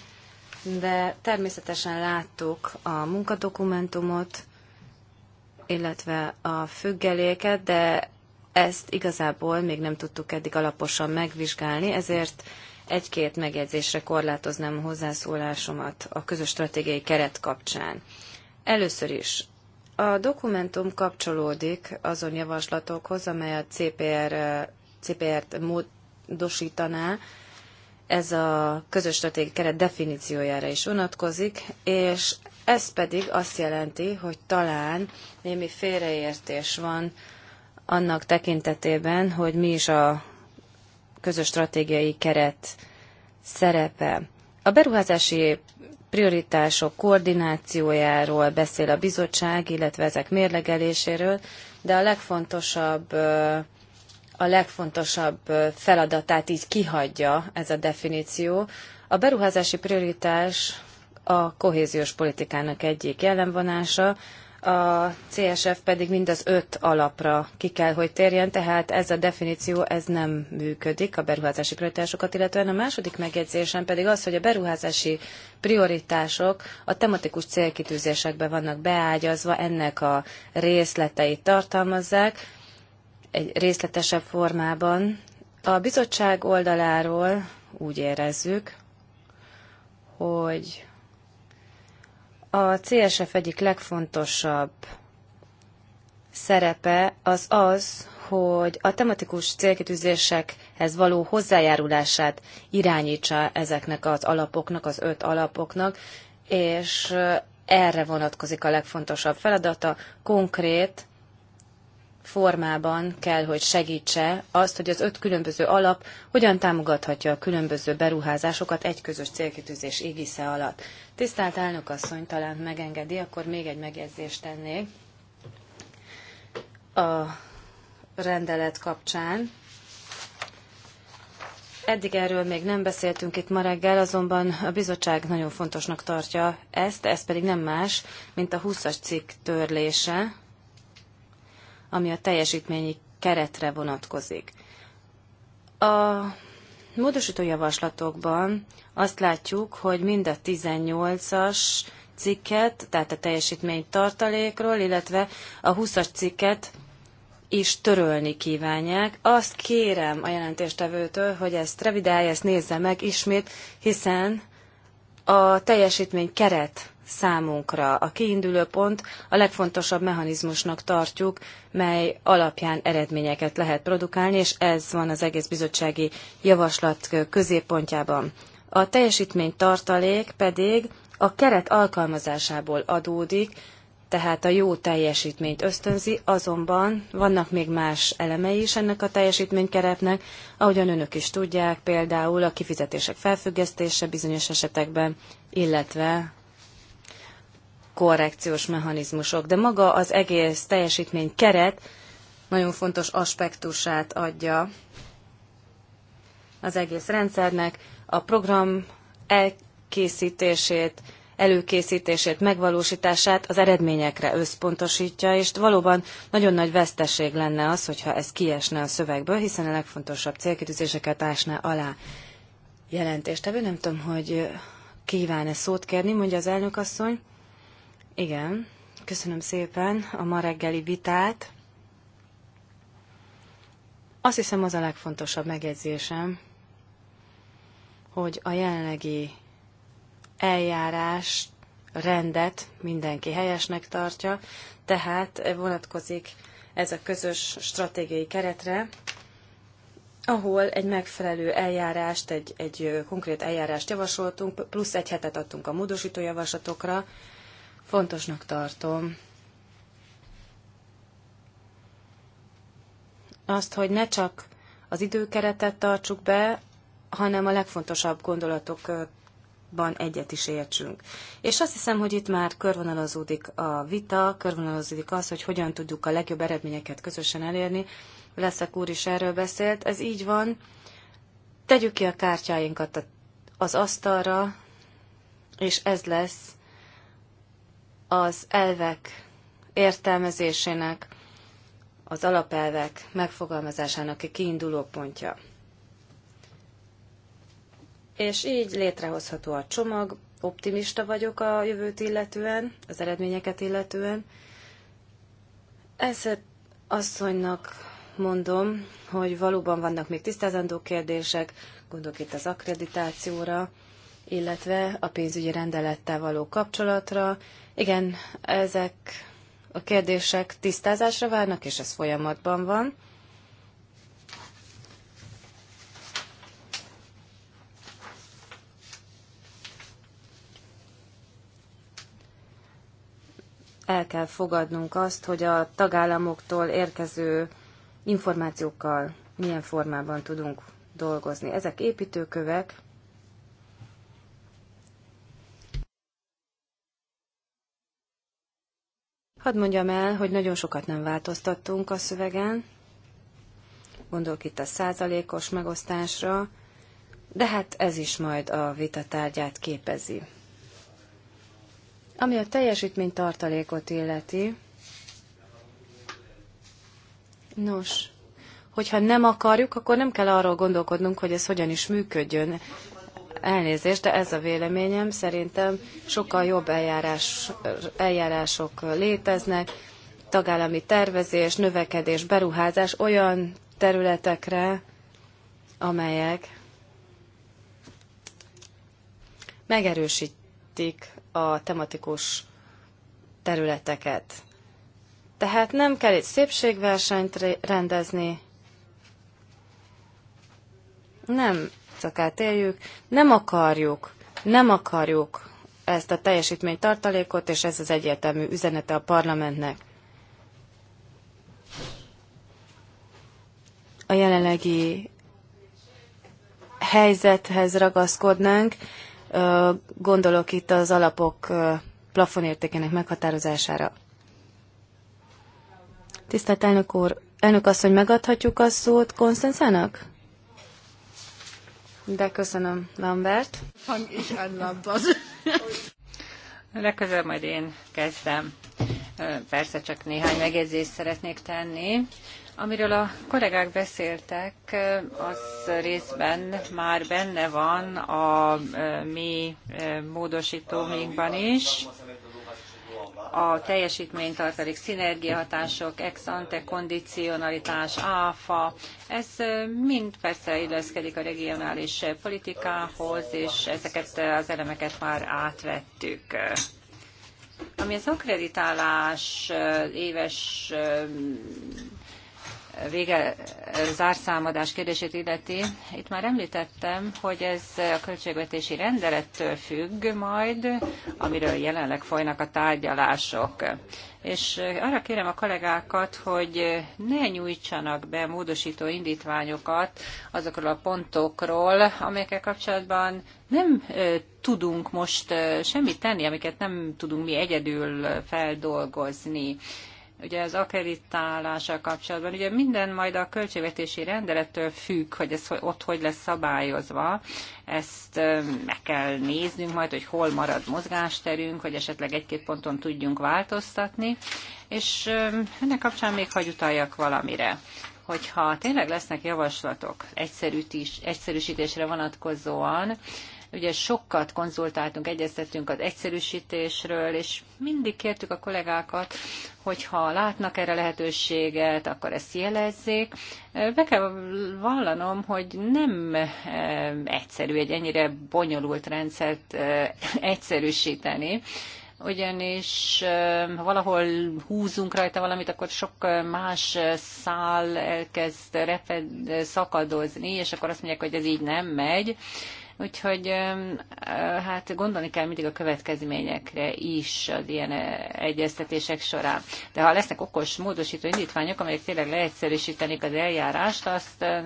de természetesen láttuk a munkadokumentumot, illetve a függeléket, de ezt igazából még nem tudtuk eddig alaposan megvizsgálni, ezért egy-két megjegyzésre korlátoznám a hozzászólásomat a közös stratégiai keret kapcsán. Először is a dokumentum kapcsolódik azon javaslatokhoz, amely a CPR, CPR-t módosítaná, ez a közös stratégiai keret definíciójára is vonatkozik, és ez pedig azt jelenti, hogy talán némi félreértés van annak tekintetében, hogy mi is a közös stratégiai keret szerepe. A beruházási prioritások koordinációjáról beszél a bizottság, illetve ezek mérlegeléséről, de a legfontosabb a legfontosabb feladatát így kihagyja ez a definíció. A beruházási prioritás a kohéziós politikának egyik jellemvonása, a CSF pedig mind az öt alapra ki kell, hogy térjen, tehát ez a definíció ez nem működik a beruházási prioritásokat, illetően a második megjegyzésem pedig az, hogy a beruházási prioritások a tematikus célkitűzésekbe vannak beágyazva, ennek a részleteit tartalmazzák, egy részletesebb formában. A bizottság oldaláról úgy érezzük, hogy a CSF egyik legfontosabb szerepe az az, hogy a tematikus célkitűzésekhez való hozzájárulását irányítsa ezeknek az alapoknak, az öt alapoknak, és erre vonatkozik a legfontosabb feladata, konkrét formában kell, hogy segítse azt, hogy az öt különböző alap hogyan támogathatja a különböző beruházásokat egy közös célkitűzés égisze alatt. Tisztelt asszony, talán megengedi, akkor még egy megjegyzést tennék a rendelet kapcsán. Eddig erről még nem beszéltünk itt ma reggel, azonban a bizottság nagyon fontosnak tartja ezt, ez pedig nem más, mint a 20-as cikk törlése, ami a teljesítményi keretre vonatkozik. A módosító javaslatokban azt látjuk, hogy mind a 18-as cikket, tehát a teljesítmény tartalékról, illetve a 20-as cikket is törölni kívánják. Azt kérem a jelentéstevőtől, hogy ezt revidálja, ezt nézze meg ismét, hiszen a teljesítmény keret számunkra. A kiinduló pont a legfontosabb mechanizmusnak tartjuk, mely alapján eredményeket lehet produkálni, és ez van az egész bizottsági javaslat középpontjában. A teljesítmény tartalék pedig a keret alkalmazásából adódik, tehát a jó teljesítményt ösztönzi, azonban vannak még más elemei is ennek a teljesítménykerepnek, ahogyan önök is tudják, például a kifizetések felfüggesztése bizonyos esetekben, illetve korrekciós mechanizmusok, de maga az egész teljesítmény keret nagyon fontos aspektusát adja az egész rendszernek, a program elkészítését, előkészítését, megvalósítását az eredményekre összpontosítja, és valóban nagyon nagy veszteség lenne az, hogyha ez kiesne a szövegből, hiszen a legfontosabb célkitűzéseket ásná alá. Jelentéstevő, nem tudom, hogy kíván-e szót kérni, mondja az elnök asszony. Igen, köszönöm szépen a ma reggeli vitát. Azt hiszem az a legfontosabb megjegyzésem, hogy a jelenlegi eljárás rendet mindenki helyesnek tartja, tehát vonatkozik ez a közös stratégiai keretre, ahol egy megfelelő eljárást, egy, egy konkrét eljárást javasoltunk, plusz egy hetet adtunk a módosító javaslatokra, Fontosnak tartom azt, hogy ne csak az időkeretet tartsuk be, hanem a legfontosabb gondolatokban egyet is értsünk. És azt hiszem, hogy itt már körvonalazódik a vita, körvonalazódik az, hogy hogyan tudjuk a legjobb eredményeket közösen elérni. Leszek úr is erről beszélt, ez így van. Tegyük ki a kártyáinkat az asztalra, és ez lesz az elvek értelmezésének, az alapelvek megfogalmazásának a kiinduló pontja. És így létrehozható a csomag, optimista vagyok a jövőt illetően, az eredményeket illetően. Ezt asszonynak mondom, hogy valóban vannak még tisztázandó kérdések, gondolok itt az akkreditációra, illetve a pénzügyi rendelettel való kapcsolatra. Igen, ezek a kérdések tisztázásra várnak, és ez folyamatban van. El kell fogadnunk azt, hogy a tagállamoktól érkező információkkal milyen formában tudunk dolgozni. Ezek építőkövek, Hadd mondjam el, hogy nagyon sokat nem változtattunk a szövegen, gondolok itt a százalékos megosztásra, de hát ez is majd a vita tárgyát képezi. Ami a teljesítmény tartalékot illeti, nos, hogyha nem akarjuk, akkor nem kell arról gondolkodnunk, hogy ez hogyan is működjön elnézést, de ez a véleményem. Szerintem sokkal jobb eljárás, eljárások léteznek, tagállami tervezés, növekedés, beruházás olyan területekre, amelyek megerősítik a tematikus területeket. Tehát nem kell egy szépségversenyt rendezni, nem időszakát éljük. Nem akarjuk, nem akarjuk ezt a teljesítménytartalékot, és ez az egyértelmű üzenete a parlamentnek. A jelenlegi helyzethez ragaszkodnánk, gondolok itt az alapok plafonértékének meghatározására. Tisztelt elnök úr, elnök asszony, megadhatjuk a szót Konszenzának? De köszönöm, Lambert. Fang ich an, Legközelebb majd én kezdem. Persze csak néhány megjegyzést szeretnék tenni. Amiről a kollégák beszéltek, az részben már benne van a mi módosítóminkban is a teljesítménytartalék, szinergiahatások, ex ante kondicionalitás, áfa, ez mind persze illeszkedik a regionális politikához, és ezeket az elemeket már átvettük. Ami az akreditálás éves vége zárszámadás kérdését illeti, itt már említettem, hogy ez a költségvetési rendelettől függ majd, amiről jelenleg folynak a tárgyalások. És arra kérem a kollégákat, hogy ne nyújtsanak be módosító indítványokat azokról a pontokról, amelyekkel kapcsolatban nem tudunk most semmit tenni, amiket nem tudunk mi egyedül feldolgozni ugye az akreditálással kapcsolatban, ugye minden majd a költségvetési rendelettől függ, hogy ez ott hogy lesz szabályozva, ezt meg kell néznünk majd, hogy hol marad mozgásterünk, hogy esetleg egy-két ponton tudjunk változtatni, és ennek kapcsán még hagy utaljak valamire hogyha tényleg lesznek javaslatok egyszerűsítésre vonatkozóan, Ugye sokat konzultáltunk, egyeztettünk az egyszerűsítésről, és mindig kértük a kollégákat, hogyha látnak erre lehetőséget, akkor ezt jelezzék. Be kell vallanom, hogy nem eh, egyszerű egy ennyire bonyolult rendszert eh, egyszerűsíteni, ugyanis eh, ha valahol húzunk rajta valamit, akkor sok más szál elkezd reped, szakadozni, és akkor azt mondják, hogy ez így nem megy. Úgyhogy eh, hát gondolni kell mindig a következményekre is az ilyen eh, egyeztetések során. De ha lesznek okos módosító indítványok, amelyek tényleg leegyszerűsítenék az eljárást, azt eh,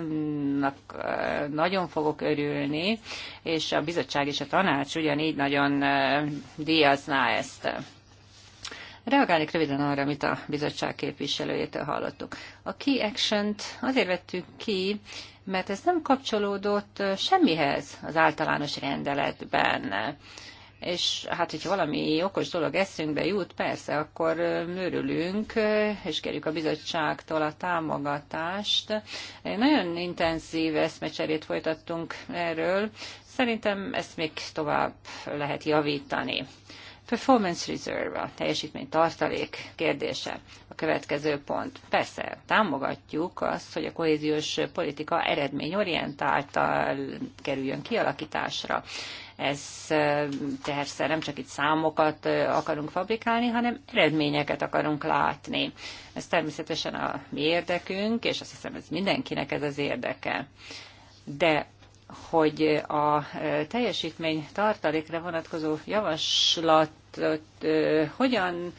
nagyon fogok örülni, és a bizottság és a tanács ugyanígy nagyon díjazná ezt. Reagálnék röviden arra, amit a bizottság képviselőjétől hallottuk. A key action-t azért vettük ki, mert ez nem kapcsolódott semmihez az általános rendeletben. És hát, hogyha valami okos dolog eszünkbe jut, persze, akkor mörülünk, és kérjük a bizottságtól a támogatást. Nagyon intenzív eszmecserét folytattunk erről. Szerintem ezt még tovább lehet javítani. Performance Reserve, a teljesítmény tartalék kérdése a következő pont. Persze, támogatjuk azt, hogy a kohéziós politika eredményorientáltal kerüljön kialakításra. Ez persze nem csak itt számokat akarunk fabrikálni, hanem eredményeket akarunk látni. Ez természetesen a mi érdekünk, és azt hiszem ez mindenkinek ez az érdeke. De hogy a teljesítmény tartalékra vonatkozó javaslatot hogyan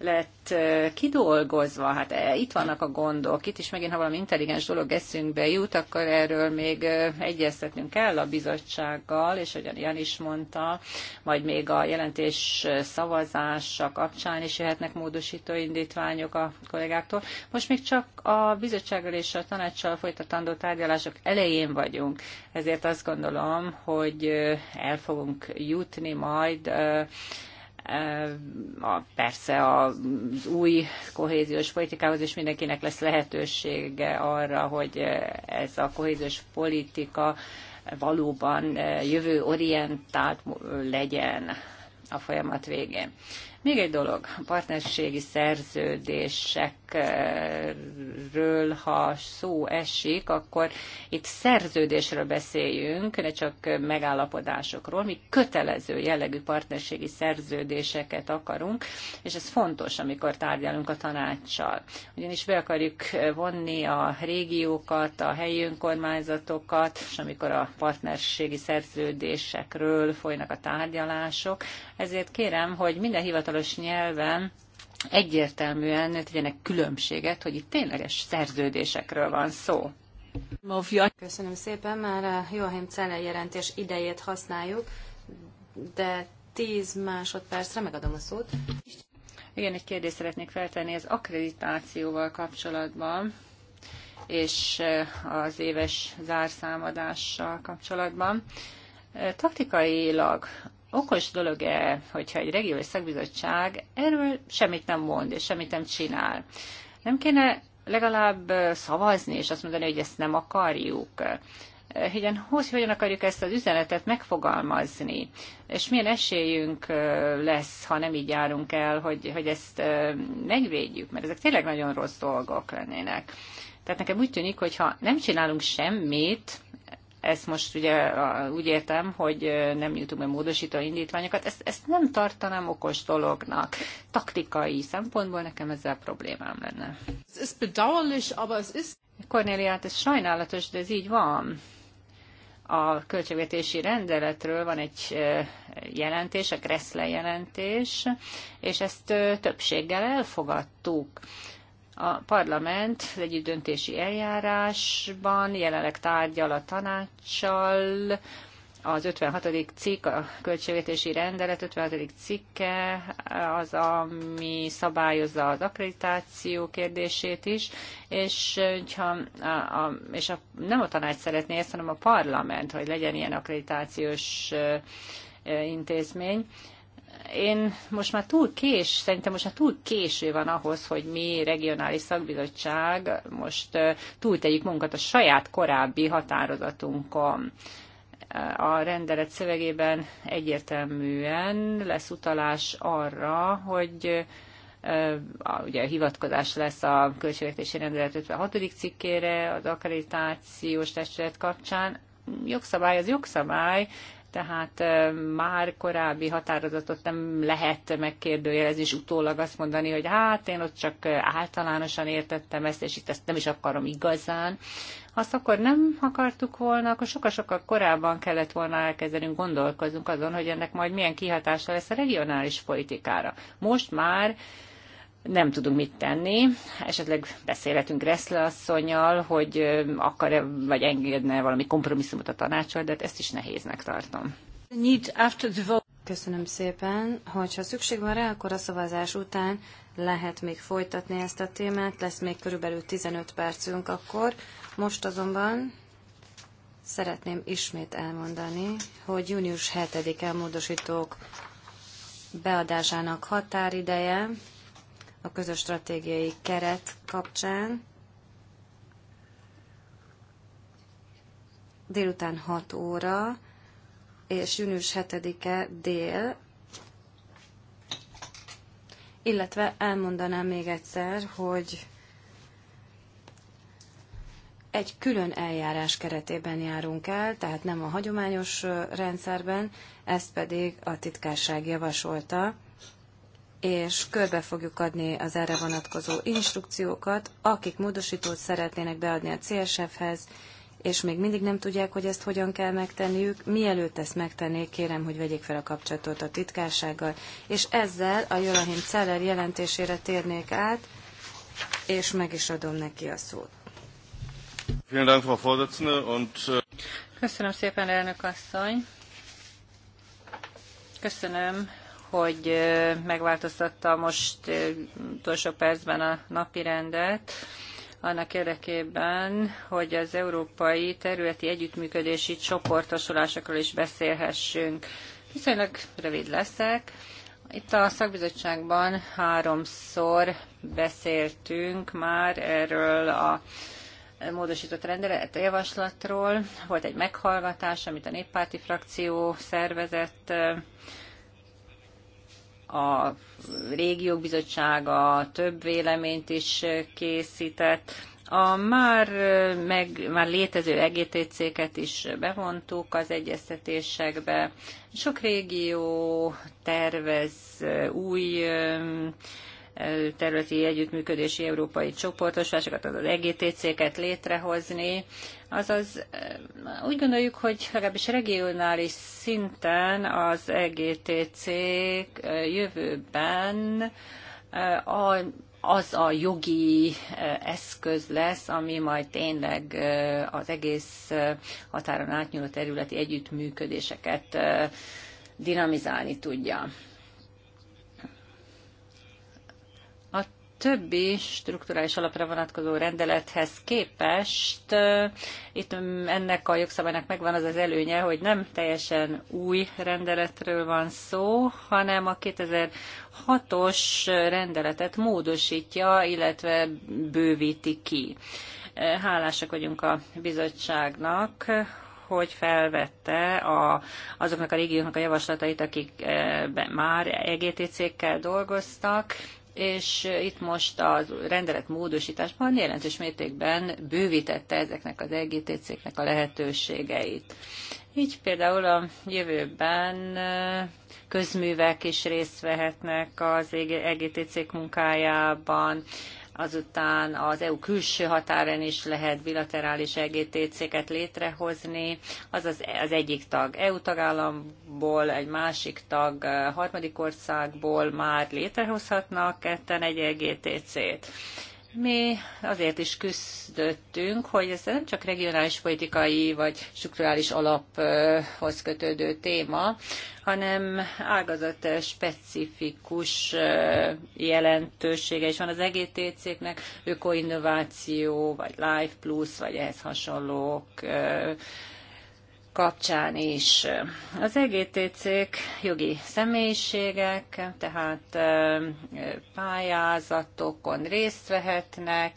lett kidolgozva. Hát e, itt vannak a gondok. Itt is megint, ha valami intelligens dolog eszünkbe jut, akkor erről még egyeztetnünk kell a bizottsággal, és ahogyan Jan is mondta, majd még a jelentés szavazása kapcsán is jöhetnek módosító indítványok a kollégáktól. Most még csak a bizottsággal és a tanácssal folytatandó tárgyalások elején vagyunk, ezért azt gondolom, hogy el fogunk jutni majd a, persze az új kohéziós politikához is mindenkinek lesz lehetősége arra, hogy ez a kohéziós politika valóban jövőorientált legyen a folyamat végén. Még egy dolog, a partnerségi szerződések ről, ha szó esik, akkor itt szerződésről beszéljünk, ne csak megállapodásokról. Mi kötelező jellegű partnerségi szerződéseket akarunk, és ez fontos, amikor tárgyalunk a tanácssal. Ugyanis be akarjuk vonni a régiókat, a helyi önkormányzatokat, és amikor a partnerségi szerződésekről folynak a tárgyalások, ezért kérem, hogy minden hivatalos nyelven egyértelműen tegyenek különbséget, hogy itt tényleges szerződésekről van szó. Köszönöm szépen, már a Joachim Celler jelentés idejét használjuk, de 10 másodpercre megadom a szót. Igen, egy kérdést szeretnék feltenni az akkreditációval kapcsolatban és eh, az éves zárszámadással kapcsolatban. Eh, Taktikailag okos dolog-e, hogyha egy regionális szakbizottság erről semmit nem mond és semmit nem csinál? Nem kéne legalább szavazni, és azt mondani, hogy ezt nem akarjuk. Hogyan, hogy hogyan akarjuk ezt az üzenetet megfogalmazni, és milyen esélyünk lesz, ha nem így járunk el, hogy, hogy ezt megvédjük, mert ezek tényleg nagyon rossz dolgok lennének. Tehát nekem úgy tűnik, hogy ha nem csinálunk semmit, ezt most ugye úgy értem, hogy nem nyújtunk meg módosító indítványokat, ezt, ezt nem tartanám okos dolognak. Taktikai szempontból nekem ezzel problémám lenne. Ez es ez sajnálatos, de ez így van. A költségvetési rendeletről van egy jelentés, a Kresszle jelentés, és ezt többséggel elfogadtuk. A parlament együtt döntési eljárásban jelenleg tárgyal a tanácssal, az 56. cikk, a költségvetési rendelet 56. cikke az, ami szabályozza az akkreditáció kérdését is, és, hogyha, a, a, és a, nem a tanács szeretné ezt, hanem a parlament, hogy legyen ilyen akkreditációs intézmény én most már túl kés, szerintem most már túl késő van ahhoz, hogy mi regionális szakbizottság most túltegyük magunkat a saját korábbi határozatunkon. A rendelet szövegében egyértelműen lesz utalás arra, hogy ugye a hivatkozás lesz a költségvetési rendelet 56. cikkére az akkreditációs testület kapcsán. Jogszabály az jogszabály, tehát már korábbi határozatot nem lehet megkérdőjelezni, és utólag azt mondani, hogy hát én ott csak általánosan értettem ezt, és itt ezt nem is akarom igazán. Azt akkor nem akartuk volna, akkor sokkal-sokkal korábban kellett volna elkezdenünk gondolkozunk azon, hogy ennek majd milyen kihatása lesz a regionális politikára. Most már nem tudunk mit tenni. Esetleg beszélhetünk Reszle asszonyjal, hogy akar-e vagy engedne valami kompromisszumot a tanácsol, de hát ezt is nehéznek tartom. Köszönöm szépen. Hogyha szükség van rá, akkor a szavazás után lehet még folytatni ezt a témát. Lesz még körülbelül 15 percünk akkor. Most azonban szeretném ismét elmondani, hogy június 7-e módosítók beadásának határideje, a közös stratégiai keret kapcsán. Délután 6 óra, és június 7-e dél, illetve elmondanám még egyszer, hogy egy külön eljárás keretében járunk el, tehát nem a hagyományos rendszerben, ezt pedig a titkárság javasolta és körbe fogjuk adni az erre vonatkozó instrukciókat, akik módosítót szeretnének beadni a CSF-hez, és még mindig nem tudják, hogy ezt hogyan kell megtenniük. Mielőtt ezt megtennék, kérem, hogy vegyék fel a kapcsolatot a titkársággal. És ezzel a Jolahim Celler jelentésére térnék át, és meg is adom neki a szót. Äh, Köszönöm szépen, elnök asszony! Köszönöm hogy megváltoztatta most utolsó percben a napi rendet, annak érdekében, hogy az európai területi együttműködési csoportosulásokról is beszélhessünk. Viszonylag rövid leszek. Itt a szakbizottságban háromszor beszéltünk már erről a módosított rendelet javaslatról. Volt egy meghallgatás, amit a néppárti frakció szervezett a régiók bizottsága több véleményt is készített. A már, meg, már létező EGTC-ket is bevontuk az egyeztetésekbe. Sok régió tervez új területi együttműködési európai csoportosulásokat, az EGTC-ket létrehozni. Azaz úgy gondoljuk, hogy legalábbis regionális szinten az EGTC jövőben a az a jogi e, eszköz lesz, ami majd tényleg e, az egész e, határon átnyúló területi együttműködéseket dinamizálni tudja. többi strukturális alapra vonatkozó rendelethez képest itt ennek a jogszabálynak megvan az az előnye, hogy nem teljesen új rendeletről van szó, hanem a 2006-os rendeletet módosítja, illetve bővíti ki. Hálásak vagyunk a bizottságnak, hogy felvette a, azoknak a régióknak a javaslatait, akik e, már EGTC-kkel dolgoztak, és eh, itt most a rendelet módosításban jelentős mértékben bővítette ezeknek az LGTC-knek a lehetőségeit. Így például a jövőben eh, közművek is részt vehetnek az EGTC munkájában, azután az EU külső határen is lehet bilaterális EGTC-ket létrehozni, az az egyik tag EU tagállamból, egy másik tag eh, harmadik országból már létrehozhatnak ketten egy EGTC-t mi azért is küzdöttünk, hogy ez nem csak regionális politikai vagy strukturális alaphoz kötődő téma, hanem ágazat specifikus jelentősége is van az egtc nek ökoinnováció, vagy Life Plus, vagy ehhez hasonlók kapcsán is. Az EGTC-k jogi személyiségek, tehát pályázatokon részt vehetnek,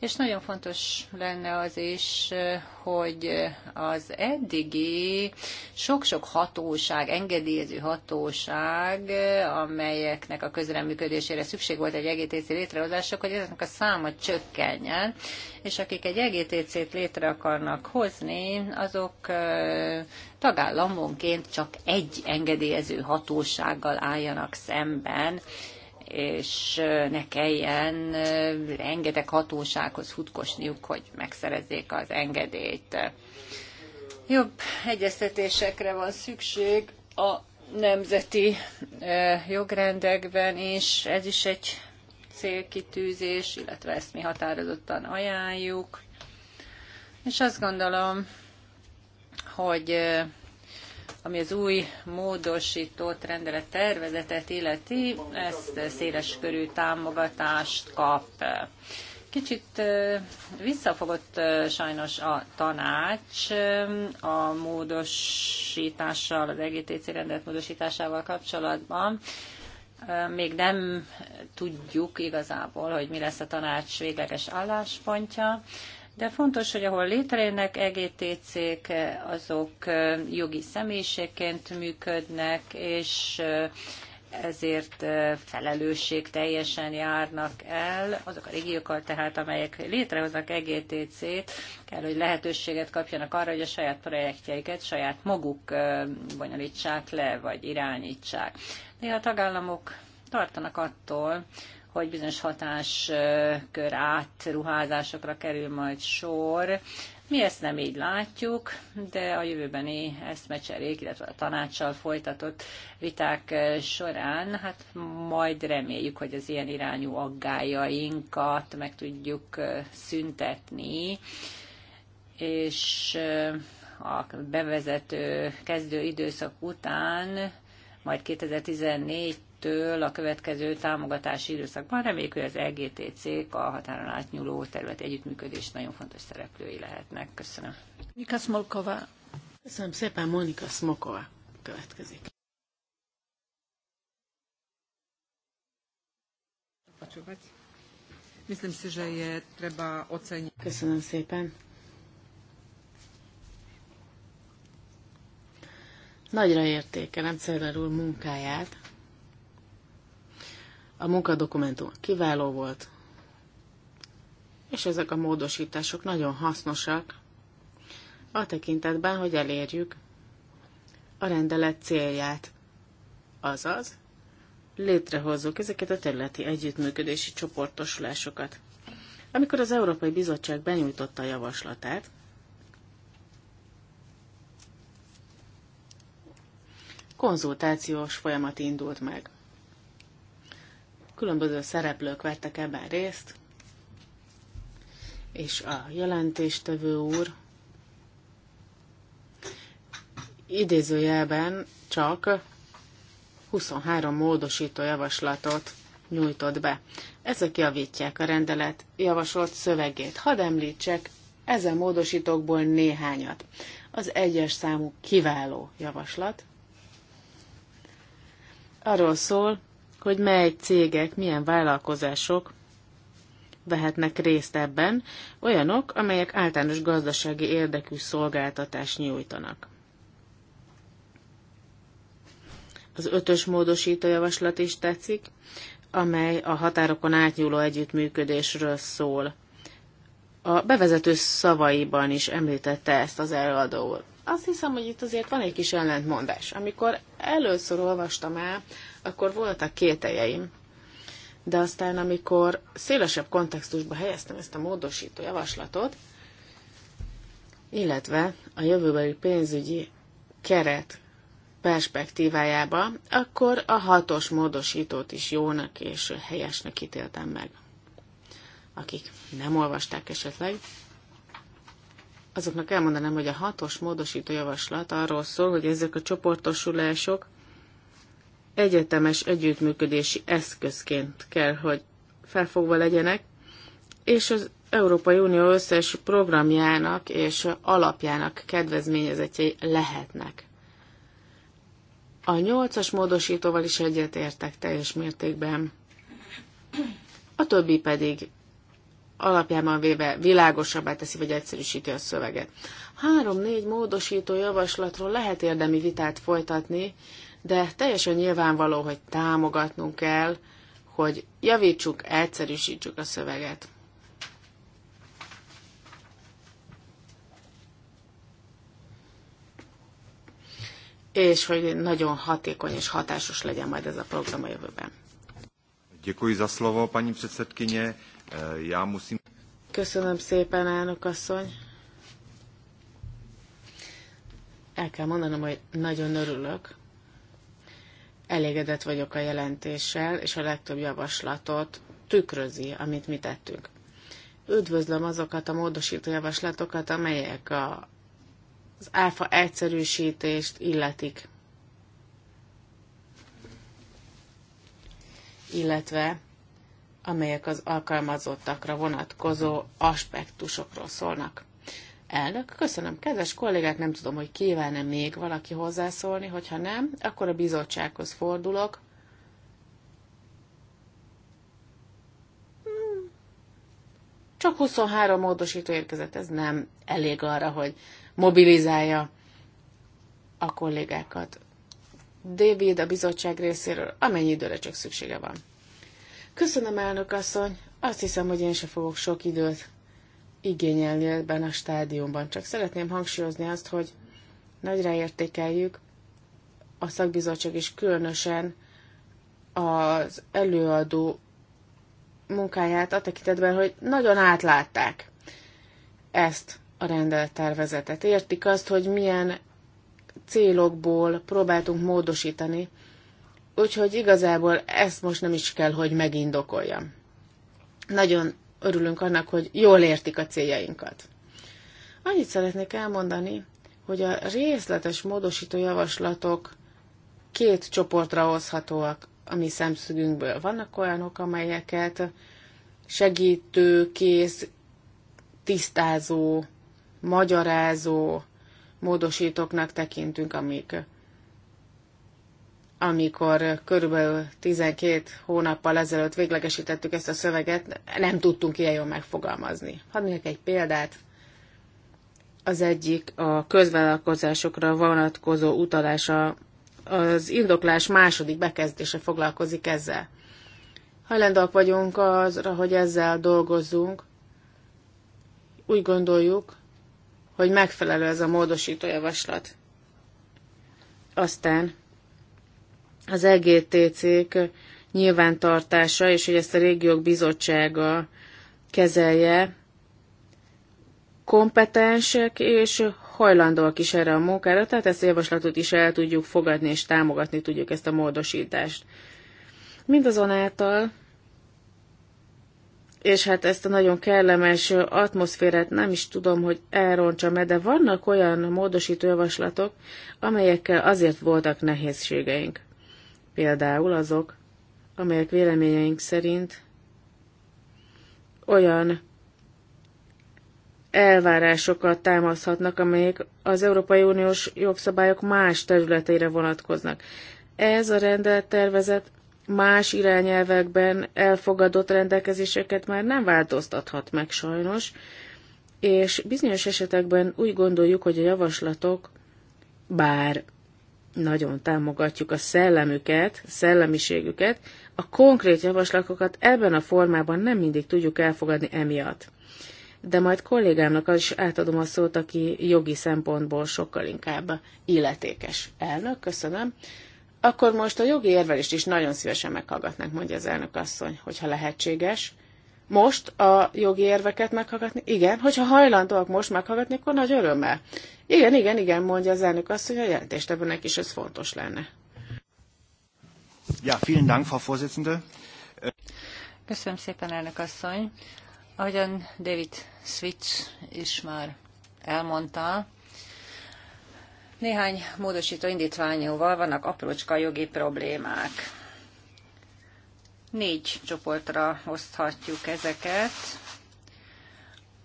és nagyon fontos lenne az is, hogy az eddigi sok-sok hatóság, engedélyező hatóság, amelyeknek a közreműködésére szükség volt egy EGTC létrehozások, hogy ezeknek a száma csökkenjen, és akik egy EGTC-t létre akarnak hozni, azok tagállamonként csak egy engedélyező hatósággal álljanak szemben, és ne kelljen rengeteg hatósághoz futkosniuk, hogy megszerezzék az engedélyt. Jobb egyeztetésekre van szükség a nemzeti jogrendekben is, ez is egy célkitűzés, illetve ezt mi határozottan ajánljuk. És azt gondolom, hogy ami az új módosított rendelet tervezetet illeti, ezt széles körű támogatást kap. Kicsit visszafogott sajnos a tanács a módosítással, az EGTC rendelet módosításával kapcsolatban. Még nem tudjuk igazából, hogy mi lesz a tanács végleges álláspontja. De fontos, hogy ahol létrejönnek EGTC-k, azok jogi személyiségként működnek, és ezért felelősség teljesen járnak el. Azok a régiókkal tehát, amelyek létrehoznak EGTC-t, kell, hogy lehetőséget kapjanak arra, hogy a saját projektjeiket saját maguk bonyolítsák le, vagy irányítsák. Néha a tagállamok tartanak attól, hogy bizonyos hatáskör átruházásokra kerül majd sor. Mi ezt nem így látjuk, de a jövőbeni eszmecserék, illetve a tanácssal folytatott viták során, hát majd reméljük, hogy az ilyen irányú aggájainkat meg tudjuk szüntetni, és a bevezető kezdő időszak után majd 2014 től a következő támogatási időszakban. Reméljük, hogy az EGTC-k a határon átnyúló terület együttműködés nagyon fontos szereplői lehetnek. Köszönöm. Mika Smolkova. Köszönöm szépen, Monika Smokova következik. Köszönöm szépen. Nagyra értékelem Szerver úr munkáját, a munkadokumentum kiváló volt, és ezek a módosítások nagyon hasznosak a tekintetben, hogy elérjük a rendelet célját, azaz létrehozzuk ezeket a területi együttműködési csoportosulásokat. Amikor az Európai Bizottság benyújtotta a javaslatát, konzultációs folyamat indult meg. Különböző szereplők vettek ebben részt, és a jelentéstevő úr idézőjelben csak 23 módosító javaslatot nyújtott be. Ezek javítják a rendelet javasolt szövegét. Hadd említsek ezen módosítókból néhányat. Az egyes számú kiváló javaslat. Arról szól, hogy mely cégek, milyen vállalkozások vehetnek részt ebben, olyanok, amelyek általános gazdasági érdekű szolgáltatást nyújtanak. Az ötös módosító javaslat is tetszik, amely a határokon átnyúló együttműködésről szól. A bevezető szavaiban is említette ezt az előadó Azt hiszem, hogy itt azért van egy kis ellentmondás. Amikor először olvastam el akkor voltak kételjeim. De aztán, amikor szélesebb kontextusba helyeztem ezt a módosító javaslatot, illetve a jövőbeli pénzügyi keret perspektívájába, akkor a hatos módosítót is jónak és helyesnek ítéltem meg. Akik nem olvasták esetleg, azoknak elmondanám, hogy a hatos módosító javaslat arról szól, hogy ezek a csoportosulások egyetemes együttműködési eszközként kell, hogy felfogva legyenek, és az Európai Unió összes programjának és alapjának kedvezményezetjei lehetnek. A nyolcas módosítóval is egyetértek teljes mértékben. A többi pedig alapjában véve világosabbá teszi, vagy egyszerűsíti a szöveget. Három-négy módosító javaslatról lehet érdemi vitát folytatni, de teljesen nyilvánvaló, hogy támogatnunk kell, hogy javítsuk, egyszerűsítsük a szöveget. és hogy nagyon hatékony és hatásos legyen majd ez a program a jövőben. Děkuji za slovo, paní předsedkyně. Já musím... Köszönöm szépen, elnök asszony. El kell mondanom, hogy nagyon örülök, Elégedett vagyok a jelentéssel, és a legtöbb javaslatot tükrözi, amit mi tettünk. Üdvözlöm azokat a módosító javaslatokat, amelyek a, az áfa egyszerűsítést illetik, illetve amelyek az alkalmazottakra vonatkozó aspektusokról szólnak. Elnök, köszönöm. Kedves kollégák, nem tudom, hogy kíván még valaki hozzászólni, hogyha nem, akkor a bizottsághoz fordulok. Hmm. Csak 23 módosító érkezett, ez nem elég arra, hogy mobilizálja a kollégákat. David a bizottság részéről amennyi időre csak szüksége van. Köszönöm, elnök asszony, azt hiszem, hogy én se fogok sok időt igényelni ebben a stádiumban. Csak szeretném hangsúlyozni azt, hogy nagyra értékeljük a szakbizottság is különösen az előadó munkáját a tekintetben, hogy nagyon átlátták ezt a rendelettervezetet. Értik azt, hogy milyen célokból próbáltunk módosítani, úgyhogy igazából ezt most nem is kell, hogy megindokoljam. Nagyon örülünk annak, hogy jól értik a céljainkat. Annyit szeretnék elmondani, hogy a részletes módosító javaslatok két csoportra hozhatóak a mi szemszögünkből. Vannak olyanok, amelyeket segítő, kéz tisztázó, magyarázó módosítóknak tekintünk, amik amikor körülbelül 12 hónappal ezelőtt véglegesítettük ezt a szöveget, nem tudtunk ilyen jól megfogalmazni. Hadd mondjak egy példát. Az egyik a közvállalkozásokra vonatkozó utalása, az indoklás második bekezdése foglalkozik ezzel. Hajlandóak vagyunk azra, hogy ezzel dolgozzunk. Úgy gondoljuk, hogy megfelelő ez a módosító javaslat. Aztán az EGTC-k nyilvántartása, és hogy ezt a régiók bizottsága kezelje, kompetensek és hajlandóak is erre a munkára, tehát ezt a javaslatot is el tudjuk fogadni és támogatni tudjuk ezt a módosítást. Mindazonáltal, és hát ezt a nagyon kellemes atmoszférát nem is tudom, hogy elrontsam-e, de vannak olyan módosító javaslatok, amelyekkel azért voltak nehézségeink. Például azok, amelyek véleményeink szerint olyan elvárásokat támaszhatnak, amelyek az Európai Uniós jogszabályok más területeire vonatkoznak. Ez a rendelettervezet más irányelvekben elfogadott rendelkezéseket már nem változtathat meg sajnos, és bizonyos esetekben úgy gondoljuk, hogy a javaslatok, bár nagyon támogatjuk a szellemüket, szellemiségüket, a konkrét javaslatokat ebben a formában nem mindig tudjuk elfogadni emiatt. De majd kollégámnak is átadom a szót, aki jogi szempontból sokkal inkább illetékes. Elnök, köszönöm. Akkor most a jogi érvelést is nagyon szívesen meghallgatnánk, mondja az elnök asszony, hogyha lehetséges most a jogi érveket meghallgatni? Igen, hogyha hajlandóak most meghallgatni, akkor nagy örömmel. Igen, igen, igen, mondja az elnök azt, hogy a jelentéstevőnek is ez fontos lenne. Ja, vielen Dank, Frau Vorsitzende. Köszönöm szépen, elnök asszony. Ahogyan David Switch is már elmondta, néhány módosító indítványóval vannak aprócska jogi problémák. Négy csoportra oszthatjuk ezeket.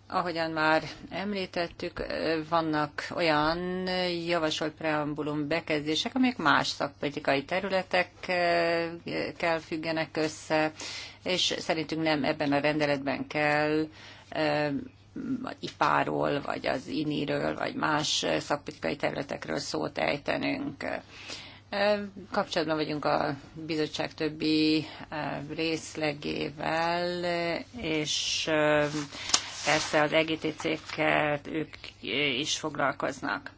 Ahogyan már említettük, vannak olyan javasolt preambulum bekezdések, amelyek más szakpolitikai területekkel függenek össze, és szerintünk nem ebben a rendeletben kell ipáról, vagy az iniről, vagy más szakpolitikai területekről szót ejtenünk. Kapcsolatban vagyunk a bizottság többi részlegével, és persze az egt ők is foglalkoznak.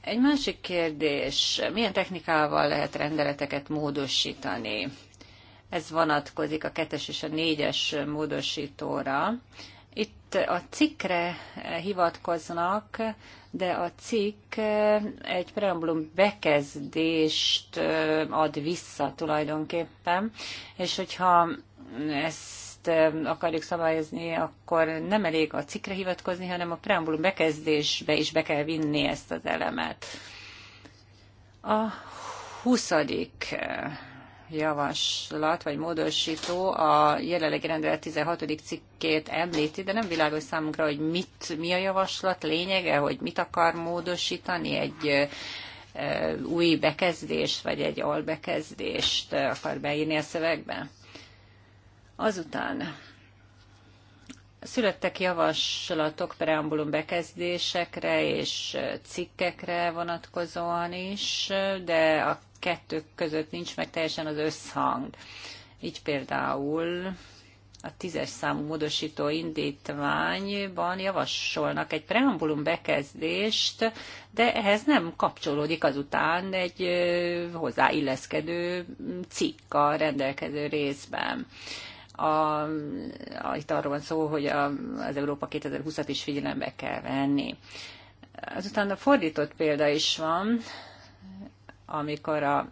Egy másik kérdés, milyen technikával lehet rendeleteket módosítani? Ez vonatkozik a kettes és a négyes módosítóra itt a cikkre hivatkoznak, de a cikk egy preambulum bekezdést ad vissza tulajdonképpen, és hogyha ezt akarjuk szabályozni, akkor nem elég a cikkre hivatkozni, hanem a preambulum bekezdésbe is be kell vinni ezt az elemet. A huszadik javaslat vagy módosító a jelenlegi rendelet 16. cikkét említi, de nem világos számunkra, hogy mit, mi a javaslat lényege, hogy mit akar módosítani egy új bekezdést, vagy egy albekezdést akar beírni a szövegbe. Azután Születtek javaslatok preambulum bekezdésekre és cikkekre vonatkozóan is, de a kettő között nincs meg teljesen az összhang. Így például a tízes számú módosító indítványban javasolnak egy preambulum bekezdést, de ehhez nem kapcsolódik azután egy hozzáilleszkedő cikk a rendelkező részben. A, a, itt arról van szó, hogy a, az Európa 2020-at is figyelembe kell venni. Azután a fordított példa is van, amikor a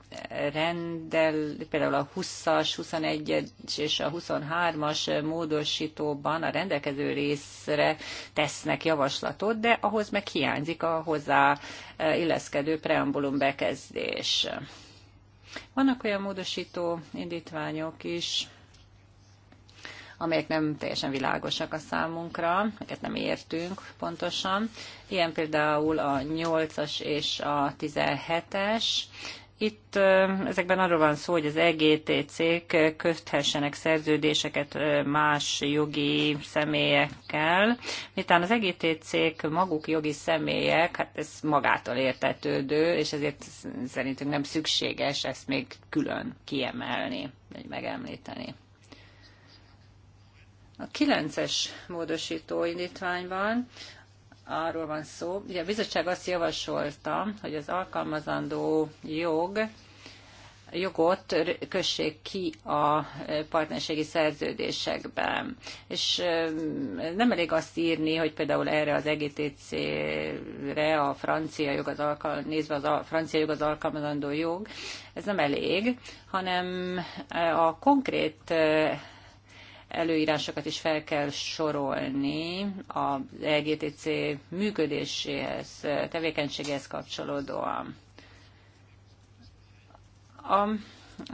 rendel, például a 20-as, 21-es és a 23-as módosítóban a rendelkező részre tesznek javaslatot, de ahhoz meg hiányzik a hozzá e, illeszkedő preambulum bekezdés. Vannak olyan módosító indítványok is, amelyek nem teljesen világosak a számunkra, amiket nem értünk pontosan. Ilyen például a 8-as és a 17-es. Itt ezekben arról van szó, hogy az EGTC-k köthessenek szerződéseket más jogi személyekkel, miután az EGTC-k maguk jogi személyek, hát ez magától értetődő, és ezért szerintünk nem szükséges ezt még külön kiemelni, vagy megemlíteni. A kilences módosító indítványban arról van szó, ugye a bizottság azt javasolta, hogy az alkalmazandó jog jogot kössék ki a partnerségi szerződésekben. És nem elég azt írni, hogy például erre az EGTC-re a francia jog az alkal, nézve az a francia jog az alkalmazandó jog, ez nem elég, hanem a konkrét előírásokat is fel kell sorolni a LGTC működéséhez, tevékenységhez kapcsolódóan. A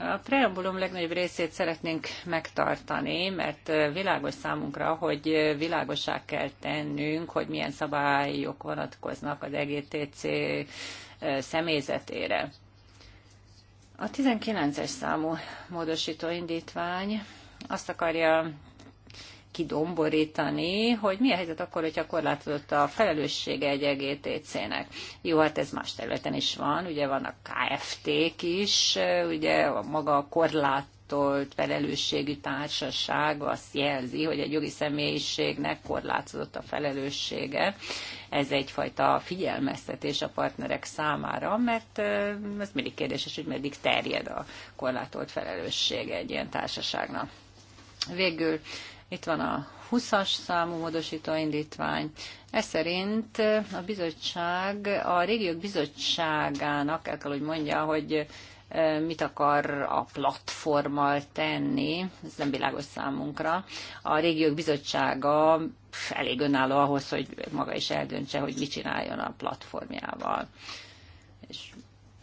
a preambulum legnagyobb részét szeretnénk megtartani, mert világos számunkra, hogy világosá kell tennünk, hogy milyen szabályok vonatkoznak az EGTC személyzetére. A 19-es számú módosító indítvány azt akarja kidomborítani, hogy mi a helyzet akkor, hogyha korlátozott a felelőssége egy EGTC-nek. Jó, hát ez más területen is van, ugye van a KFT-k is, ugye maga a korlát felelősségű társaság azt jelzi, hogy egy jogi személyiségnek korlátozott a felelőssége. Ez egyfajta figyelmeztetés a partnerek számára, mert ez mindig kérdéses, hogy meddig terjed a korlátolt felelősség egy ilyen társaságnak. Végül itt van a 20-as számú módosító indítvány. Ez szerint a bizottság, a régiók bizottságának el kell, hogy mondja, hogy e, mit akar a platformmal tenni, ez nem világos számunkra. A régiók bizottsága elég önálló ahhoz, hogy maga is eldöntse, hogy mit csináljon a platformjával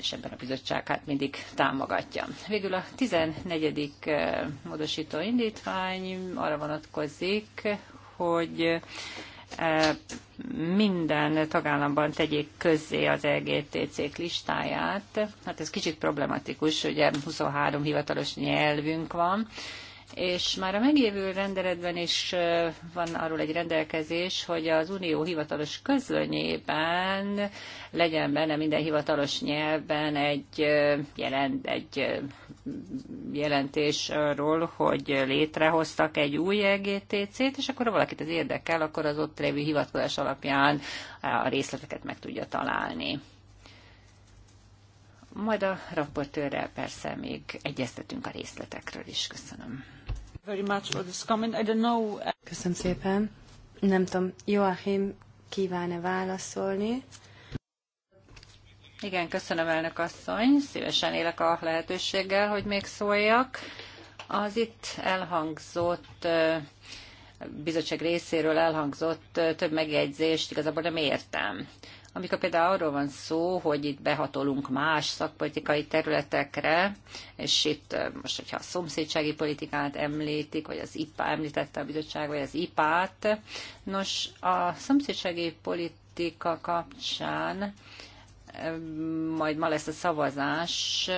és ebben a bizottság hát mindig támogatja. Végül a 14. Eh, módosító indítvány arra vonatkozik, hogy eh, minden tagállamban tegyék közzé az EGT cég listáját. Hát ez kicsit problematikus, ugye 23 hivatalos nyelvünk van, és már a megévő rendeletben is van arról egy rendelkezés, hogy az Unió hivatalos közlönyében legyen benne minden hivatalos nyelven egy, jelent, egy jelentés arról, hogy létrehoztak egy új EGTC-t, és akkor ha valakit az érdekel, akkor az ott lévő hivatkozás alapján a részleteket meg tudja találni. Majd a raportőrrel persze még egyeztetünk a részletekről is. Köszönöm. Uh, köszönöm szépen. Nem tudom, Joachim kíván-e válaszolni? Igen, köszönöm elnök asszony. Szívesen élek a lehetőséggel, hogy még szóljak. Az itt elhangzott bizottság részéről elhangzott több megjegyzést igazából nem értem. Amikor például arról van szó, hogy itt behatolunk más szakpolitikai területekre, és itt most, hogyha a szomszédsági politikát említik, vagy az IPA említette a bizottság, vagy az IPA-t, nos, a szomszédsági politika kapcsán majd ma lesz a szavazás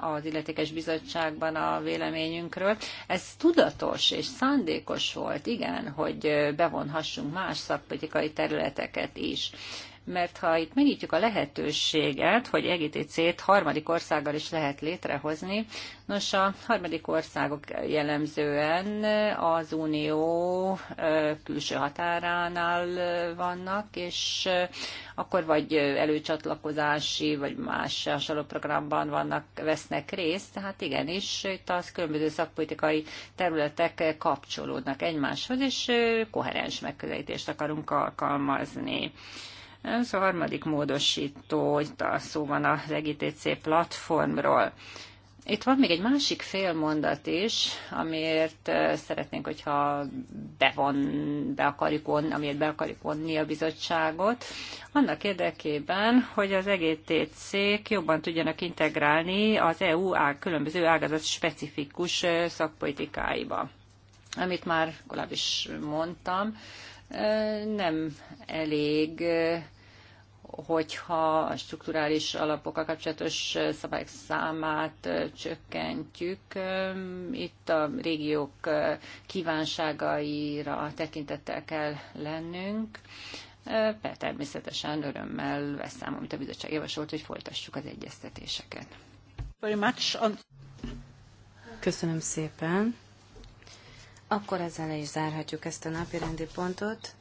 az illetékes bizottságban a véleményünkről. Ez tudatos és szándékos volt, igen, hogy bevonhassunk más szakpolitikai területeket is mert ha itt megnyitjuk a lehetőséget, hogy EGTC-t harmadik országgal is lehet létrehozni, nos a harmadik országok jellemzően az Unió külső határánál vannak, és akkor vagy előcsatlakozási, vagy más hasonló programban vannak, vesznek részt, tehát igenis itt az különböző szakpolitikai területek kapcsolódnak egymáshoz, és koherens megközelítést akarunk alkalmazni. Ez a harmadik módosító, itt a szó van az EGTC platformról. Itt van még egy másik félmondat is, amiért szeretnénk, hogyha bevon, be akarjuk vonni, amiért be akarjuk vonni a bizottságot, annak érdekében, hogy az egtc jobban tudjanak integrálni az EU ág, különböző ágazat specifikus szakpolitikáiba. Amit már korábban is mondtam, nem elég hogyha a strukturális alapokkal kapcsolatos szabályok számát csökkentjük, itt a régiók kívánságaira tekintettel kell lennünk. Természetesen örömmel veszem, amit a bizottság javasolt, hogy folytassuk az egyeztetéseket. Köszönöm szépen. Akkor ezzel le is zárhatjuk ezt a napi rendi pontot.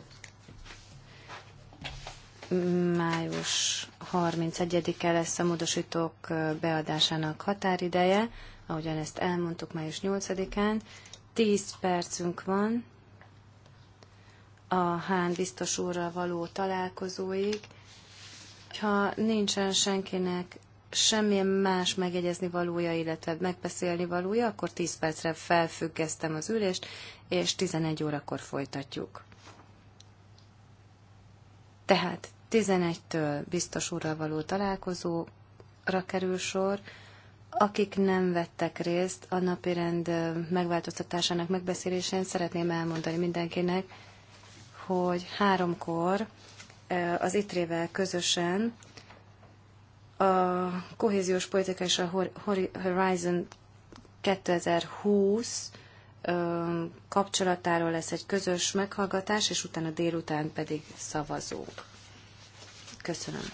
Május 31-e lesz a módosítók beadásának határideje, ahogyan ezt elmondtuk május 8-án. 10 percünk van a Hán biztos úrral való találkozóig. Ha nincsen senkinek semmilyen más megegyezni valója, illetve megbeszélni valója, akkor 10 percre felfüggesztem az ülést, és 11 órakor folytatjuk. Tehát 11-től biztos úrral való találkozóra kerül sor. Akik nem vettek részt a napirend megváltoztatásának megbeszélésén, szeretném elmondani mindenkinek, hogy háromkor az ITRÉ-vel közösen a kohéziós politika és a Horizon 2020 kapcsolatáról lesz egy közös meghallgatás, és utána délután pedig szavazók. Köszönöm.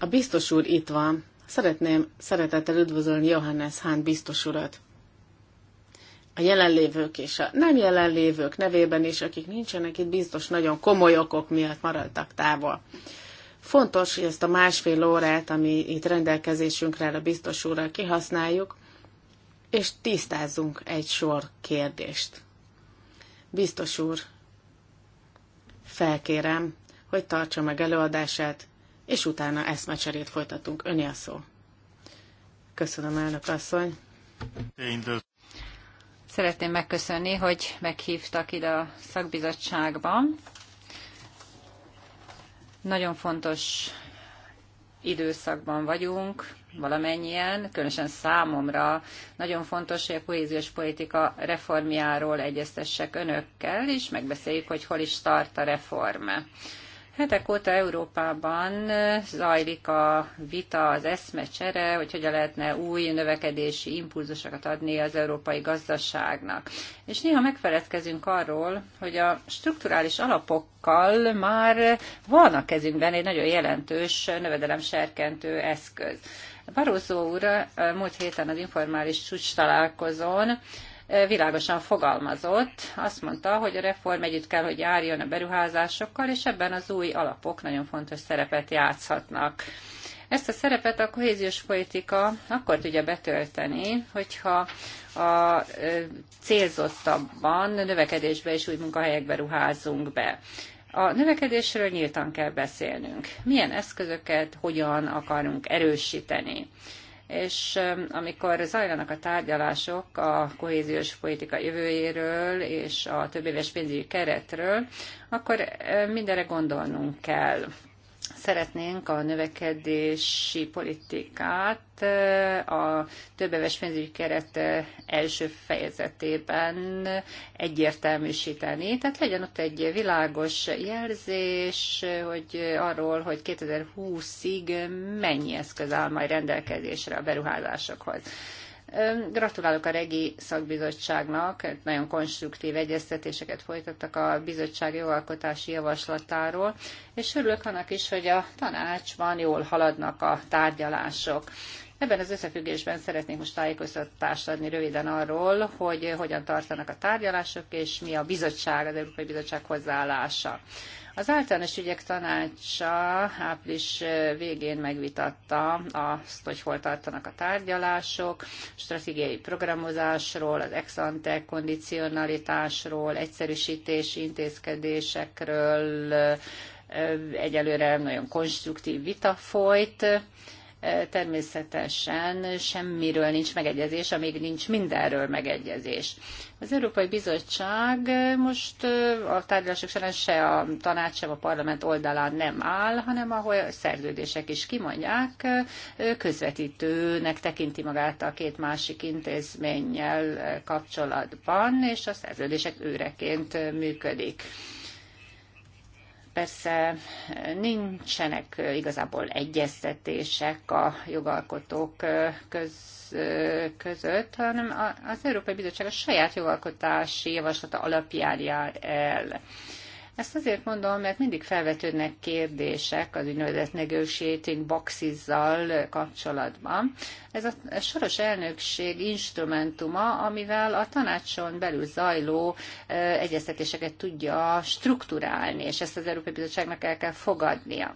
A biztos úr itt van. Szeretném szeretettel üdvözölni Johannes Hahn biztos urat. A jelenlévők és a nem jelenlévők nevében is, akik nincsenek itt, biztos nagyon komoly okok miatt maradtak távol. Fontos, hogy ezt a másfél órát, ami itt rendelkezésünkre a biztos úrral, kihasználjuk, és tisztázzunk egy sor kérdést. Biztos úr, felkérem, hogy tartsa meg előadását, és utána eszmecserét folytatunk. Öni a szó. Köszönöm, elnök asszony. Szeretném megköszönni, hogy meghívtak ide a szakbizottságban. Nagyon fontos időszakban vagyunk, valamennyien, különösen számomra nagyon fontos, hogy a kohéziós politika reformjáról egyeztessek önökkel, és megbeszéljük, hogy hol is tart a reform. Hetek óta Európában zajlik a vita, az eszmecsere, hogy hogyan lehetne új növekedési impulzusokat adni az európai gazdaságnak. És néha megfeledkezünk arról, hogy a strukturális alapokkal már van a kezünkben egy nagyon jelentős növedelem serkentő eszköz. Barózó úr múlt héten az informális csúcs találkozón világosan fogalmazott, azt mondta, hogy a reform együtt kell, hogy járjon a beruházásokkal, és ebben az új alapok nagyon fontos szerepet játszhatnak. Ezt a szerepet a kohéziós politika akkor tudja betölteni, hogyha a célzottabban növekedésbe és új munkahelyekbe ruházunk be. A növekedésről nyíltan kell beszélnünk. Milyen eszközöket, hogyan akarunk erősíteni és amikor zajlanak a tárgyalások a kohéziós politika jövőjéről és a többéves pénzügyi keretről, akkor mindenre gondolnunk kell szeretnénk a növekedési politikát eh, a többéves pénzügyi keret eh, első fejezetében egyértelműsíteni. Tehát legyen ott egy világos jelzés, eh, hogy arról, hogy 2020-ig mennyi eszköz áll majd rendelkezésre a beruházásokhoz. Gratulálok a Regi szakbizottságnak, nagyon konstruktív egyeztetéseket folytattak a bizottság jogalkotási javaslatáról, és örülök annak is, hogy a tanácsban jól haladnak a tárgyalások. Ebben az összefüggésben szeretnék most tájékoztatást adni röviden arról, hogy hogyan tartanak a tárgyalások, és mi a bizottság, az Európai Bizottság hozzáállása. Az általános ügyek tanácsa április végén megvitatta azt, hogy hol tartanak a tárgyalások, stratégiai programozásról, az ex-ante kondicionalitásról, egyszerűsítési intézkedésekről, egyelőre nagyon konstruktív vita folyt, E, természetesen semmiről nincs megegyezés, amíg nincs mindenről megegyezés. Az Európai Bizottság most e, a tárgyalások során se a tanács, sem a parlament oldalán nem áll, hanem ahol a szerződések is kimondják, e, közvetítőnek tekinti magát a két másik intézménnyel kapcsolatban, és a szerződések őreként működik persze nincsenek igazából egyeztetések a jogalkotók köz, között, hanem az Európai Bizottság a saját jogalkotási javaslata alapján jár el. Ezt azért mondom, mert mindig felvetődnek kérdések az úgynevezett negotiating boxizzal kapcsolatban. Ez a soros elnökség instrumentuma, amivel a tanácson belül zajló egyeztetéseket tudja strukturálni, és ezt az Európai Bizottságnak el kell fogadnia.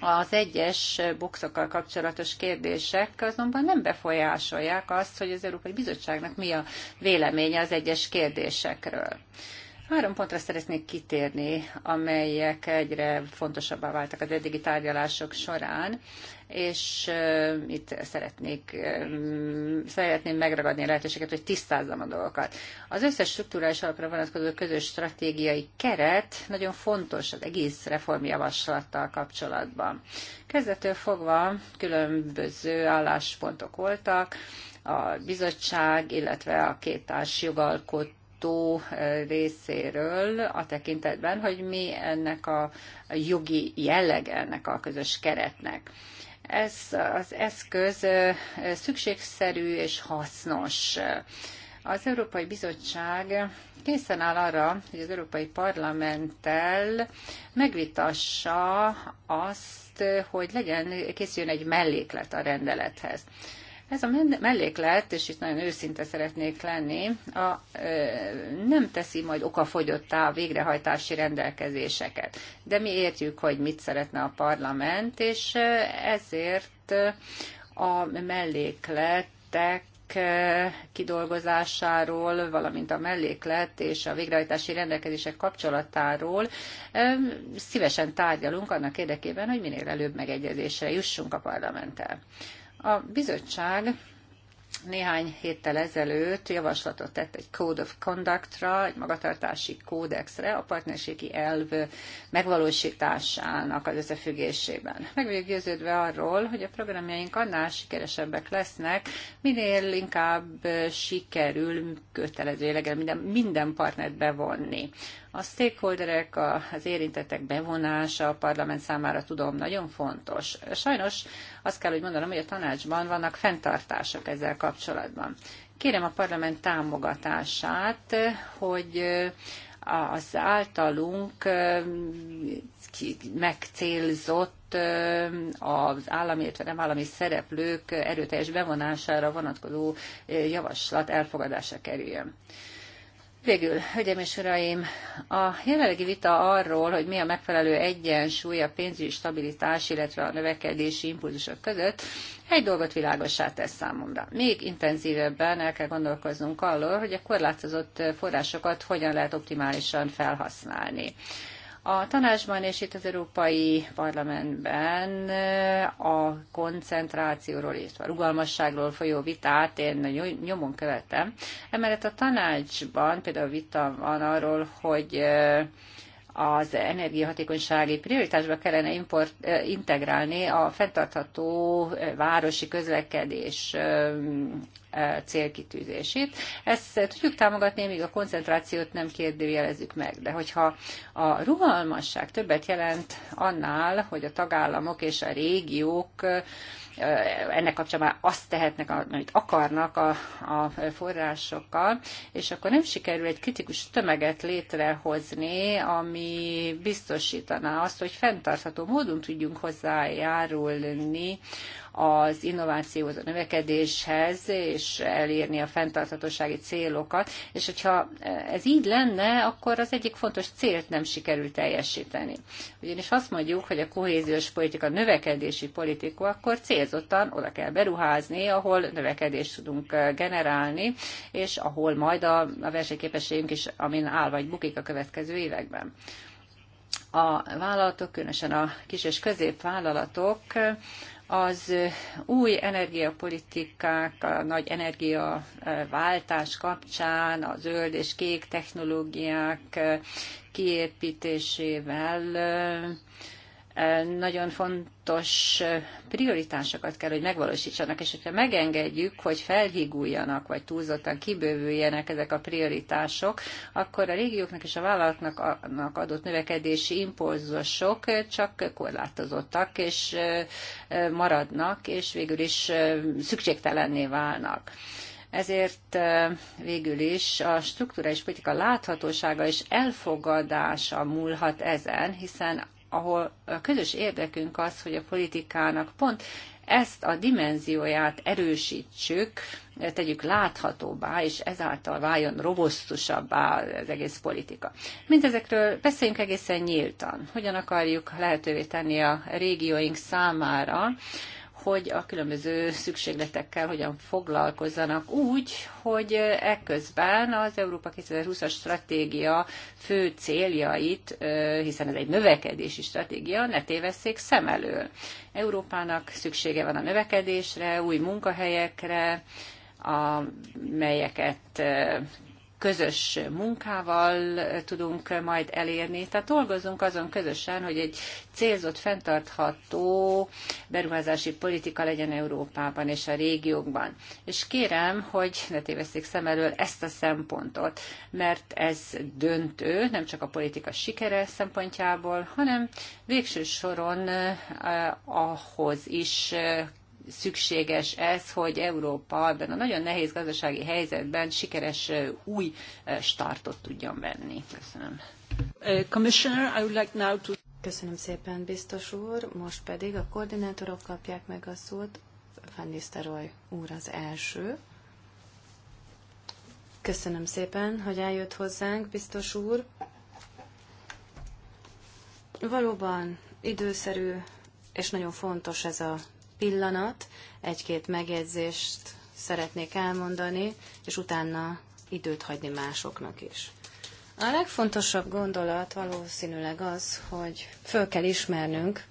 Az egyes boxokkal kapcsolatos kérdések azonban nem befolyásolják azt, hogy az Európai Bizottságnak mi a véleménye az egyes kérdésekről. Három pontra szeretnék kitérni, amelyek egyre fontosabbá váltak az eddigi tárgyalások során, és itt szeretnék, szeretném megragadni a lehetőséget, hogy tisztázzam a dolgokat. Az összes struktúrális alapra vonatkozó közös stratégiai keret nagyon fontos az egész reformjavaslattal kapcsolatban. Kezdetől fogva különböző álláspontok voltak, a bizottság, illetve a két társ jogalkot jogalkotó eh, részéről a tekintetben, hogy mi ennek a jogi jelleg ennek a közös keretnek. Ez az eszköz eh, szükségszerű és hasznos. Az Európai Bizottság készen áll arra, hogy az Európai Parlamenttel megvitassa azt, hogy legyen, készüljön egy melléklet a rendelethez. Ez a melléklet, és itt nagyon őszinte szeretnék lenni, a, nem teszi majd okafogyottá a végrehajtási rendelkezéseket. De mi értjük, hogy mit szeretne a parlament, és ezért a mellékletek kidolgozásáról, valamint a melléklet és a végrehajtási rendelkezések kapcsolatáról szívesen tárgyalunk annak érdekében, hogy minél előbb megegyezésre jussunk a parlamenttel. A bizottság néhány héttel ezelőtt javaslatot tett egy Code of Conductra, egy magatartási kódexre a partnerségi elv megvalósításának az összefüggésében. Meg vagyok győződve arról, hogy a programjaink annál sikeresebbek lesznek, minél inkább sikerül kötelező minden, minden partnert bevonni. A stakeholderek, az érintettek bevonása a parlament számára tudom nagyon fontos. Sajnos azt kell, hogy mondanom, hogy a tanácsban vannak fenntartások ezzel kapcsolatban. Kérem a parlament támogatását, hogy eh, az általunk eh, megcélzott eh, az állami, illetve nem állami szereplők erőteljes bevonására vonatkozó javaslat elfogadása kerüljön. Végül, hölgyeim és uraim, a jelenlegi vita arról, hogy mi a megfelelő egyensúly a pénzügyi stabilitás, illetve a növekedési impulzusok között, egy dolgot világossá tesz számomra. Még intenzívebben el kell gondolkoznunk arról, hogy a korlátozott forrásokat hogyan lehet optimálisan felhasználni. A tanácsban és itt az Európai Parlamentben eh, a koncentrációról, és a rugalmasságról folyó vitát én nyomon követtem. Emellett a tanácsban például vita van arról, hogy eh, az energiahatékonysági prioritásba kellene import, eh, integrálni a fenntartható eh, városi közlekedés eh, célkitűzését. Ezt tudjuk támogatni, míg a koncentrációt nem kérdőjelezzük meg, de hogyha a rugalmasság többet jelent annál, hogy a tagállamok és a régiók ennek kapcsán már azt tehetnek, amit akarnak a, a forrásokkal, és akkor nem sikerül egy kritikus tömeget létrehozni, ami biztosítaná azt, hogy fenntartható módon tudjunk hozzájárulni az innovációhoz, a növekedéshez, és elérni a fenntarthatósági célokat. És hogyha ez így lenne, akkor az egyik fontos célt nem sikerül teljesíteni. Ugyanis azt mondjuk, hogy a kohéziós politika növekedési politika, akkor célzottan oda kell beruházni, ahol növekedést tudunk generálni, és ahol majd a, a versenyképességünk is, amin áll vagy bukik a következő években a vállalatok, különösen a kis és középvállalatok az új energiapolitikák, a nagy energiaváltás kapcsán, a zöld és kék technológiák kiépítésével nagyon fontos prioritásokat kell, hogy megvalósítsanak, és hogyha megengedjük, hogy felhiguljanak, vagy túlzottan kibővüljenek ezek a prioritások, akkor a régióknak és a vállalatnak adott növekedési impulzusok csak korlátozottak, és maradnak, és végül is szükségtelenné válnak. Ezért végül is a strukturális politika láthatósága és elfogadása múlhat ezen, hiszen ahol a közös érdekünk az, hogy a politikának pont ezt a dimenzióját erősítsük, tegyük láthatóbbá, és ezáltal váljon robosztusabbá az egész politika. Mindezekről beszéljünk egészen nyíltan. Hogyan akarjuk lehetővé tenni a régióink számára, hogy a különböző szükségletekkel hogyan foglalkozzanak úgy, hogy ekközben az Európa 2020-as stratégia fő céljait, hiszen ez egy növekedési stratégia, ne tévesszék szem elől. Európának szüksége van a növekedésre, új munkahelyekre, amelyeket közös munkával tudunk majd elérni. Tehát dolgozunk azon közösen, hogy egy célzott, fenntartható beruházási politika legyen Európában és a régiókban. És kérem, hogy ne tévesszék szem elől ezt a szempontot, mert ez döntő, nem csak a politika sikere szempontjából, hanem végső soron eh, ahhoz is szükséges ez, hogy Európa ebben a nagyon nehéz gazdasági helyzetben sikeres új startot tudjon venni. Köszönöm. Uh, Commissioner, I would like now to... Köszönöm szépen, biztos úr. Most pedig a koordinátorok kapják meg a szót. Van Nistelrooy úr az első. Köszönöm szépen, hogy eljött hozzánk, biztos úr. Valóban időszerű és nagyon fontos ez a pillanat, egy-két megjegyzést szeretnék elmondani, és utána időt hagyni másoknak is. A legfontosabb gondolat valószínűleg az, hogy föl kell ismernünk,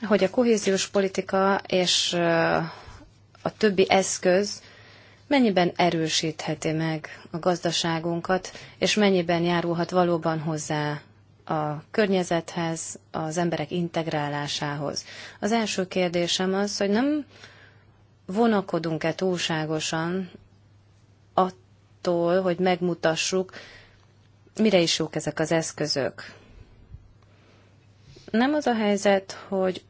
hogy a kohéziós politika és a többi eszköz mennyiben erősítheti meg a gazdaságunkat, és mennyiben járulhat valóban hozzá a környezethez, az emberek integrálásához. Az első kérdésem az, hogy nem vonakodunk-e túlságosan attól, hogy megmutassuk, mire is jók ezek az eszközök. Nem az a helyzet, hogy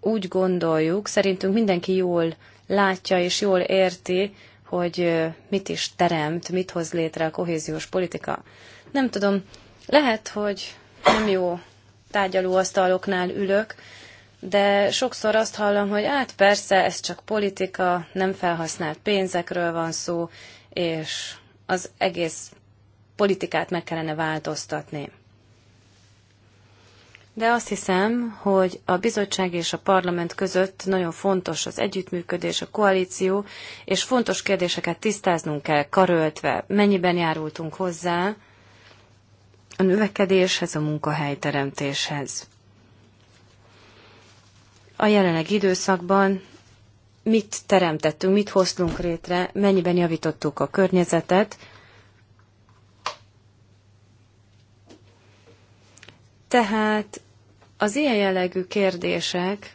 úgy gondoljuk, szerintünk mindenki jól látja és jól érti, hogy mit is teremt, mit hoz létre a kohéziós politika. Nem tudom, lehet, hogy nem jó tárgyalóasztaloknál ülök, de sokszor azt hallom, hogy hát persze, ez csak politika, nem felhasznált pénzekről van szó, és az egész politikát meg kellene változtatni. De azt hiszem, hogy a bizottság és a parlament között nagyon fontos az együttműködés, a koalíció, és fontos kérdéseket tisztáznunk kell karöltve, mennyiben járultunk hozzá a növekedéshez, a munkahelyteremtéshez. A jelenleg időszakban mit teremtettünk, mit hoztunk létre, mennyiben javítottuk a környezetet, Tehát az ilyen jellegű kérdések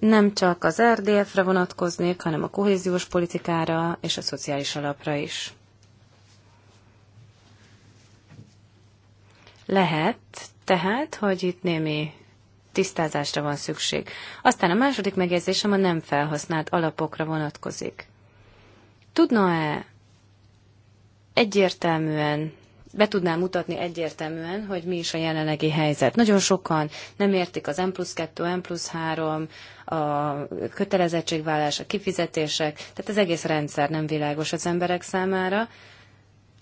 nem csak az RDF-re vonatkoznék, hanem a kohéziós politikára és a szociális alapra is. Lehet tehát, hogy itt némi tisztázásra van szükség. Aztán a második megjegyzésem a nem felhasznált alapokra vonatkozik. Tudna-e egyértelműen be tudnám mutatni egyértelműen, hogy mi is a jelenlegi helyzet. Nagyon sokan nem értik az M plusz 2, M plusz 3, a kötelezettségvállás, a kifizetések, tehát az egész rendszer nem világos az emberek számára.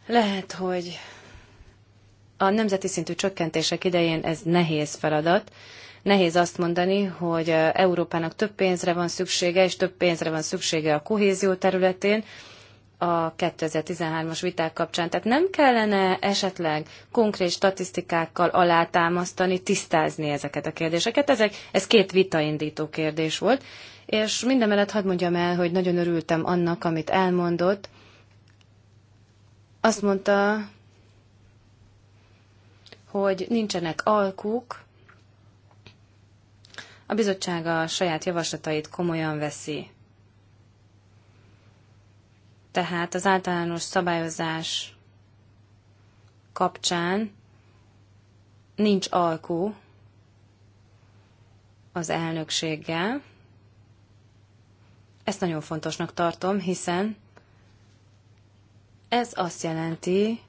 Lehet, hogy a nemzeti szintű csökkentések idején ez nehéz feladat. Nehéz azt mondani, hogy Európának több pénzre van szüksége, és több pénzre van szüksége a kohézió területén, a 2013-as viták kapcsán. Tehát nem kellene esetleg konkrét statisztikákkal alátámasztani, tisztázni ezeket a kérdéseket. Ezek, ez két vitaindító kérdés volt, és mindemellett hadd mondjam el, hogy nagyon örültem annak, amit elmondott. Azt mondta, hogy nincsenek alkuk, a bizottság a saját javaslatait komolyan veszi. Tehát az általános szabályozás kapcsán nincs alkú az elnökséggel. Ezt nagyon fontosnak tartom, hiszen ez azt jelenti,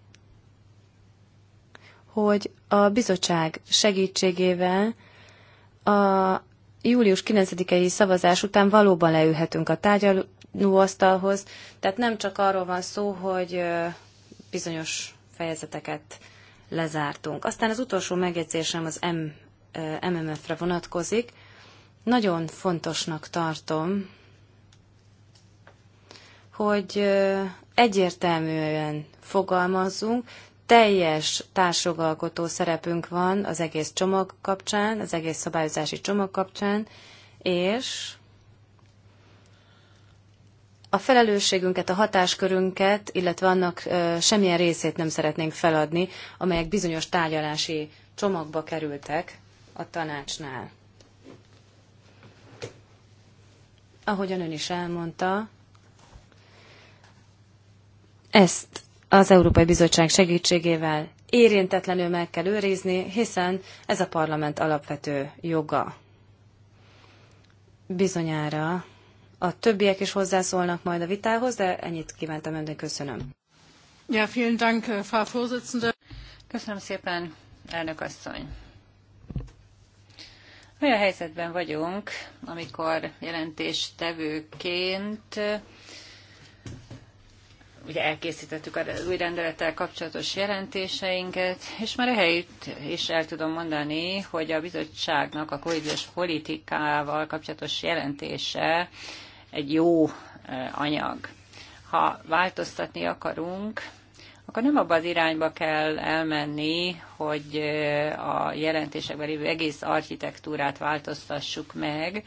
hogy a bizottság segítségével a július 9-i szavazás után valóban leülhetünk a tárgyalóasztalhoz, tehát nem csak arról van szó, hogy bizonyos fejezeteket lezártunk. Aztán az utolsó megjegyzésem az M, MMF-re vonatkozik. Nagyon fontosnak tartom, hogy egyértelműen fogalmazzunk, teljes társjogalkotó szerepünk van az egész csomag kapcsán, az egész szabályozási csomag kapcsán, és a felelősségünket, a hatáskörünket, illetve annak semmilyen részét nem szeretnénk feladni, amelyek bizonyos tárgyalási csomagba kerültek a tanácsnál. Ahogyan ön is elmondta, ezt az Európai Bizottság segítségével érintetlenül meg kell őrizni, hiszen ez a parlament alapvető joga. Bizonyára a többiek is hozzászólnak majd a vitához, de ennyit kívántam önnek, köszönöm. Ja, vielen Dank, äh, Frau Vorsitzende. Köszönöm szépen, elnök asszony. Olyan helyzetben vagyunk, amikor jelentéstevőként ugye elkészítettük az új rendelettel kapcsolatos jelentéseinket, és már helyét is el tudom mondani, hogy a bizottságnak a kohéziós politikával kapcsolatos jelentése egy jó eh, anyag. Ha változtatni akarunk, akkor nem abba az irányba kell elmenni, hogy a jelentésekben lévő egész architektúrát változtassuk meg.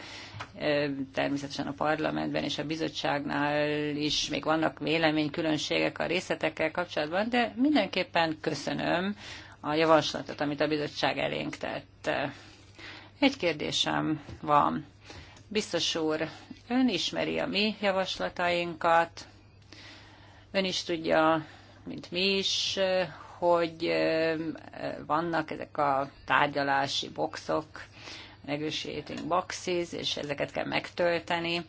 Természetesen a parlamentben és a bizottságnál is még vannak véleménykülönbségek a részletekkel kapcsolatban, de mindenképpen köszönöm a javaslatot, amit a bizottság elénk tett. Egy kérdésem van. Biztos úr, ön ismeri a mi javaslatainkat, ön is tudja, mint mi is, hogy vannak ezek a tárgyalási boxok, negotiating boxes, és ezeket kell megtölteni.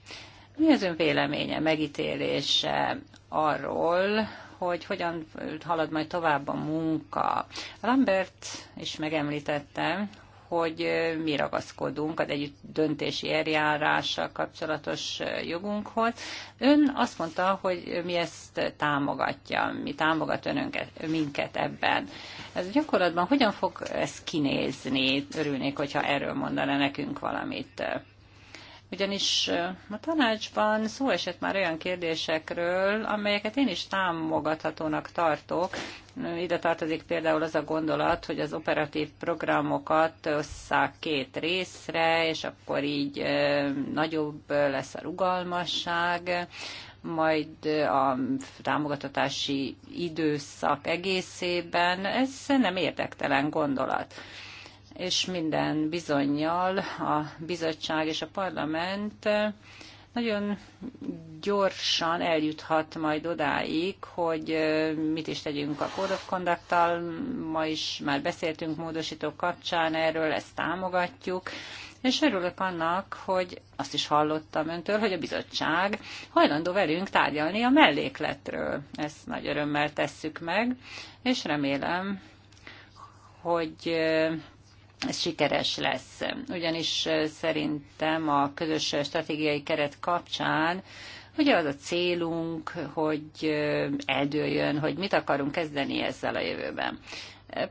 Mi az ön véleménye, megítélése arról, hogy hogyan halad majd tovább a munka? Lambert is megemlítette, hogy mi ragaszkodunk az együtt döntési eljárással kapcsolatos jogunkhoz. Ön azt mondta, hogy mi ezt támogatja, mi támogat önöket minket ebben. Ez gyakorlatban hogyan fog ez kinézni? Örülnék, hogyha erről mondaná nekünk valamit ugyanis a tanácsban szó esett már olyan kérdésekről, amelyeket én is támogathatónak tartok. Ide tartozik például az a gondolat, hogy az operatív programokat összák két részre, és akkor így nagyobb lesz a rugalmasság, majd a támogatási időszak egészében. Ez nem érdektelen gondolat és minden bizonyjal a bizottság és a parlament nagyon gyorsan eljuthat majd odáig, hogy mit is tegyünk a Code of conduct -tal. Ma is már beszéltünk módosítók kapcsán erről, ezt támogatjuk. És örülök annak, hogy azt is hallottam öntől, hogy a bizottság hajlandó velünk tárgyalni a mellékletről. Ezt nagy örömmel tesszük meg, és remélem, hogy ez sikeres lesz. Ugyanis szerintem a közös stratégiai keret kapcsán Ugye az a célunk, hogy eldőljön, hogy mit akarunk kezdeni ezzel a jövőben.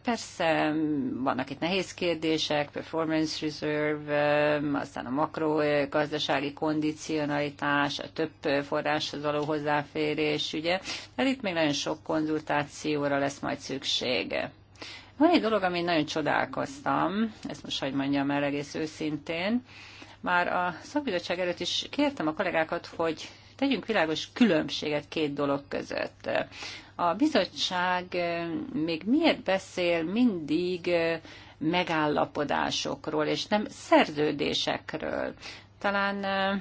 Persze vannak itt nehéz kérdések, performance reserve, aztán a makrogazdasági kondicionalitás, a több forráshoz való hozzáférés, ugye, de itt még nagyon sok konzultációra lesz majd szüksége. Van egy dolog, amit nagyon csodálkoztam, ezt most hagyd mondjam el egész őszintén. Már a szakbizottság előtt is kértem a kollégákat, hogy tegyünk világos különbséget két dolog között. A bizottság eh, még miért beszél mindig eh, megállapodásokról, és nem szerződésekről. Talán eh,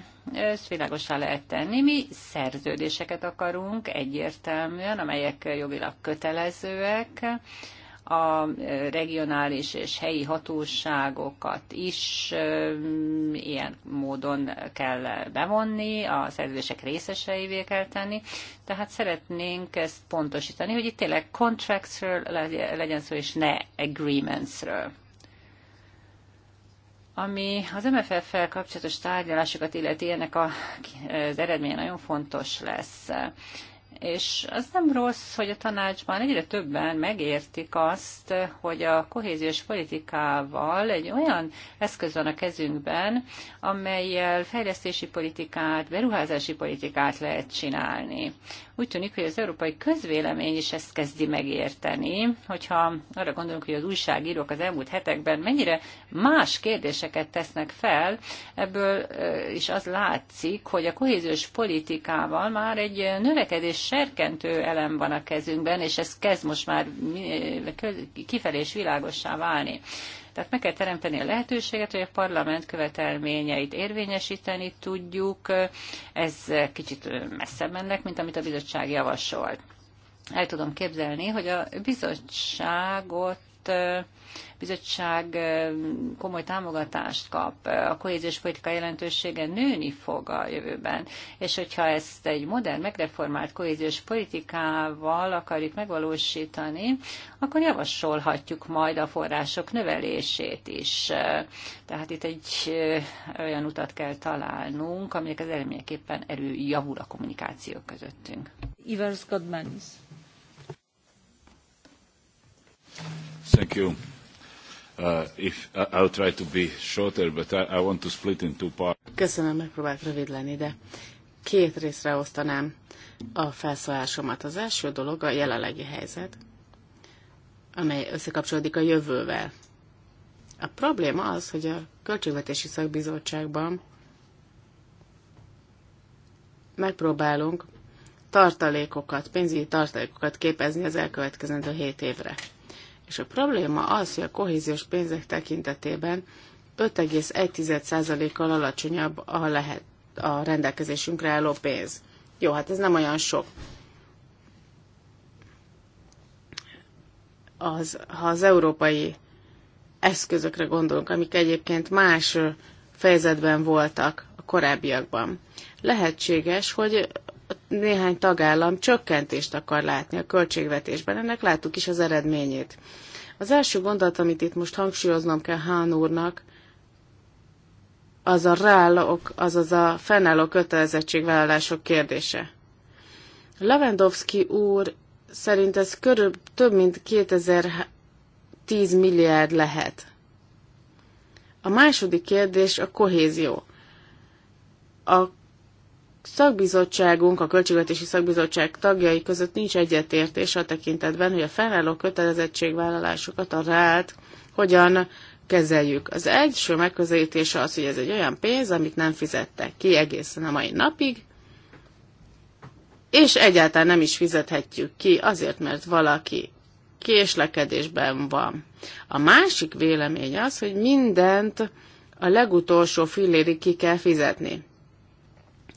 ezt világosá lehet tenni. Mi szerződéseket akarunk egyértelműen, amelyek jogilag kötelezőek, a regionális és helyi hatóságokat is ilyen módon kell bevonni, a szerződések részeseivé kell tenni. Tehát szeretnénk ezt pontosítani, hogy itt tényleg contractsről legyen szó, és ne agreementsről. Ami az MFF-fel kapcsolatos tárgyalásokat illeti, ennek az eredménye nagyon fontos lesz és az nem rossz, hogy a tanácsban egyre többen megértik azt, hogy a kohéziós politikával egy olyan eszköz van a kezünkben, amelyel fejlesztési politikát, beruházási politikát lehet csinálni. Úgy tűnik, hogy az európai közvélemény is ezt kezdi megérteni, hogyha arra gondolunk, hogy az újságírók az elmúlt hetekben mennyire más kérdéseket tesznek fel, ebből is az látszik, hogy a kohéziós politikával már egy növekedés serkentő elem van a kezünkben, és ez kezd most már kifelé és világossá válni. Tehát meg kell teremteni a lehetőséget, hogy a parlament követelményeit érvényesíteni tudjuk. Ez kicsit messzebb mennek, mint amit a bizottság javasolt. El tudom képzelni, hogy a bizottságot bizottság komoly támogatást kap, a kohéziós politika jelentősége nőni fog a jövőben. És hogyha ezt egy modern, megreformált kohéziós politikával akarjuk megvalósítani, akkor javasolhatjuk majd a források növelését is. Tehát itt egy olyan utat kell találnunk, aminek az eredményeképpen erő javul a kommunikáció közöttünk. Ivers Godmanis. Thank you. Uh, if, uh, I'll try to be shorter, but I, I want to split in two parts. Köszönöm, megpróbálok rövid lenni, de két részre osztanám a felszólásomat. Az első dolog a jelenlegi helyzet, amely összekapcsolódik a jövővel. A probléma az, hogy a Költségvetési Szakbizottságban megpróbálunk tartalékokat, pénzügyi tartalékokat képezni az elkövetkezendő hét évre. És a probléma az, hogy a kohéziós pénzek tekintetében 5,1%-kal alacsonyabb a, lehet, a rendelkezésünkre álló pénz. Jó, hát ez nem olyan sok. Az, ha az európai eszközökre gondolunk, amik egyébként más fejezetben voltak a korábbiakban, lehetséges, hogy néhány tagállam csökkentést akar látni a költségvetésben. Ennek láttuk is az eredményét. Az első gondolat, amit itt most hangsúlyoznom kell Hán úrnak, az a rálok, azaz a fennálló kötelezettségvállalások kérdése. Lewandowski úr szerint ez körül több mint 2010 milliárd lehet. A második kérdés a kohézió. A szakbizottságunk, a Költségvetési Szakbizottság tagjai között nincs egyetértés a tekintetben, hogy a fennálló kötelezettségvállalásokat a rát hogyan kezeljük. Az első megközelítése az, hogy ez egy olyan pénz, amit nem fizettek ki egészen a mai napig, és egyáltalán nem is fizethetjük ki azért, mert valaki késlekedésben van. A másik vélemény az, hogy mindent a legutolsó fillérig ki kell fizetni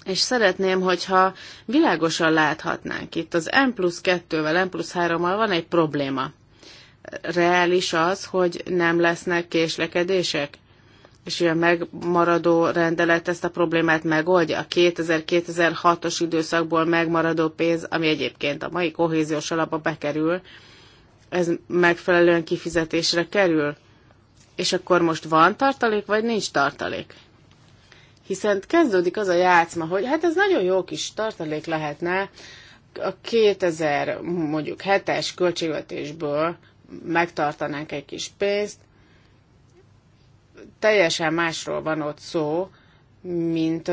és szeretném, hogyha világosan láthatnánk itt, az M plusz 2-vel, M plusz 3-mal van egy probléma. Reális az, hogy nem lesznek késlekedések? És ilyen a megmaradó rendelet ezt a problémát megoldja? A 2000-2006-os időszakból megmaradó pénz, ami egyébként a mai kohéziós alapba bekerül, ez megfelelően kifizetésre kerül? És akkor most van tartalék, vagy nincs tartalék? hiszen kezdődik az a játszma, hogy hát ez nagyon jó kis tartalék lehetne a 2000 mondjuk hetes költségvetésből megtartanánk egy kis pénzt, teljesen másról van ott szó, mint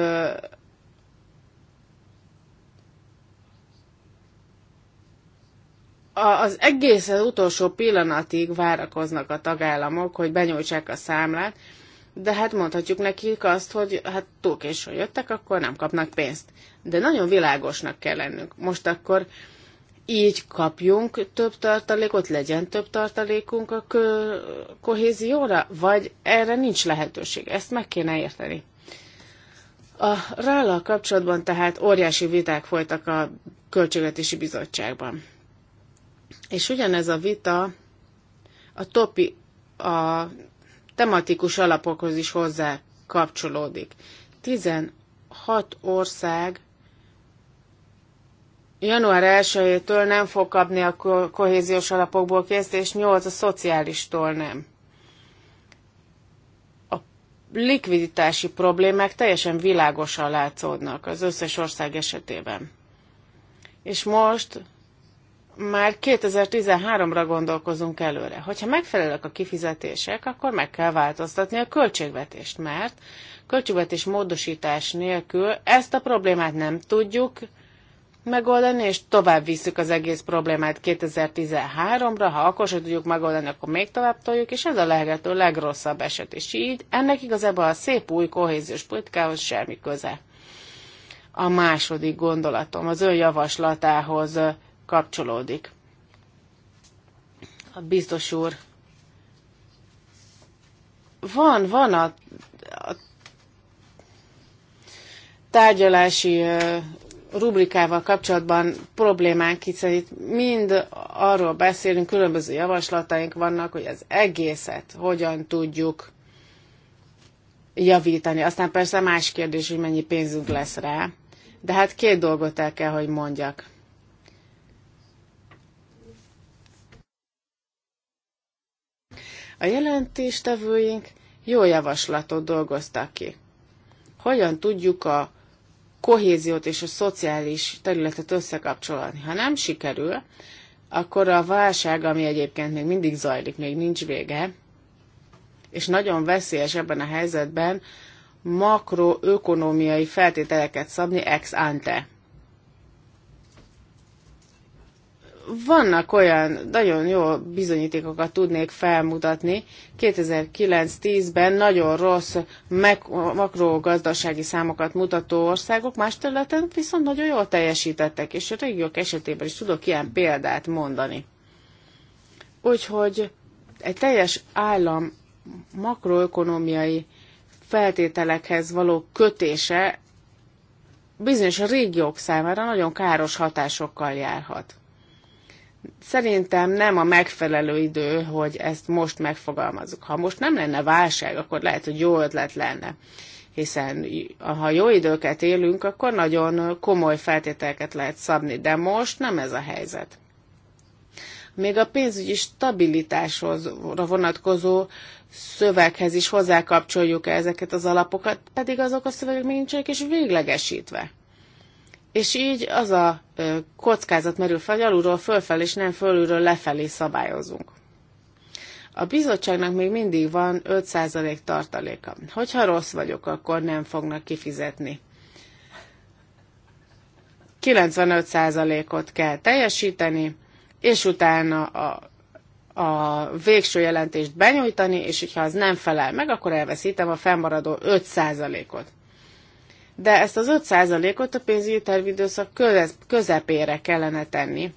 az egész az utolsó pillanatig várakoznak a tagállamok, hogy benyújtsák a számlát, de hát mondhatjuk nekik azt, hogy hát túl későn jöttek, akkor nem kapnak pénzt. De nagyon világosnak kell lennünk. Most akkor így kapjunk több tartalékot, legyen több tartalékunk a kö- kohézióra, vagy erre nincs lehetőség. Ezt meg kéne érteni. A rála kapcsolatban tehát óriási viták folytak a Költségvetési Bizottságban. És ugyanez a vita a topi a tematikus alapokhoz is hozzá kapcsolódik. 16 ország január 1-től nem fog kapni a kohéziós alapokból pénzt, és 8 a szociálistól nem. A likviditási problémák teljesen világosan látszódnak az összes ország esetében. És most már 2013-ra gondolkozunk előre. Hogyha megfelelnek a kifizetések, akkor meg kell változtatni a költségvetést, mert költségvetés módosítás nélkül ezt a problémát nem tudjuk megoldani, és tovább visszük az egész problémát 2013-ra, ha akkor sem tudjuk megoldani, akkor még tovább toljuk, és ez a lehető legrosszabb eset. És így ennek igazából a szép új kohéziós politikához semmi köze. A második gondolatom az ön javaslatához kapcsolódik. A biztos úr. Van, van a, a tárgyalási rubrikával kapcsolatban problémánk, hiszen itt mind arról beszélünk, különböző javaslataink vannak, hogy az egészet hogyan tudjuk javítani. Aztán persze más kérdés, hogy mennyi pénzünk lesz rá. De hát két dolgot el kell, hogy mondjak. A jelentéstevőink jó javaslatot dolgoztak ki. Hogyan tudjuk a kohéziót és a szociális területet összekapcsolni? Ha nem sikerül, akkor a válság, ami egyébként még mindig zajlik, még nincs vége, és nagyon veszélyes ebben a helyzetben makroökonomiai feltételeket szabni ex ante. vannak olyan nagyon jó bizonyítékokat tudnék felmutatni. 2009-10-ben nagyon rossz makrogazdasági számokat mutató országok, más területen viszont nagyon jól teljesítettek, és a régiók esetében is tudok ilyen példát mondani. Úgyhogy egy teljes állam makroökonomiai feltételekhez való kötése bizonyos a régiók számára nagyon káros hatásokkal járhat szerintem nem a megfelelő idő, hogy ezt most megfogalmazzuk. Ha most nem lenne válság, akkor lehet, hogy jó ötlet lenne. Hiszen ha jó időket élünk, akkor nagyon komoly feltételeket lehet szabni, de most nem ez a helyzet. Még a pénzügyi stabilitásra vonatkozó szöveghez is hozzákapcsoljuk -e ezeket az alapokat, pedig azok a szövegek még nincsenek is véglegesítve és így az a kockázat merül fel, hogy alulról fölfelé, és nem fölülről lefelé szabályozunk. A bizottságnak még mindig van 5% tartaléka. Hogyha rossz vagyok, akkor nem fognak kifizetni. 95%-ot kell teljesíteni, és utána a, a végső jelentést benyújtani, és hogyha az nem felel meg, akkor elveszítem a fennmaradó 5%-ot de ezt az 5%-ot a pénzügyi tervidőszak közepére kellene tenni,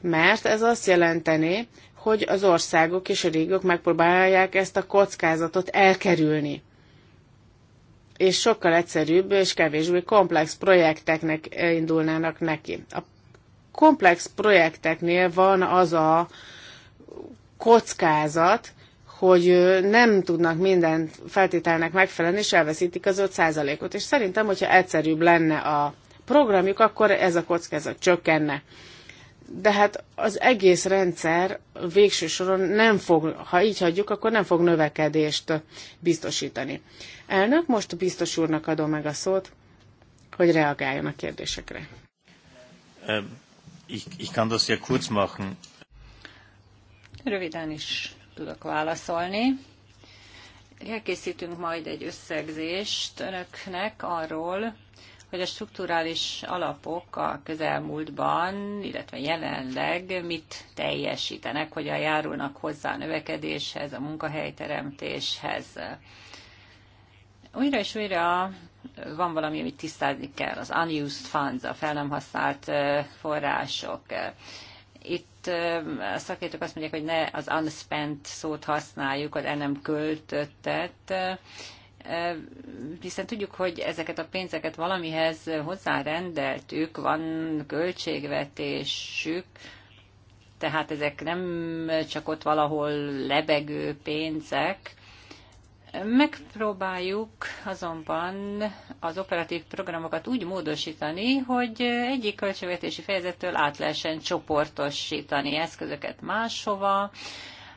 mert ez azt jelenteni, hogy az országok és a régiók megpróbálják ezt a kockázatot elkerülni. És sokkal egyszerűbb és kevésbé komplex projekteknek indulnának neki. A komplex projekteknél van az a kockázat, hogy nem tudnak minden feltételnek megfelelni, és elveszítik az 5 ot És szerintem, hogyha egyszerűbb lenne a programjuk, akkor ez a kockázat csökkenne. De hát az egész rendszer végső soron nem fog, ha így hagyjuk, akkor nem fog növekedést biztosítani. Elnök, most biztos úrnak adom meg a szót, hogy reagáljon a kérdésekre. Ehm, ich, ich kann das ja kurz machen. Röviden is tudok válaszolni. Elkészítünk majd egy összegzést önöknek arról, hogy a strukturális alapok a közelmúltban, illetve jelenleg mit teljesítenek, hogyan járulnak hozzá a növekedéshez, a munkahelyteremtéshez. Újra és újra van valami, amit tisztázni kell, az unused funds, a fel nem használt források itt a szakértők azt mondják, hogy ne az unspent szót használjuk, az el nem költöttet, hiszen tudjuk, hogy ezeket a pénzeket valamihez hozzárendeltük, van költségvetésük, tehát ezek nem csak ott valahol lebegő pénzek, Megpróbáljuk azonban az operatív programokat úgy módosítani, hogy egyik költségvetési fejezettől át lehessen csoportosítani eszközöket máshova,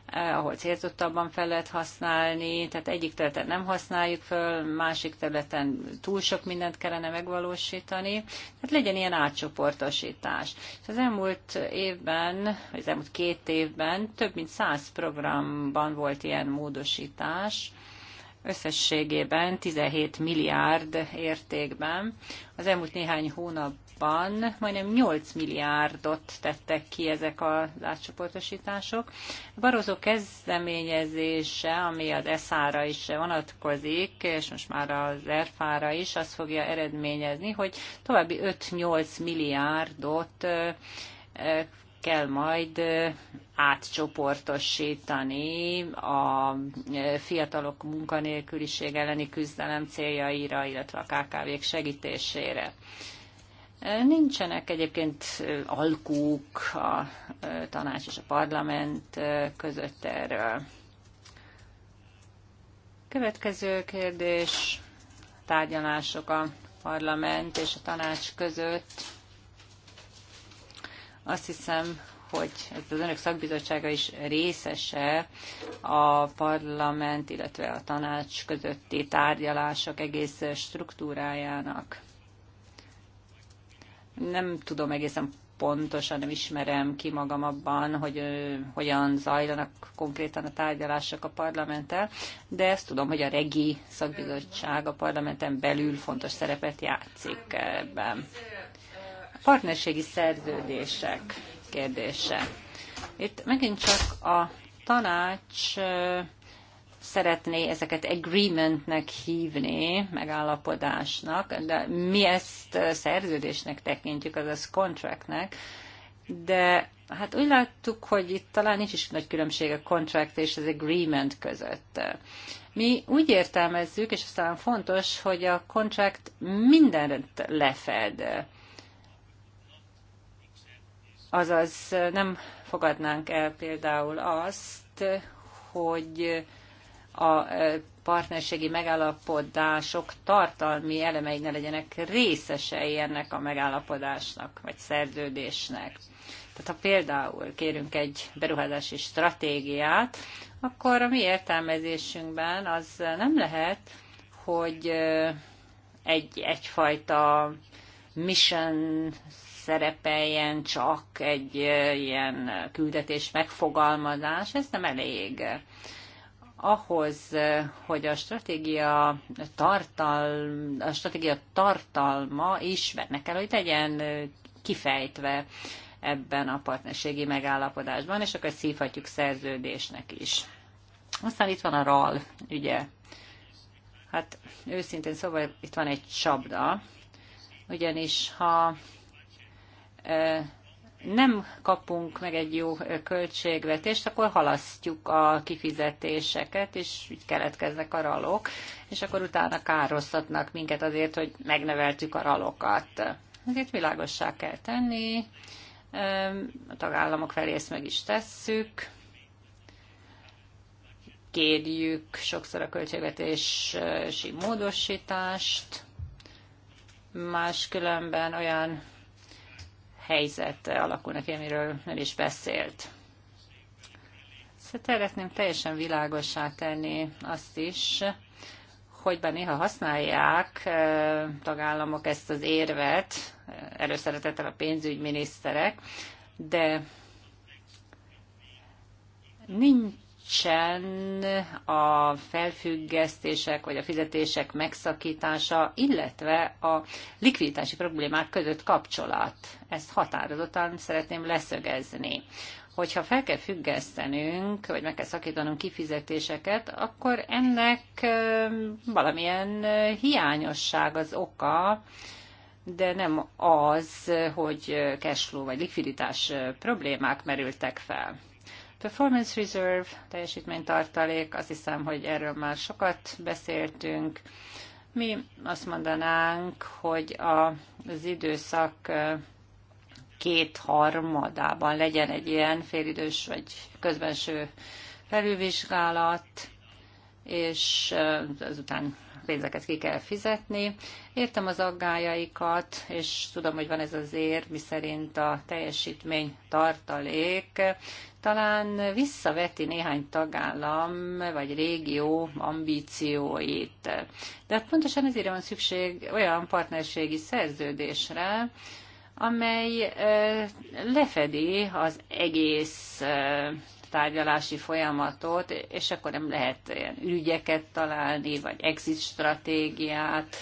eh, ahol célzottabban fel lehet használni, tehát egyik területen nem használjuk föl, másik területen túl sok mindent kellene megvalósítani, tehát legyen ilyen átcsoportosítás. És az elmúlt évben, vagy az elmúlt két évben több mint száz programban volt ilyen módosítás, összességében 17 milliárd értékben. Az elmúlt néhány hónapban majdnem 8 milliárdot tettek ki ezek az átcsoportosítások. Barozó kezdeményezése, ami az ESZÁ-ra is vonatkozik, és most már az ERFÁ-ra is, azt fogja eredményezni, hogy további 5-8 milliárdot kell majd átcsoportosítani a fiatalok munkanélküliség elleni küzdelem céljaira, illetve a KKV-k segítésére. Nincsenek egyébként alkúk a tanács és a parlament között erről. Következő kérdés, tárgyalások a parlament és a tanács között azt hiszem, hogy ez az önök szakbizottsága is részese a parlament, illetve a tanács közötti tárgyalások egész struktúrájának. Nem tudom egészen pontosan, nem ismerem ki magam abban, hogy ö, hogyan zajlanak konkrétan a tárgyalások a parlamenttel, de ezt tudom, hogy a regi szakbizottság a parlamenten belül fontos szerepet játszik ebben partnerségi szerződések kérdése. Itt megint csak a tanács szeretné ezeket agreementnek hívni, megállapodásnak, de mi ezt szerződésnek tekintjük, azaz contractnek, de hát úgy láttuk, hogy itt talán nincs is nagy különbség a contract és az agreement között. Mi úgy értelmezzük, és aztán fontos, hogy a contract mindent lefed. Azaz nem fogadnánk el például azt, hogy a e, partnerségi megállapodások tartalmi elemei ne legyenek részesei ennek a megállapodásnak vagy szerződésnek. Tehát ha például kérünk egy beruházási stratégiát, akkor a mi értelmezésünkben az nem lehet, hogy e, egy, egyfajta mission szerepeljen csak egy ilyen küldetés megfogalmazás, ez nem elég. Ahhoz, hogy a stratégia, tartalma a stratégia tartalma is benne kell, hogy legyen kifejtve ebben a partnerségi megállapodásban, és akkor szívhatjuk szerződésnek is. Aztán itt van a RAL ügye. Hát őszintén szóval itt van egy csapda, ugyanis ha nem kapunk meg egy jó költségvetést, akkor halasztjuk a kifizetéseket, és így keletkeznek a ralok, és akkor utána károsztatnak minket azért, hogy megneveltük a ralokat. Ezért világossá kell tenni, a tagállamok felé ezt meg is tesszük, kérjük sokszor a költségvetési módosítást, máskülönben olyan helyzet alakulnak ki, amiről nem is beszélt. Szóval szeretném teljesen világossá tenni azt is, hogy bár néha használják tagállamok ezt az érvet, előszeretettel a pénzügyminiszterek, de nincs segítsen a felfüggesztések vagy a fizetések megszakítása, illetve a likviditási problémák között kapcsolat. Ezt határozottan szeretném leszögezni hogyha fel kell függesztenünk, vagy meg kell szakítanunk kifizetéseket, akkor ennek valamilyen hiányosság az oka, de nem az, hogy cashflow vagy likviditás problémák merültek fel. Performance Reserve, teljesítménytartalék, azt hiszem, hogy erről már sokat beszéltünk. Mi azt mondanánk, hogy a az időszak kétharmadában legyen egy ilyen félidős vagy közbenső felülvizsgálat, és azután pénzeket ki kell fizetni. Értem az aggájaikat, és tudom, hogy van ez az ér, miszerint a teljesítmény tartalék talán visszaveti néhány tagállam vagy régió ambícióit. De pontosan ezért van szükség olyan partnerségi szerződésre, amely lefedi az egész tárgyalási folyamatot, és akkor nem lehet ilyen ügyeket találni, vagy exit stratégiát,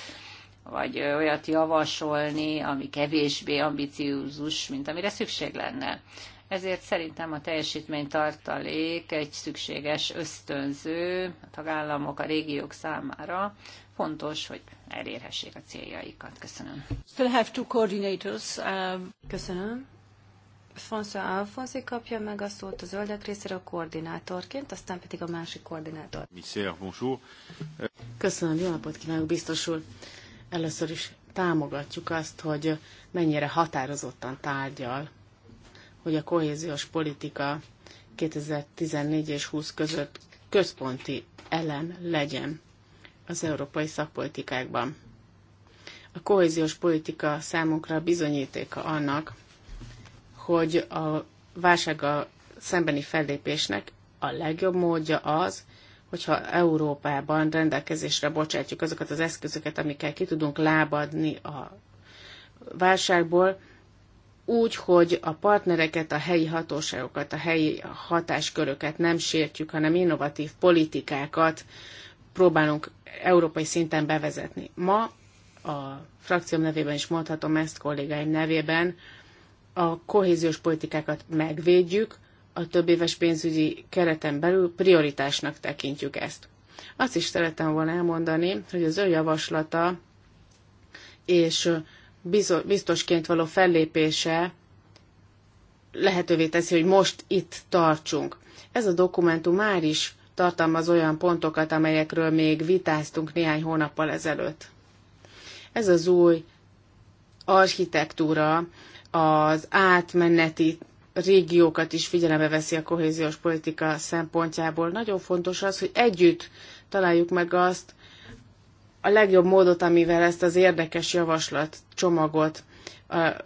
vagy olyat javasolni, ami kevésbé ambiciózus, mint amire szükség lenne. Ezért szerintem a teljesítménytartalék egy szükséges ösztönző a tagállamok, a régiók számára. Fontos, hogy elérhessék a céljaikat. Köszönöm. Still have two coordinators. Um... Köszönöm. François Alfonzi kapja meg a szót a zöldek részéről koordinátorként, aztán pedig a másik koordinátor. bonjour. Köszönöm, jó napot kívánok, biztos úr. Először is támogatjuk azt, hogy mennyire határozottan tárgyal hogy a kohéziós politika 2014 és 20 között központi elem legyen az európai szakpolitikákban. A kohéziós politika számunkra bizonyítéka annak, hogy a válsággal szembeni fellépésnek a legjobb módja az, hogyha Európában rendelkezésre bocsátjuk azokat az eszközöket, amikkel ki tudunk lábadni a válságból, úgy, hogy a partnereket, a helyi hatóságokat, a helyi hatásköröket nem sértjük, hanem innovatív politikákat próbálunk európai szinten bevezetni. Ma a frakcióm nevében is mondhatom ezt, kollégáim nevében, a kohéziós politikákat megvédjük, a több éves pénzügyi kereten belül prioritásnak tekintjük ezt. Azt is szeretem volna elmondani, hogy az ő javaslata és biztosként való fellépése lehetővé teszi, hogy most itt tartsunk. Ez a dokumentum már is tartalmaz olyan pontokat, amelyekről még vitáztunk néhány hónappal ezelőtt. Ez az új architektúra az átmeneti régiókat is figyelembe veszi a kohéziós politika szempontjából. Nagyon fontos az, hogy együtt találjuk meg azt, a legjobb módot, amivel ezt az érdekes javaslat csomagot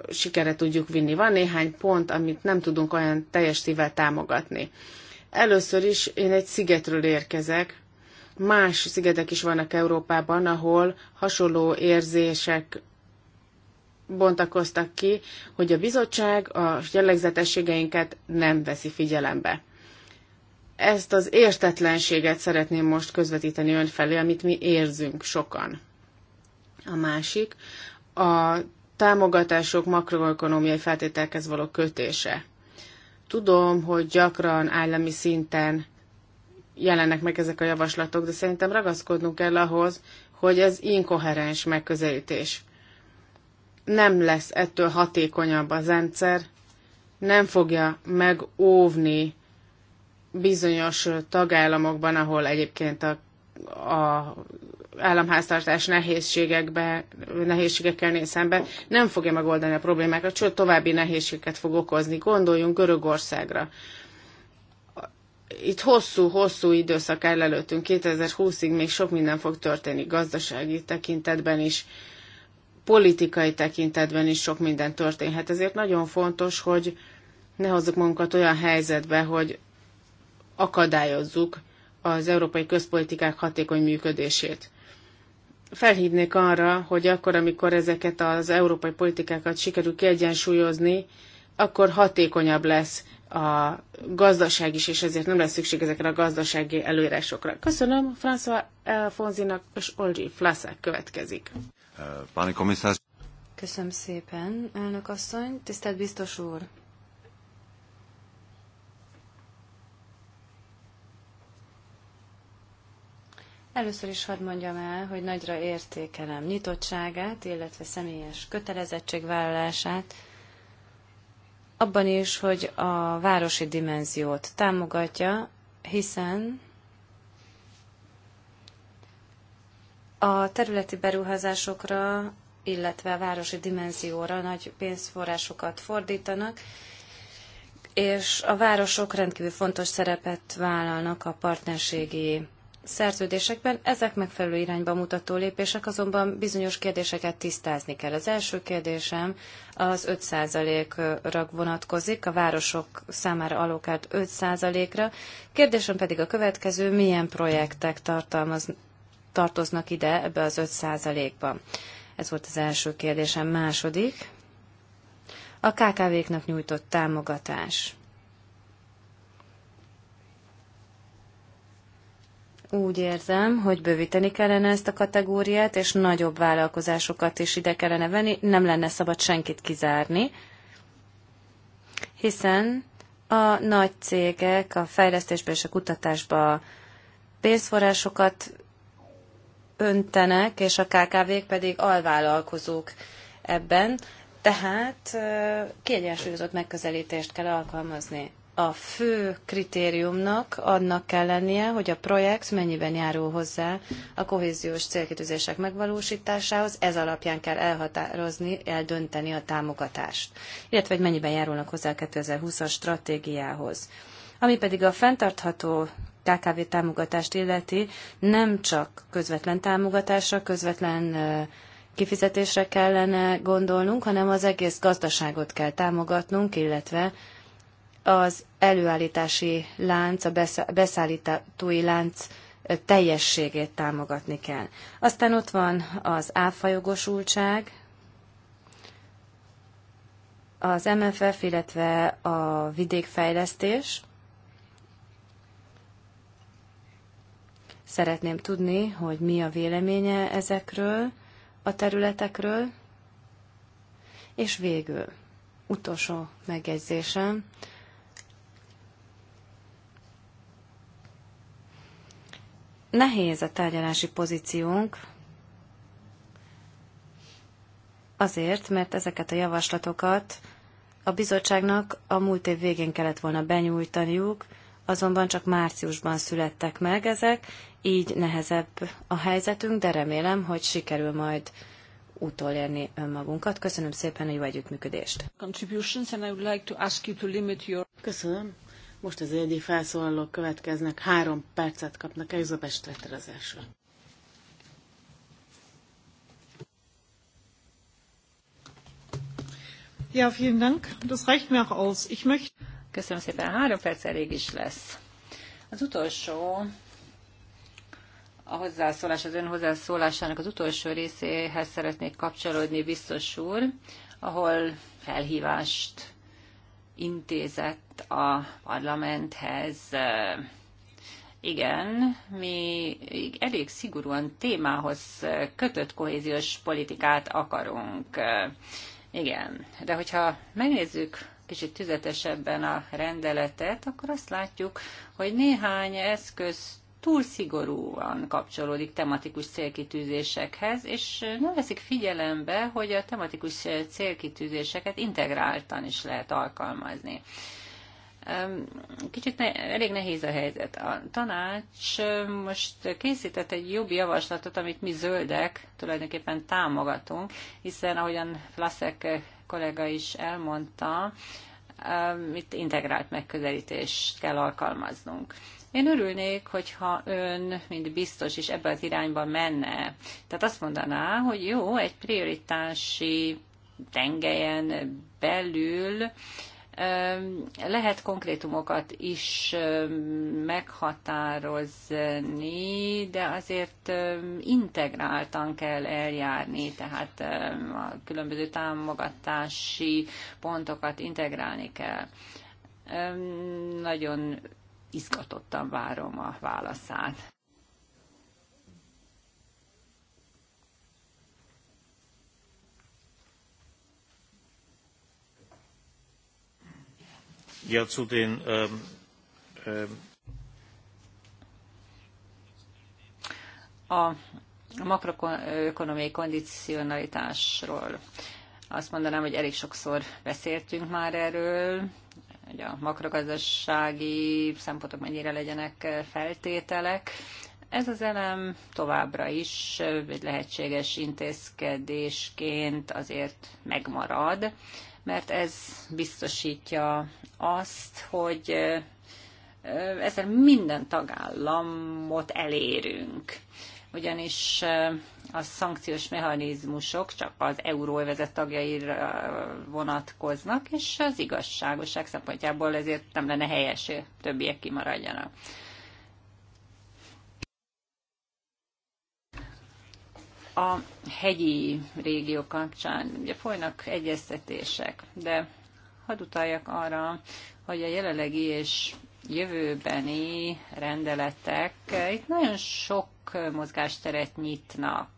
sikere tudjuk vinni. Van néhány pont, amit nem tudunk olyan teljes szívvel támogatni. Először is én egy szigetről érkezek. Más szigetek is vannak Európában, ahol hasonló érzések bontakoztak ki, hogy a bizottság a jellegzetességeinket nem veszi figyelembe ezt az értetlenséget szeretném most közvetíteni ön felé, amit mi érzünk sokan. A másik, a támogatások makroekonomiai feltételekhez való kötése. Tudom, hogy gyakran állami szinten jelennek meg ezek a javaslatok, de szerintem ragaszkodnunk kell ahhoz, hogy ez inkoherens megközelítés. Nem lesz ettől hatékonyabb az rendszer, nem fogja megóvni bizonyos tagállamokban, ahol egyébként a, a államháztartás nehézségekbe, nehézségekkel néz szembe, nem fogja megoldani a problémákat, sőt további nehézségeket fog okozni. Gondoljunk Görögországra. Itt hosszú-hosszú időszak el előttünk, 2020-ig még sok minden fog történni gazdasági tekintetben is, politikai tekintetben is sok minden történhet. Ezért nagyon fontos, hogy ne hozzuk magunkat olyan helyzetbe, hogy akadályozzuk az európai közpolitikák hatékony működését. Felhívnék arra, hogy akkor, amikor ezeket az európai politikákat sikerül kiegyensúlyozni, akkor hatékonyabb lesz a gazdaság is, és ezért nem lesz szükség ezekre a gazdasági előírásokra. Köszönöm François Fonzinak, és Olgyi Flaszák következik. Köszönöm szépen, elnök asszony. Tisztelt biztos úr! Először is hadd mondjam el, hogy nagyra értékelem nyitottságát, illetve személyes kötelezettségvállalását, abban is, hogy a városi dimenziót támogatja, hiszen a területi beruházásokra, illetve a városi dimenzióra nagy pénzforrásokat fordítanak, és a városok rendkívül fontos szerepet vállalnak a partnerségi szerződésekben ezek megfelelő irányba mutató lépések, azonban bizonyos kérdéseket tisztázni kell. Az első kérdésem az 5%-ra vonatkozik, a városok számára alokált 5%-ra. Kérdésem pedig a következő, milyen projektek tartalmaz, tartoznak ide ebbe az 5%-ba? Ez volt az első kérdésem. Második, a KKV-knak nyújtott támogatás. Úgy érzem, hogy bővíteni kellene ezt a kategóriát, és nagyobb vállalkozásokat is ide kellene venni, nem lenne szabad senkit kizárni, hiszen a nagy cégek a fejlesztésbe és a kutatásba pénzforrásokat öntenek, és a KKV-k pedig alvállalkozók ebben, tehát kiegyensúlyozott megközelítést kell alkalmazni a fő kritériumnak annak kell lennie, hogy a projekt mennyiben járul hozzá a kohéziós célkitűzések megvalósításához, ez alapján kell elhatározni, eldönteni a támogatást, illetve hogy mennyiben járulnak hozzá a 2020-as stratégiához. Ami pedig a fenntartható KKV támogatást illeti, nem csak közvetlen támogatásra, közvetlen kifizetésre kellene gondolnunk, hanem az egész gazdaságot kell támogatnunk, illetve az előállítási lánc, a beszállítói lánc teljességét támogatni kell. Aztán ott van az áfajogosultság, az MFF, illetve a vidékfejlesztés. Szeretném tudni, hogy mi a véleménye ezekről a területekről. És végül, utolsó megjegyzésem, Nehéz a tárgyalási pozíciónk, azért, mert ezeket a javaslatokat a bizottságnak a múlt év végén kellett volna benyújtaniuk, azonban csak márciusban születtek meg ezek, így nehezebb a helyzetünk, de remélem, hogy sikerül majd utolérni önmagunkat. Köszönöm szépen a jó együttműködést. Köszönöm. Most az egyéb felszólalók következnek, három percet kapnak, egy Stretter az Ja, vielen Dank. Das reicht mir auch aus. Ich möchte... Köszönöm szépen, három perc elég is lesz. Az utolsó a hozzászólás, az ön hozzászólásának az utolsó részéhez szeretnék kapcsolódni, biztos úr, ahol felhívást intézett a parlamenthez. Igen, mi elég szigorúan témához kötött kohéziós politikát akarunk. Igen, de hogyha megnézzük kicsit tüzetesebben a rendeletet, akkor azt látjuk, hogy néhány eszközt túl szigorúan kapcsolódik tematikus célkitűzésekhez, és nem veszik figyelembe, hogy a tematikus célkitűzéseket integráltan is lehet alkalmazni. Kicsit ne, elég nehéz a helyzet. A tanács most készített egy jobb javaslatot, amit mi zöldek tulajdonképpen támogatunk, hiszen ahogyan Flaszek kollega is elmondta, itt integrált megközelítést kell alkalmaznunk. Én örülnék, hogyha ön, mint biztos is ebbe az irányba menne. Tehát azt mondaná, hogy jó, egy prioritási tengelyen belül lehet konkrétumokat is meghatározni, de azért integráltan kell eljárni, tehát a különböző támogatási pontokat integrálni kell. Nagyon izgatottan várom a válaszát. Ja, zu den ähm, ähm a makroökonomiai kondicionalitásról azt mondanám, hogy elég sokszor beszéltünk már erről, hogy a makrogazdasági szempontok mennyire legyenek eh, feltételek. Ez az elem továbbra is eh, egy lehetséges intézkedésként azért megmarad, mert ez biztosítja azt, hogy eh, ezzel minden tagállamot elérünk ugyanis a szankciós mechanizmusok csak az euróvezet tagjaira vonatkoznak, és az igazságosság szempontjából ezért nem lenne helyes, többiek kimaradjanak. A hegyi régió kapcsán ugye folynak egyeztetések, de hadd utaljak arra, hogy a jelenlegi és jövőbeni rendeletek itt nagyon sok mozgásteret nyitnak,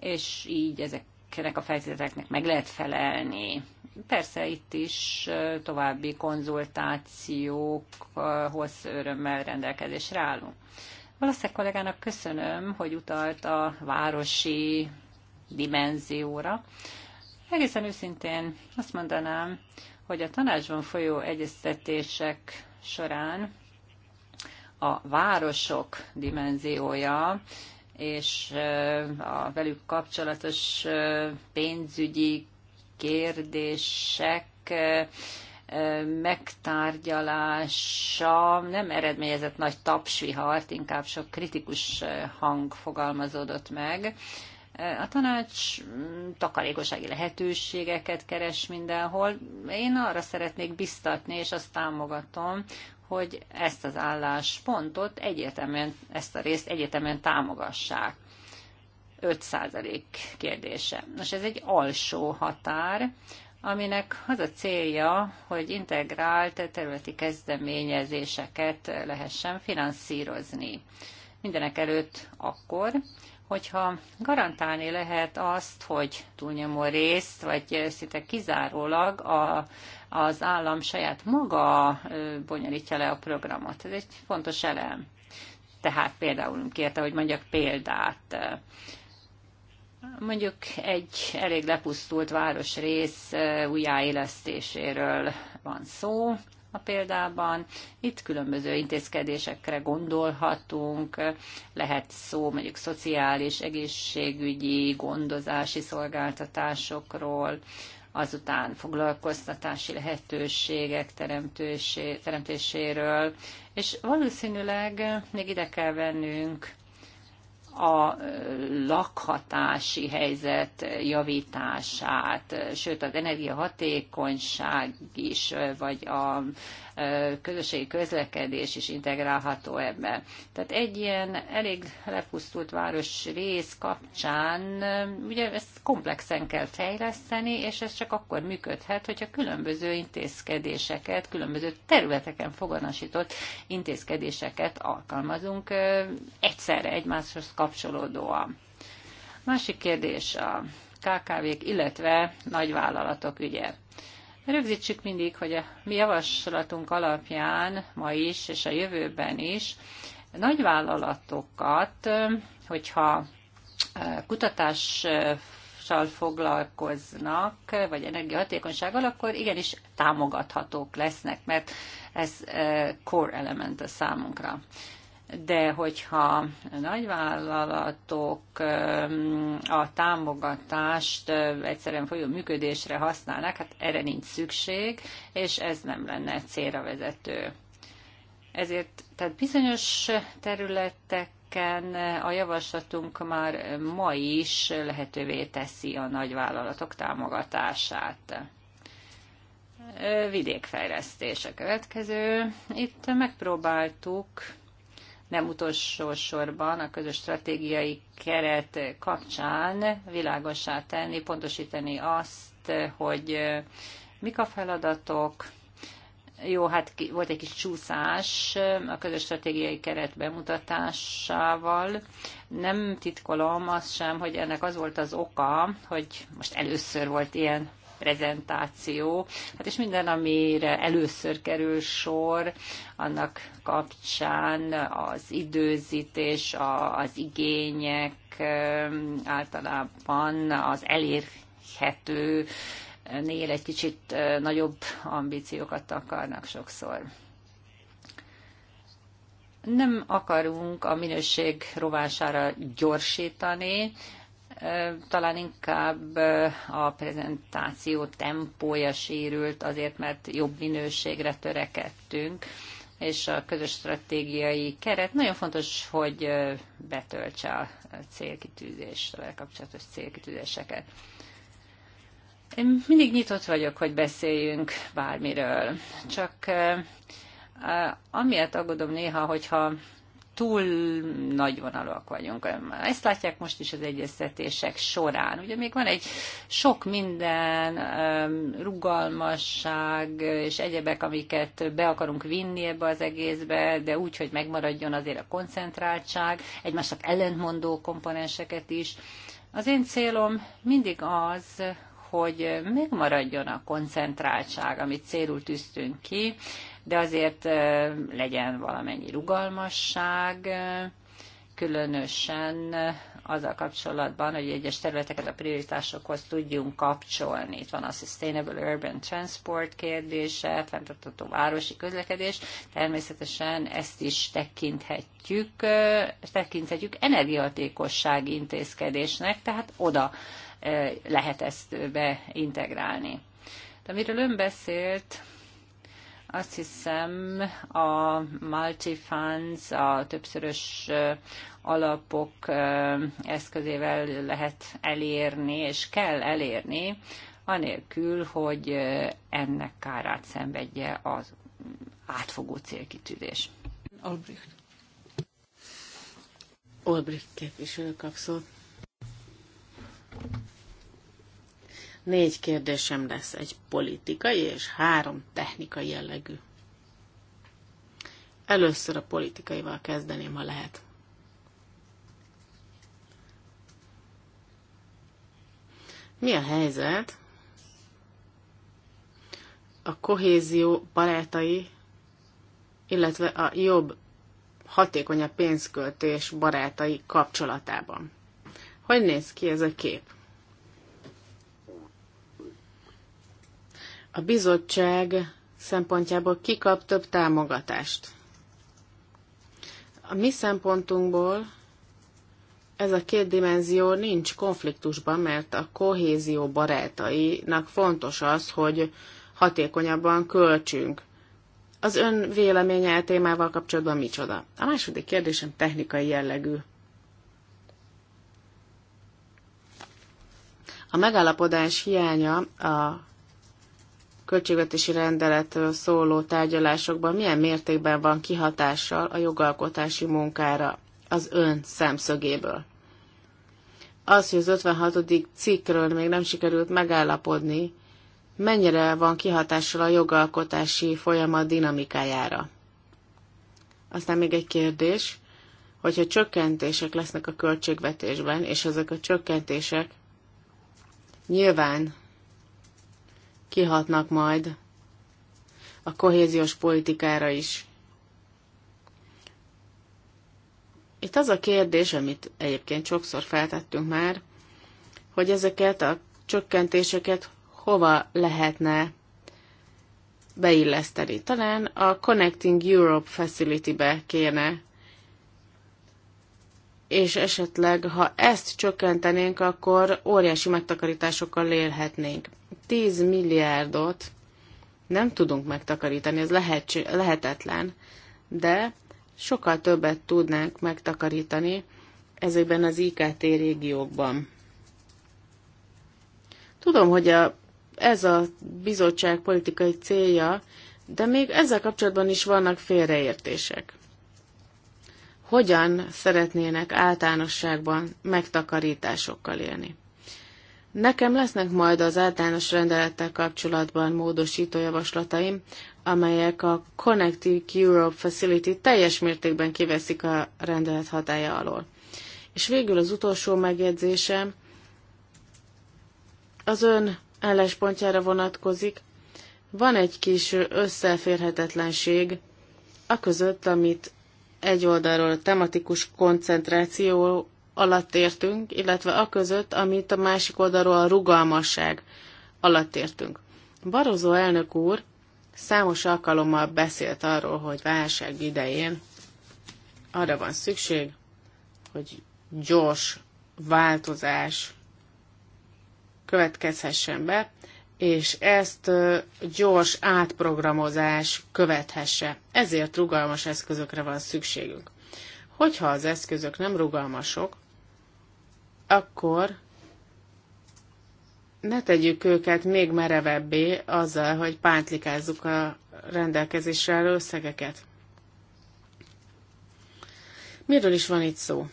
és így ezeknek a feltételeknek meg lehet felelni. Persze itt is további konzultációkhoz örömmel rendelkezésre állunk. Valószínűleg kollégának köszönöm, hogy utalt a városi dimenzióra. Egészen őszintén azt mondanám, hogy a tanácsban folyó egyeztetések során a városok dimenziója és a velük kapcsolatos pénzügyi kérdések megtárgyalása nem eredményezett nagy tapsvihart, inkább sok kritikus hang fogalmazódott meg. A tanács takarékosági lehetőségeket keres mindenhol. Én arra szeretnék biztatni, és azt támogatom, hogy ezt az álláspontot egyértelműen, ezt a részt egyértelműen támogassák. 5% kérdése. Most ez egy alsó határ, aminek az a célja, hogy integrált területi kezdeményezéseket lehessen finanszírozni. Mindenek előtt akkor, hogyha garantálni lehet azt, hogy túlnyomó részt, vagy szinte kizárólag a, az állam saját maga bonyolítja le a programot. Ez egy fontos elem. Tehát például kérte, hogy mondjak példát. Mondjuk egy elég lepusztult városrész újjáélesztéséről van szó, a példában. Itt különböző intézkedésekre gondolhatunk, lehet szó mondjuk szociális, egészségügyi, gondozási szolgáltatásokról, azután foglalkoztatási lehetőségek teremtéséről, és valószínűleg még ide kell vennünk a lakhatási helyzet javítását, sőt az energiahatékonyság is, vagy a, közösségi közlekedés is integrálható ebben. Tehát egy ilyen elég lepusztult város rész kapcsán, ugye ezt komplexen kell fejleszteni, és ez csak akkor működhet, hogyha különböző intézkedéseket, különböző területeken foganasított intézkedéseket alkalmazunk egyszerre egymáshoz kapcsolódóan. Másik kérdés a KKV-k, illetve nagyvállalatok ügye. Rögzítsük mindig, hogy a mi javaslatunk alapján ma is, és a jövőben is nagyvállalatokat, hogyha kutatás foglalkoznak, vagy energiahatékonysággal, akkor igenis támogathatók lesznek, mert ez core element a számunkra de hogyha nagyvállalatok a támogatást egyszerűen folyó működésre használnak, hát erre nincs szükség, és ez nem lenne célra vezető. Ezért tehát bizonyos területek a javaslatunk már ma is lehetővé teszi a nagyvállalatok támogatását. Vidékfejlesztés a következő. Itt megpróbáltuk nem utolsó sorban a közös stratégiai keret kapcsán világosá tenni, pontosítani azt, hogy mik a feladatok, jó, hát ki, volt egy kis csúszás a közös stratégiai keret bemutatásával. Nem titkolom azt sem, hogy ennek az volt az oka, hogy most először volt ilyen prezentáció, hát és minden, amire először kerül sor, annak kapcsán az időzítés, a az igények általában az elérhető nél egy kicsit nagyobb ambíciókat akarnak sokszor nem akarunk a minőség rovására gyorsítani, talán inkább a prezentáció tempója sérült azért, mert jobb minőségre törekedtünk, és a közös stratégiai keret nagyon fontos, hogy betöltse a célkitűzést, a kapcsolatos célkitűzéseket. Én mindig nyitott vagyok, hogy beszéljünk bármiről, csak amiatt aggódom néha, hogyha túl nagy vonalúak vagyunk. Ezt látják most is az egyeztetések során. Ugye még van egy sok minden rugalmasság és egyebek, amiket be akarunk vinni ebbe az egészbe, de úgy, hogy megmaradjon azért a koncentráltság, egymásnak ellentmondó komponenseket is. Az én célom mindig az, hogy megmaradjon a koncentráltság, amit célul tűztünk ki, de azért legyen valamennyi rugalmasság, különösen az a kapcsolatban, hogy egyes területeket a prioritásokhoz tudjunk kapcsolni. Itt van a Sustainable Urban Transport kérdése, fenntartható városi közlekedés. Természetesen ezt is tekinthetjük, tekinthetjük energiatékosság intézkedésnek, tehát oda lehet ezt beintegrálni. De amiről ön beszélt, azt hiszem a multifunds, a többszörös alapok eszközével lehet elérni, és kell elérni, anélkül, hogy ennek kárát szenvedje az átfogó célkitűzés. Albrecht. Albrecht képviselő kapszol. Négy kérdésem lesz, egy politikai és három technikai jellegű. Először a politikaival kezdeném, ha lehet. Mi a helyzet a kohézió barátai, illetve a jobb, hatékonyabb pénzköltés barátai kapcsolatában? Hogy néz ki ez a kép? a bizottság szempontjából kikap több támogatást. A mi szempontunkból ez a két dimenzió nincs konfliktusban, mert a kohézió barátainak fontos az, hogy hatékonyabban költsünk. Az ön véleménye a e témával kapcsolatban micsoda? A második kérdésem technikai jellegű. A megállapodás hiánya a költségvetési rendeletről szóló tárgyalásokban milyen mértékben van kihatással a jogalkotási munkára az ön szemszögéből? Az, hogy az 56. cikkről még nem sikerült megállapodni, mennyire van kihatással a jogalkotási folyamat dinamikájára? Aztán még egy kérdés, hogyha csökkentések lesznek a költségvetésben, és ezek a csökkentések nyilván kihatnak majd a kohéziós politikára is. Itt az a kérdés, amit egyébként sokszor feltettünk már, hogy ezeket a csökkentéseket hova lehetne beilleszteni. Talán a Connecting Europe Facility-be kéne és esetleg, ha ezt csökkentenénk, akkor óriási megtakarításokkal élhetnénk. 10 milliárdot nem tudunk megtakarítani, ez lehetetlen, de sokkal többet tudnánk megtakarítani ezekben az IKT régiókban. Tudom, hogy a, ez a bizottság politikai célja, de még ezzel kapcsolatban is vannak félreértések. Hogyan szeretnének általánosságban megtakarításokkal élni? Nekem lesznek majd az általános rendelettel kapcsolatban módosító javaslataim, amelyek a Connecting Europe Facility teljes mértékben kiveszik a rendelet hatája alól. És végül az utolsó megjegyzésem az ön ellenspontjára vonatkozik. Van egy kis összeférhetetlenség a között, amit egy oldalról a tematikus koncentráció alatt értünk, illetve a között, amit a másik oldalról a rugalmasság alatt értünk. Barozó elnök úr számos alkalommal beszélt arról, hogy válság idején arra van szükség, hogy gyors változás következhessen be, és ezt gyors átprogramozás követhesse. Ezért rugalmas eszközökre van szükségünk. Hogyha az eszközök nem rugalmasok, akkor ne tegyük őket még merevebbé azzal, hogy pántlikázzuk a rendelkezésre álló összegeket. Miről is van itt szó?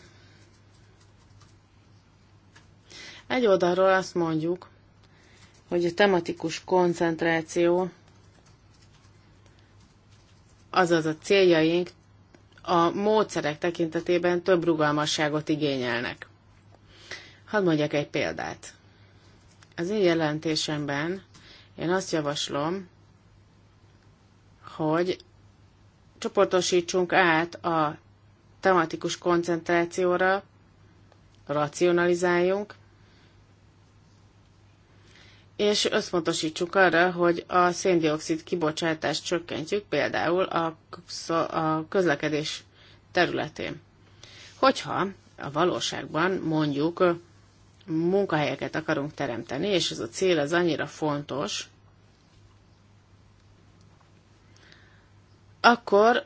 Egy oldalról azt mondjuk, hogy a tematikus koncentráció, azaz a céljaink a módszerek tekintetében több rugalmasságot igényelnek. Hadd mondjak egy példát. Az én jelentésemben én azt javaslom, hogy csoportosítsunk át a tematikus koncentrációra, racionalizáljunk, és összpontosítsuk arra, hogy a széndiokszid kibocsátást csökkentjük például a, a közlekedés területén. Hogyha a valóságban mondjuk munkahelyeket akarunk teremteni, és ez a cél az annyira fontos, akkor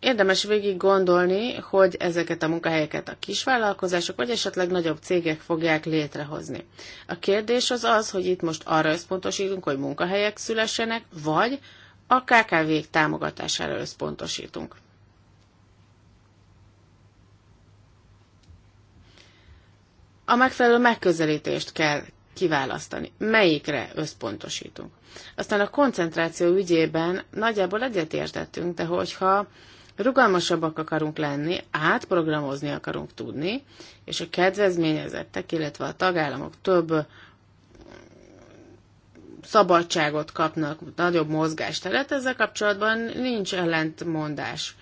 érdemes végig gondolni, hogy ezeket a munkahelyeket a kisvállalkozások vagy esetleg nagyobb cégek fogják létrehozni. A kérdés az az, hogy itt most arra összpontosítunk, hogy munkahelyek szülessenek, vagy a KKV-k támogatására összpontosítunk. a megfelelő megközelítést kell kiválasztani, melyikre összpontosítunk. Aztán a koncentráció ügyében nagyjából egyetértettünk, de hogyha rugalmasabbak akarunk lenni, átprogramozni akarunk tudni, és a kedvezményezettek, illetve a tagállamok több szabadságot kapnak, nagyobb mozgásteret, ezzel kapcsolatban nincs ellentmondás.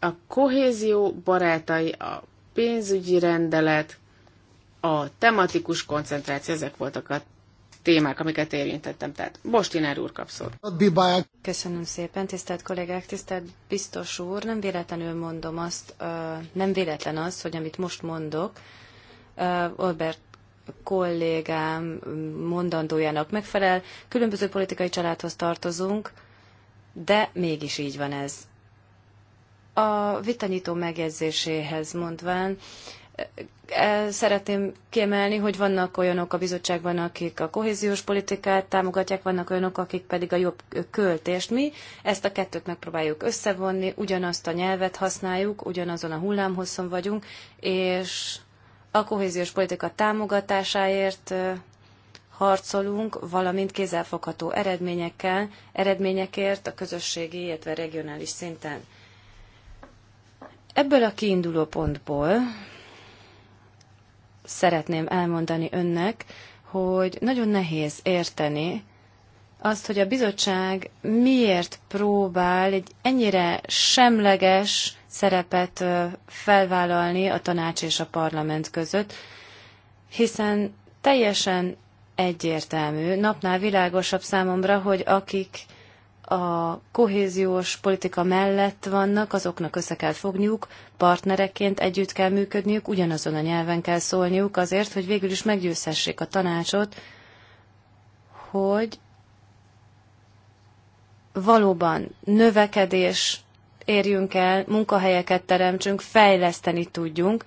A kohézió barátai, a pénzügyi rendelet, a tematikus koncentráció, ezek voltak a témák, amiket érintettem. Tehát Bostinár úr kap szót. Köszönöm szépen, tisztelt kollégák, tisztelt biztos úr. Nem véletlenül mondom azt, nem véletlen az, hogy amit most mondok, Albert kollégám mondandójának megfelel. Különböző politikai családhoz tartozunk, de mégis így van ez. A vitanyító megjegyzéséhez mondván, szeretném kiemelni, hogy vannak olyanok a bizottságban, akik a kohéziós politikát támogatják, vannak olyanok, akik pedig a jobb költést. Mi ezt a kettőt megpróbáljuk összevonni, ugyanazt a nyelvet használjuk, ugyanazon a hullámhosszon vagyunk, és a kohéziós politika támogatásáért harcolunk, valamint kézzelfogható eredményekkel, eredményekért a közösségi, illetve regionális szinten. Ebből a kiinduló pontból szeretném elmondani önnek, hogy nagyon nehéz érteni azt, hogy a bizottság miért próbál egy ennyire semleges szerepet felvállalni a tanács és a parlament között, hiszen teljesen egyértelmű, napnál világosabb számomra, hogy akik a kohéziós politika mellett vannak, azoknak össze kell fogniuk, partnereként együtt kell működniük, ugyanazon a nyelven kell szólniuk azért, hogy végül is meggyőzhessék a tanácsot, hogy valóban növekedés érjünk el, munkahelyeket teremtsünk, fejleszteni tudjunk,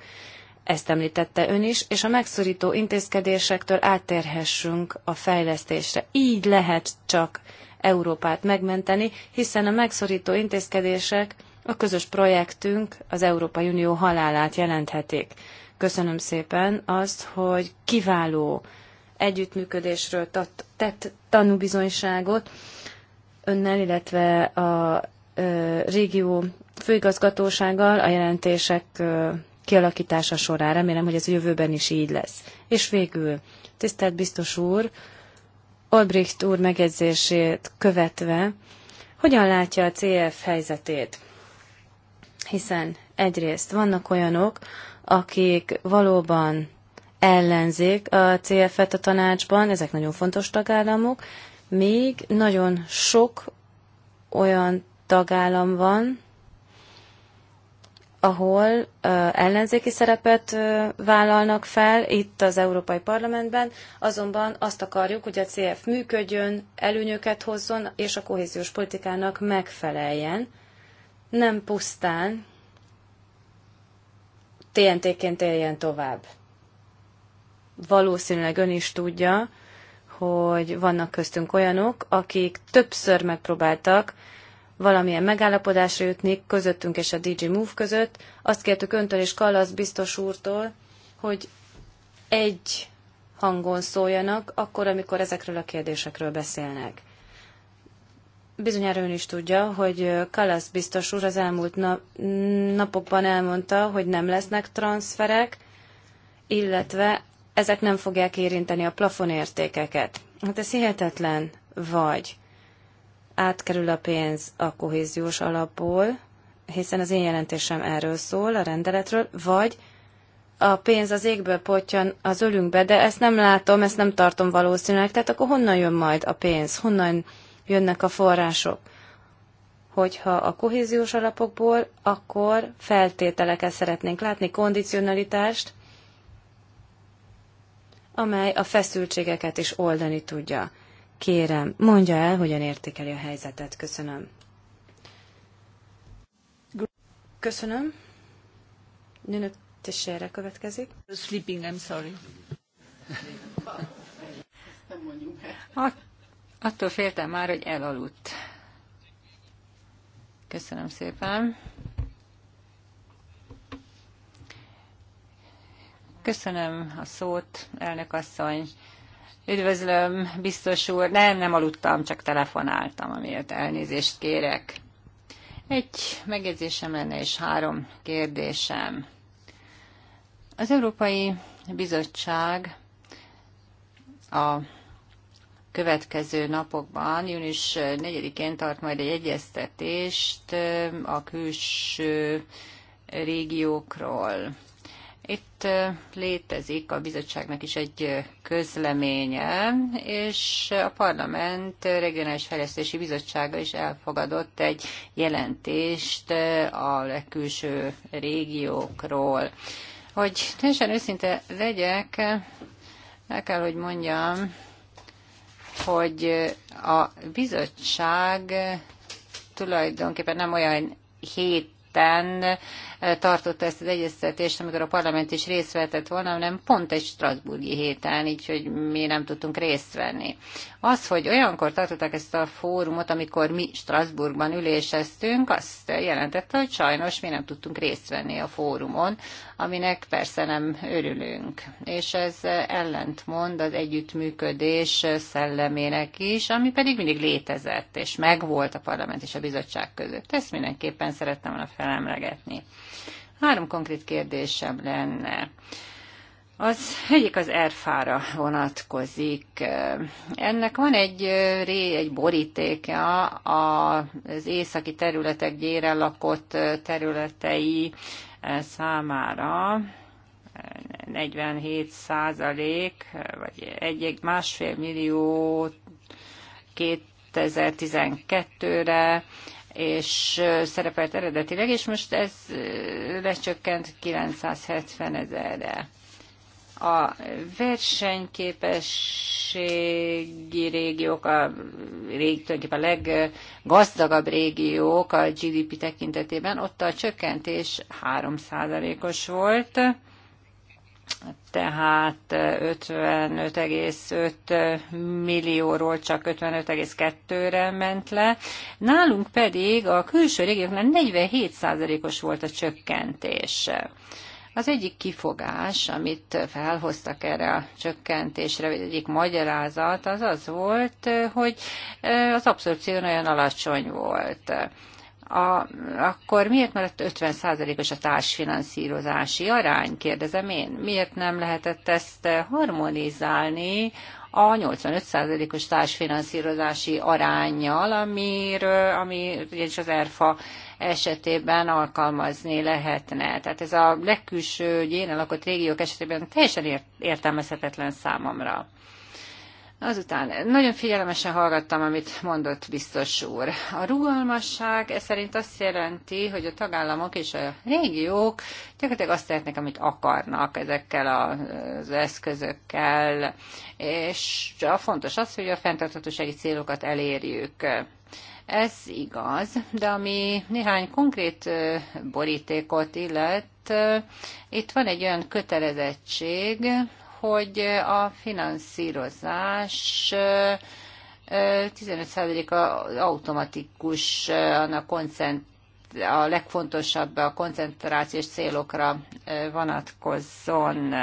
ezt említette ön is, és a megszorító intézkedésektől átérhessünk a fejlesztésre. Így lehet csak Európát megmenteni, hiszen a megszorító intézkedések a közös projektünk az Európai Unió halálát jelenthetik. Köszönöm szépen azt, hogy kiváló együttműködésről tett tanúbizonyságot önnel, illetve a régió főigazgatósággal a jelentések kialakítása során. Remélem, hogy ez a jövőben is így lesz. És végül, tisztelt biztos úr, Albrecht úr megjegyzését követve, hogyan látja a CF helyzetét? Hiszen egyrészt vannak olyanok, akik valóban ellenzik a CF-et a tanácsban, ezek nagyon fontos tagállamok, még nagyon sok olyan tagállam van, ahol uh, ellenzéki szerepet uh, vállalnak fel itt az Európai Parlamentben, azonban azt akarjuk, hogy a CF működjön, előnyöket hozzon, és a kohéziós politikának megfeleljen, nem pusztán TNT-ként éljen tovább. Valószínűleg ön is tudja, hogy vannak köztünk olyanok, akik többször megpróbáltak uh, valamilyen megállapodásra jutni közöttünk és a DG Move között. Azt kértük öntől és Kallasz biztos úrtól, hogy egy hangon szóljanak, akkor, amikor ezekről a kérdésekről beszélnek. Bizonyára ön is tudja, hogy Kalasz biztos úr az elmúlt napokban elmondta, hogy nem lesznek transferek, illetve ezek nem fogják érinteni a plafonértékeket. Hát ez hihetetlen vagy átkerül a pénz a kohéziós alapból, hiszen az én jelentésem erről szól, a rendeletről, vagy a pénz az égből potyan az ölünkbe, de ezt nem látom, ezt nem tartom valószínűleg, tehát akkor honnan jön majd a pénz, honnan jönnek a források? Hogyha a kohéziós alapokból, akkor feltételeket szeretnénk látni, kondicionalitást, amely a feszültségeket is oldani tudja. Kérem, mondja el, hogyan értékeli a helyzetet. Köszönöm. Köszönöm. Nőnök tessékre következik. Sleeping, I'm sorry. Attól féltem már, hogy elaludt. Köszönöm szépen. Köszönöm a szót, elnök asszony. Üdvözlöm, biztos úr. Nem, nem aludtam, csak telefonáltam, amiért elnézést kérek. Egy megjegyzésem lenne, és három kérdésem. Az Európai Bizottság a következő napokban, június 4-én tart majd egy egyeztetést a külső régiókról. Itt létezik a bizottságnak is egy közleménye, és a Parlament Regionális Fejlesztési Bizottsága is elfogadott egy jelentést a legkülső régiókról. Hogy teljesen őszinte legyek, el kell, hogy mondjam, hogy a bizottság tulajdonképpen nem olyan héten tartotta ezt az egyeztetést, amikor a parlament is részt vetett volna, hanem pont egy Strasburgi héten, így hogy mi nem tudtunk részt venni. Az, hogy olyankor tartották ezt a fórumot, amikor mi Strasbourgban üléseztünk, azt jelentette, hogy sajnos mi nem tudtunk részt venni a fórumon, aminek persze nem örülünk. És ez ellentmond az együttműködés szellemének is, ami pedig mindig létezett, és megvolt a parlament és a bizottság között. Ezt mindenképpen szerettem volna felemlegetni. Három konkrét kérdésem lenne. Az egyik az erfára vonatkozik. Ennek van egy ré, egy borítéka az északi területek gyéren lakott területei számára. 47 százalék, vagy egy, egy másfél millió 2012-re és szerepelt eredetileg, és most ez lecsökkent 970 ezerre. A versenyképességi régiók, a, rég, tulajdonképpen a leggazdagabb régiók a GDP tekintetében, ott a csökkentés 3%-os volt, tehát 55,5 millióról csak 55,2-re ment le. Nálunk pedig a külső régióknál 47%-os volt a csökkentés. Az egyik kifogás, amit felhoztak erre a csökkentésre, vagy egyik magyarázat, az az volt, hogy az abszorpció olyan alacsony volt a, akkor miért maradt 50%-os a társfinanszírozási arány, kérdezem én. Miért nem lehetett ezt eh, harmonizálni a 85%-os társfinanszírozási arányjal, amiről, ami és az ERFA esetében alkalmazni lehetne. Tehát ez a legkülső gyénelakott régiók esetében teljesen értelmezhetetlen számomra. Azután nagyon figyelmesen hallgattam, amit mondott biztos úr. A rugalmasság ez szerint azt jelenti, hogy a tagállamok és a régiók gyakorlatilag azt tehetnek, amit akarnak ezekkel az eszközökkel, és a fontos az, hogy a fenntarthatósági célokat elérjük. Ez igaz, de ami néhány konkrét borítékot illet, itt van egy olyan kötelezettség, hogy a finanszírozás 15%-a automatikus, a, koncent, a legfontosabb a koncentrációs célokra vonatkozzon.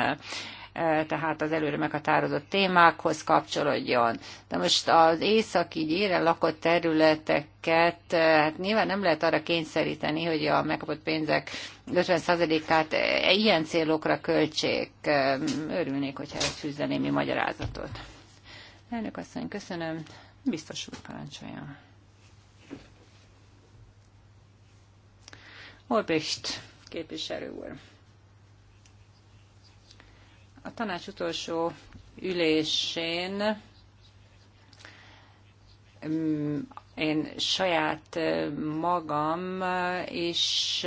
Eh, tehát az előre meghatározott témákhoz kapcsolódjon. De most az északi gyéren lakott területeket, eh, hát nyilván nem lehet arra kényszeríteni, hogy a megkapott pénzek 50%-át eh, ilyen célokra költsék. Örülnék, hogyha ezt fűzne mi magyarázatot. Elnök asszony, köszönöm. Biztos úr parancsolja. Olbricht képviselő úr. A tanács utolsó ülésén mm, én saját magam is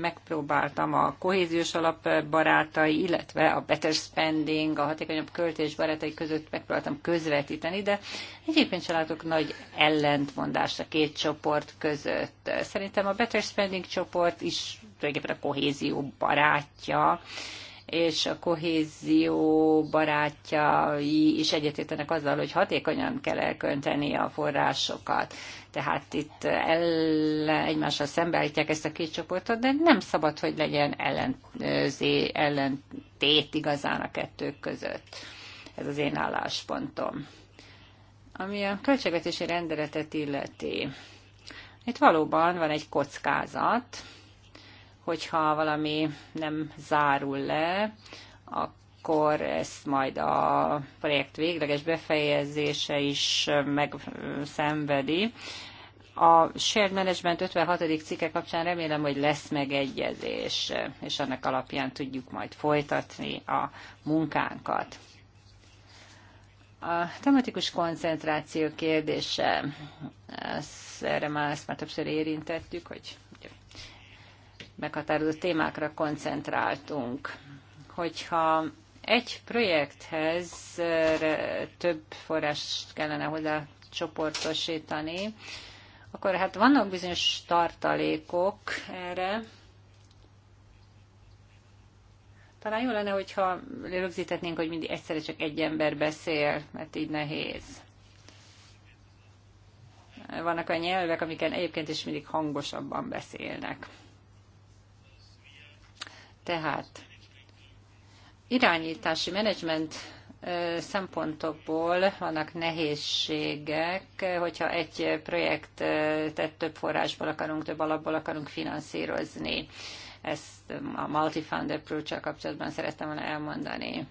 megpróbáltam a kohéziós alap barátai, illetve a better spending, a hatékonyabb költés barátai között megpróbáltam közvetíteni, de egyébként sem látok nagy ellentmondást a két csoport között. Szerintem a better spending csoport is tulajdonképpen a kohézió barátja, és a kohézió barátjai is egyetértenek azzal, hogy hatékonyan kell elkönteni a forrásokat. Tehát itt el, egymással szembeállítják ezt a két csoportot, de nem szabad, hogy legyen ellenzé, ellentét igazán a kettők között. Ez az én álláspontom. Ami a költségvetési rendeletet illeti, itt valóban van egy kockázat, hogyha valami nem zárul le, akkor ezt majd a projekt végleges befejezése is megszenvedi. A shared management 56. cikke kapcsán remélem, hogy lesz megegyezés, és annak alapján tudjuk majd folytatni a munkánkat. A tematikus koncentráció kérdése, ezt, erre már, ezt már többször érintettük, hogy meghatározott témákra koncentráltunk. Hogyha egy projekthez több forrást kellene hozzá csoportosítani, akkor hát vannak bizonyos tartalékok erre. Talán jó lenne, hogyha rögzítetnénk, hogy mindig egyszerre csak egy ember beszél, mert így nehéz. Vannak olyan nyelvek, amiken egyébként is mindig hangosabban beszélnek. Tehát irányítási menedzsment szempontokból vannak nehézségek, hogyha egy projektet több forrásból akarunk, több alapból akarunk finanszírozni. Ezt a multi-fund approach kapcsolatban szerettem volna elmondani.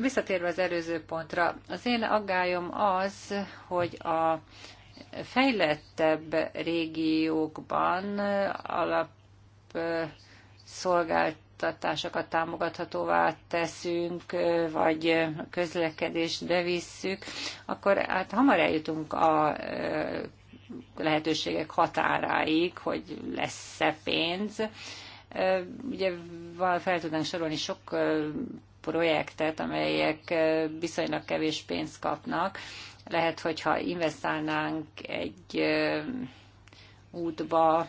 Visszatérve az előző pontra, az én aggályom az, hogy a fejlettebb régiókban alap szolgáltatásokat támogathatóvá teszünk, vagy közlekedést bevisszük, akkor hát hamar eljutunk a lehetőségek határáig, hogy lesz-e pénz. Ugye fel tudnánk sorolni sok projektet, amelyek viszonylag kevés pénzt kapnak. Lehet, hogyha investálnánk egy útba,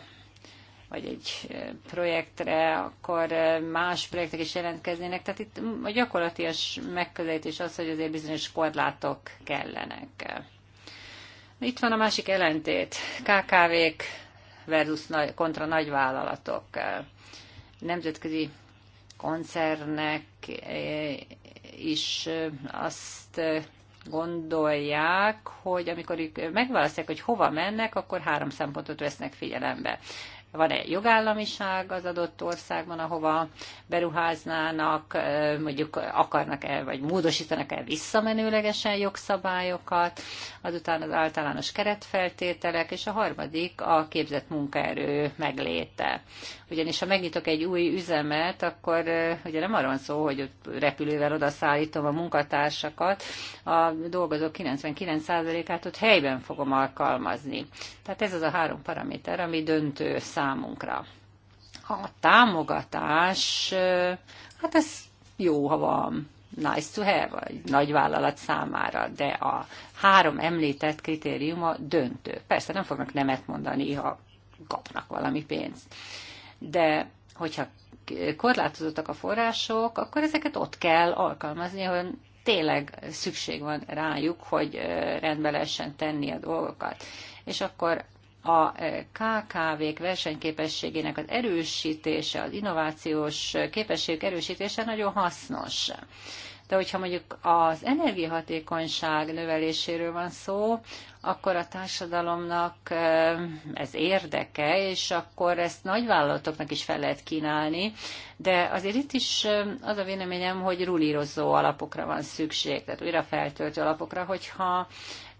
vagy egy projektre, akkor más projektek is jelentkeznének. Tehát itt a gyakorlatias megközelítés az, hogy azért bizonyos korlátok kellenek. Itt van a másik ellentét. KKV-k versus kontra nagyvállalatok. Nemzetközi koncernek is azt gondolják, hogy amikor ők megválasztják, hogy hova mennek, akkor három szempontot vesznek figyelembe van-e jogállamiság az adott országban, ahova beruháznának, mondjuk akarnak-e, vagy módosítanak-e visszamenőlegesen jogszabályokat, azután az általános keretfeltételek, és a harmadik a képzett munkaerő megléte. Ugyanis ha megnyitok egy új üzemet, akkor ugye nem arra van szó, hogy ott repülővel odaszállítom a munkatársakat, a dolgozók 99%-át ott helyben fogom alkalmazni. Tehát ez az a három paraméter, ami döntő számunkra. A támogatás, hát ez jó, ha van, nice to have, vagy nagy vállalat számára, de a három említett kritérium a döntő. Persze nem fognak nemet mondani, ha kapnak valami pénzt de hogyha korlátozottak a források, akkor ezeket ott kell alkalmazni, hogy tényleg szükség van rájuk, hogy rendbe lehessen tenni a dolgokat. És akkor a KKV-k versenyképességének az erősítése, az innovációs képességek erősítése nagyon hasznos de hogyha mondjuk az energiahatékonyság növeléséről van szó, akkor a társadalomnak eh, ez érdeke, és akkor ezt nagyvállalatoknak is fel lehet kínálni, de azért itt is eh, az a véleményem, hogy rulírozó alapokra van szükség, tehát újra feltöltő alapokra, hogyha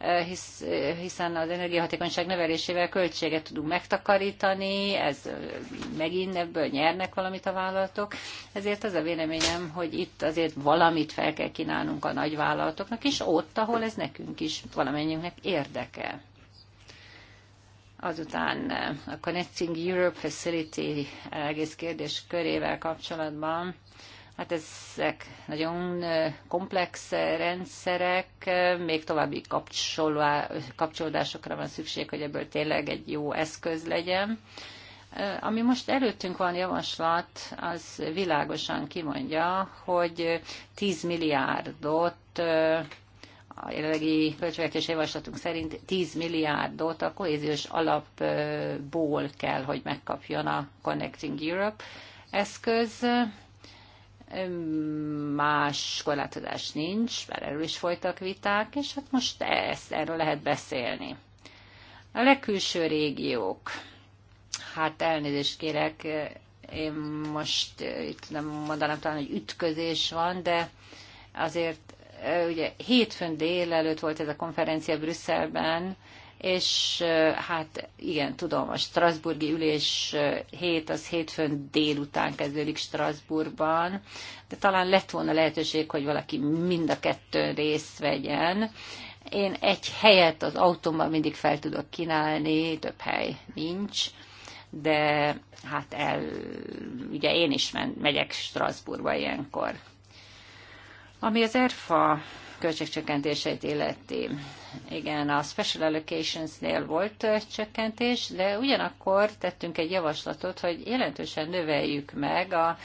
Eh, hisz, eh, hiszen az energiahatékonyság növelésével költséget tudunk megtakarítani, ez eh, megint ebből nyernek valamit a vállalatok, ezért az a véleményem, hogy itt azért valamit fel kell kínálnunk a nagyvállalatoknak, és ott, ahol ez nekünk is valamennyiünknek érdeke. Azután a Connecting Europe Facility egész kérdés körével kapcsolatban Hát ezek nagyon komplex rendszerek, még további kapcsolódásokra van szükség, hogy ebből tényleg egy jó eszköz legyen. Ami most előttünk van javaslat, az világosan kimondja, hogy 10 milliárdot a jelenlegi költségvetés javaslatunk szerint 10 milliárdot a kohéziós alapból kell, hogy megkapjon a Connecting Europe eszköz, más korlátozás nincs, mert erről is folytak viták, és hát most ezt, erről lehet beszélni. A legkülső régiók. Hát elnézést kérek, én most eh, itt nem mondanám talán, hogy ütközés van, de azért eh, ugye hétfőn délelőtt volt ez a konferencia Brüsszelben, és hát igen, tudom, a Strasburgi ülés hét, az hétfőn délután kezdődik Strasbourgban, de talán lett volna lehetőség, hogy valaki mind a kettőn részt vegyen. Én egy helyet az autómban mindig fel tudok kínálni, több hely nincs, de hát el, ugye én is men, megyek Strasbourgba ilyenkor. Ami az ERFA költségcsökkentéseit illeti. Igen, a Special Allocations-nél volt csökkentés, de ugyanakkor tettünk egy javaslatot, hogy jelentősen növeljük meg a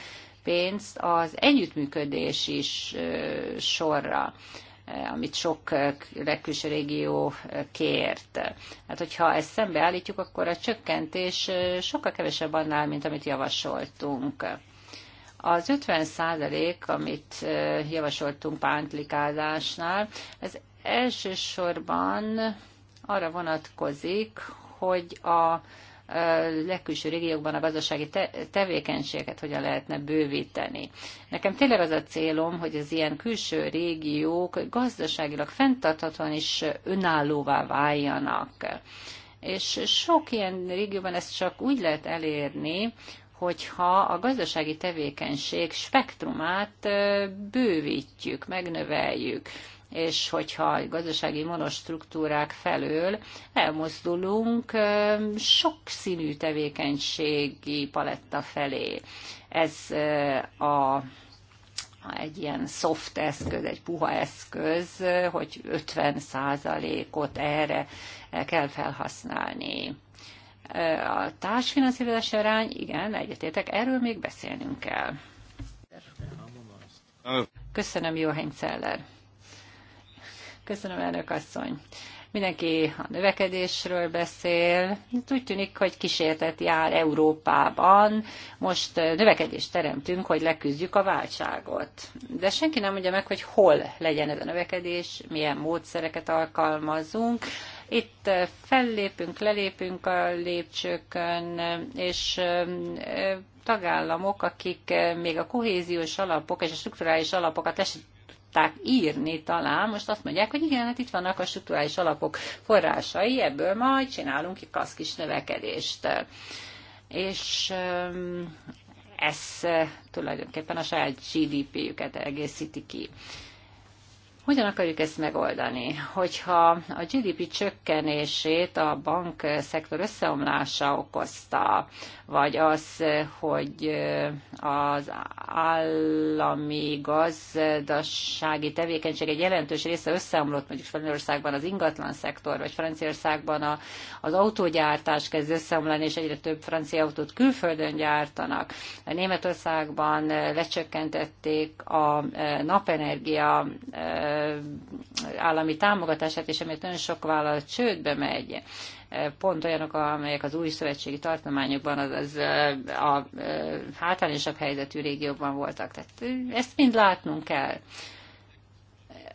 pénzt az együttműködés is sorra amit sok legkülső régió kért. Hát, hogyha ezt szembeállítjuk, akkor a csökkentés sokkal kevesebb annál, mint amit javasoltunk. Az 50 százalék, amit javasoltunk pántlikázásnál, ez elsősorban arra vonatkozik, hogy a legkülső régiókban a gazdasági tevékenységet hogyan lehetne bővíteni. Nekem tényleg az a célom, hogy az ilyen külső régiók gazdaságilag fenntarthatóan is önállóvá váljanak. És sok ilyen régióban ezt csak úgy lehet elérni, hogyha a gazdasági tevékenység spektrumát bővítjük, megnöveljük, és hogyha gazdasági monostruktúrák felől elmozdulunk sokszínű tevékenységi paletta felé. Ez a egy ilyen soft eszköz, egy puha eszköz, hogy 50 ot erre kell felhasználni. A társfinanszírozási arány, igen, egyetértek, erről még beszélnünk kell. Köszönöm, Johann Celler. Köszönöm, elnök asszony. Mindenki a növekedésről beszél. Úgy tűnik, hogy kísértet jár Európában. Most eh, növekedést teremtünk, hogy leküzdjük a válságot. De senki nem mondja meg, hogy hol legyen ez a növekedés, milyen módszereket alkalmazunk itt fellépünk, lelépünk a lépcsőkön, és tagállamok, akik még a kohéziós alapok és a strukturális alapokat lesz írni talán, most azt mondják, hogy igen, hát itt vannak a strukturális alapok forrásai, ebből majd csinálunk egy kasz kis növekedést. És ez tulajdonképpen a saját GDP-jüket egészíti ki. Hogyan akarjuk ezt megoldani? Hogyha a GDP csökkenését a bankszektor összeomlása okozta, vagy az, hogy az állami gazdasági tevékenység egy jelentős része összeomlott, mondjuk Spanyolországban az ingatlan szektor, vagy Franciaországban a, az autógyártás kezd összeomlani, és egyre több francia autót külföldön gyártanak. A Németországban lecsökkentették a eh, napenergia eh, állami támogatását, és emiatt nagyon sok vállalat csődbe megy. Pont olyanok, amelyek az új szövetségi tartományokban, az, az a, hátrányosabb helyzetű régiókban voltak. Tehát ezt mind látnunk kell.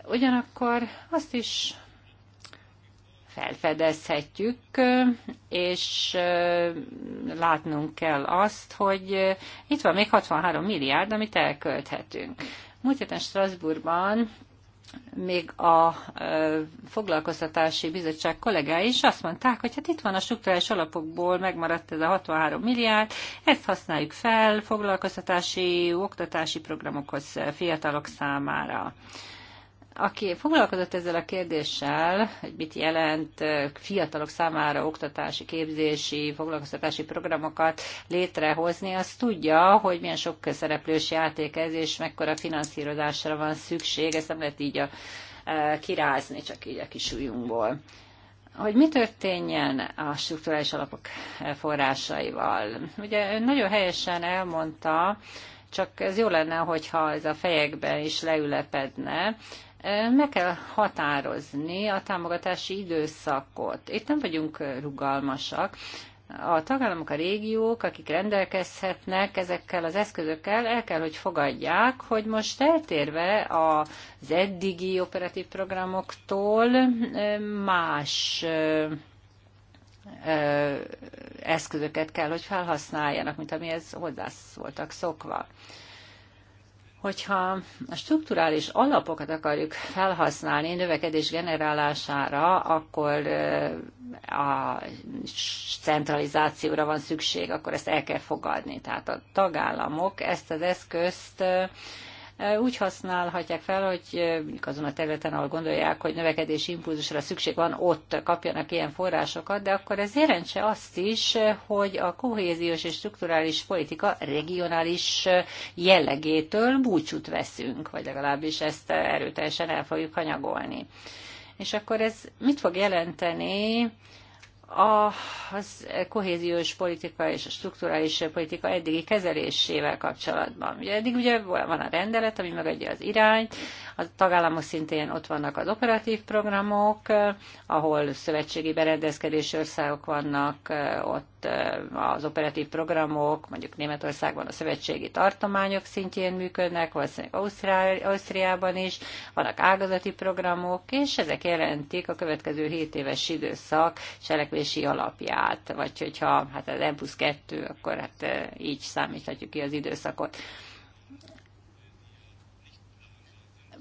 Ugyanakkor azt is felfedezhetjük, és látnunk kell azt, hogy itt van még 63 milliárd, amit elkölthetünk. Múlt héten Strasbourgban még a foglalkoztatási bizottság kollégái is azt mondták, hogy hát itt van a struktúrális alapokból megmaradt ez a 63 milliárd, ezt használjuk fel foglalkoztatási, oktatási programokhoz fiatalok számára aki foglalkozott ezzel a kérdéssel, hogy mit jelent fiatalok számára oktatási, képzési, foglalkoztatási programokat létrehozni, az tudja, hogy milyen sok szereplős játék ez, és mekkora finanszírozásra van szükség, ezt nem lehet így a, a kirázni, csak így a kis ujjunkból hogy mi történjen a strukturális alapok forrásaival. Ugye ön nagyon helyesen elmondta, csak ez jó lenne, hogyha ez a fejekben is leülepedne, meg kell határozni a támogatási időszakot. Itt nem vagyunk rugalmasak. A tagállamok, a régiók, akik rendelkezhetnek ezekkel az eszközökkel, el kell, hogy fogadják, hogy most eltérve az eddigi operatív programoktól más eszközöket kell, hogy felhasználjanak, mint amihez voltak szokva hogyha a strukturális alapokat akarjuk felhasználni növekedés generálására, akkor a centralizációra van szükség, akkor ezt el kell fogadni. Tehát a tagállamok ezt az eszközt úgy használhatják fel, hogy azon a területen, ahol gondolják, hogy növekedési impulzusra szükség van, ott kapjanak ilyen forrásokat, de akkor ez jelentse azt is, hogy a kohéziós és strukturális politika regionális jellegétől búcsút veszünk, vagy legalábbis ezt erőteljesen el fogjuk hanyagolni. És akkor ez mit fog jelenteni a, az kohéziós politika és a strukturális politika eddigi kezelésével kapcsolatban. Ugye eddig ugye van a rendelet, ami megadja az irányt, a tagállamok szintén ott vannak az operatív programok, eh, ahol szövetségi berendezkedési országok vannak, eh, ott eh, az operatív programok, mondjuk Németországban a szövetségi tartományok szintjén működnek, valószínűleg Ausztriában is, vannak ágazati programok, és ezek jelentik a következő 7 éves időszak cselekvési alapját, vagy hogyha hát az M plusz 2, akkor hát így számíthatjuk ki az időszakot.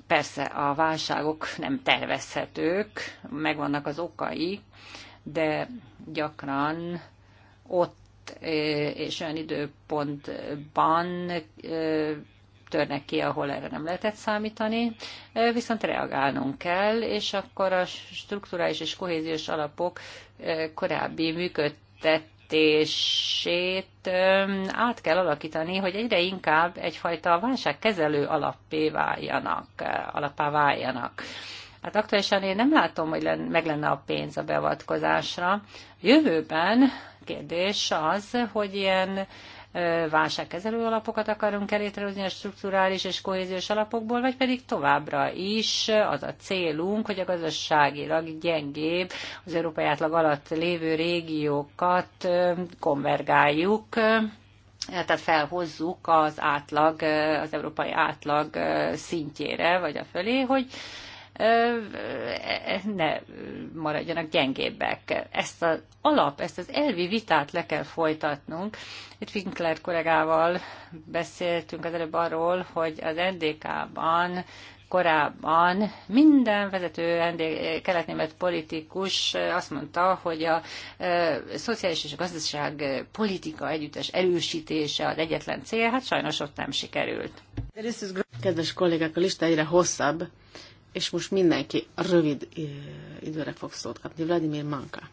Persze a válságok nem tervezhetők, megvannak az okai, de gyakran ott és olyan időpontban törnek ki, ahol erre nem lehetett számítani, viszont reagálnunk kell, és akkor a strukturális és kohéziós alapok korábbi működtet működtetését át kell alakítani, hogy egyre inkább egyfajta válságkezelő alappé váljanak, alappá váljanak. Hát aktuálisan én nem látom, hogy len, meg lenne a pénz a beavatkozásra. Jövőben kérdés az, hogy ilyen válságkezelő alapokat akarunk elétrehozni a strukturális és kohéziós alapokból, vagy pedig továbbra is az a célunk, hogy a gazdaságilag gyengébb, az európai átlag alatt lévő régiókat konvergáljuk, tehát felhozzuk az átlag, az európai átlag szintjére, vagy a fölé, hogy ne maradjanak gyengébbek. Ezt az alap, ezt az elvi vitát le kell folytatnunk. Itt Finkler kollégával beszéltünk az előbb arról, hogy az NDK-ban korábban minden vezető keletnémet politikus azt mondta, hogy a szociális és a gazdaság politika együttes erősítése az egyetlen cél, hát sajnos ott nem sikerült. Kedves kollégák, a lista egyre hosszabb, és most mindenki rövid időre fog szót kapni. Vladimir Manka.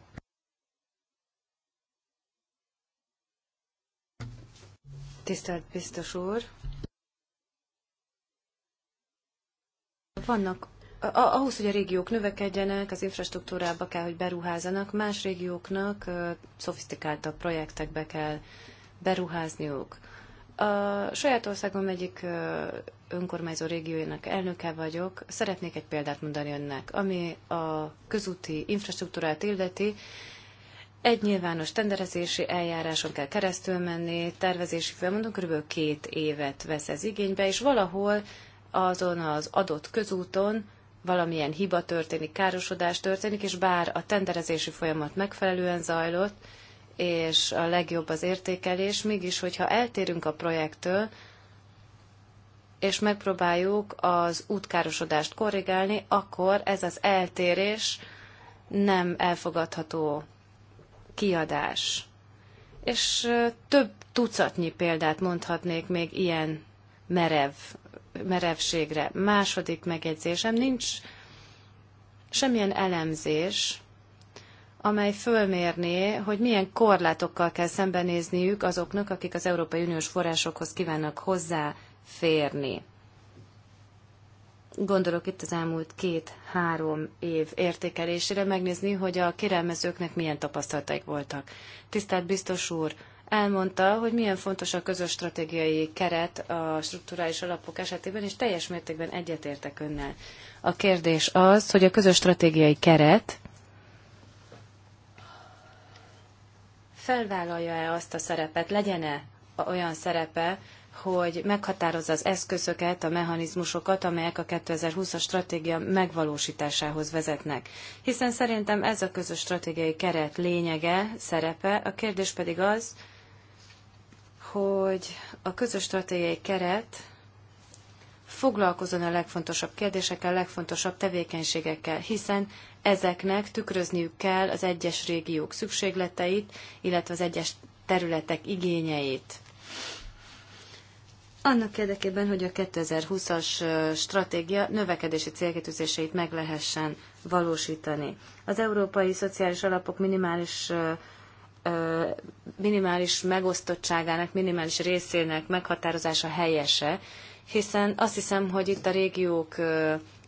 Tisztelt biztos úr! Vannak ahhoz, hogy a régiók növekedjenek, az infrastruktúrába kell, hogy beruházanak, más régióknak szofisztikáltabb projektekbe kell beruházniuk. A saját országom egyik önkormányzó régiójának elnöke vagyok. Szeretnék egy példát mondani önnek, ami a közúti infrastruktúrát illeti. Egy nyilvános tenderezési eljáráson kell keresztül menni, tervezési felmondom, kb. két évet vesz ez igénybe, és valahol azon az adott közúton valamilyen hiba történik, károsodás történik, és bár a tenderezési folyamat megfelelően zajlott, és a legjobb az értékelés, mégis, hogyha eltérünk a projektől, és megpróbáljuk az útkárosodást korrigálni, akkor ez az eltérés nem elfogadható kiadás. És több tucatnyi példát mondhatnék még ilyen merev, merevségre. Második megjegyzésem, nincs semmilyen elemzés, amely fölmérné, hogy milyen korlátokkal kell szembenézniük azoknak, akik az Európai Uniós forrásokhoz kívánnak hozzáférni. Gondolok itt az elmúlt két-három év értékelésére megnézni, hogy a kérelmezőknek milyen tapasztalataik voltak. Tisztelt biztos úr, elmondta, hogy milyen fontos a közös stratégiai keret a strukturális alapok esetében, és teljes mértékben egyetértek önnel. A kérdés az, hogy a közös stratégiai keret felvállalja-e azt a szerepet, legyen-e olyan szerepe, hogy meghatározza az eszközöket, a mechanizmusokat, amelyek a 2020-as stratégia megvalósításához vezetnek. Hiszen szerintem ez a közös stratégiai keret lényege, szerepe, a kérdés pedig az, hogy a közös stratégiai keret foglalkozzon a legfontosabb kérdésekkel, a legfontosabb tevékenységekkel, hiszen ezeknek tükrözniük kell az egyes régiók szükségleteit, illetve az egyes területek igényeit. Annak érdekében, hogy a 2020-as stratégia növekedési célkitűzéseit meg lehessen valósítani. Az európai szociális alapok minimális minimális megosztottságának, minimális részének meghatározása helyese, hiszen azt hiszem, hogy itt a régiók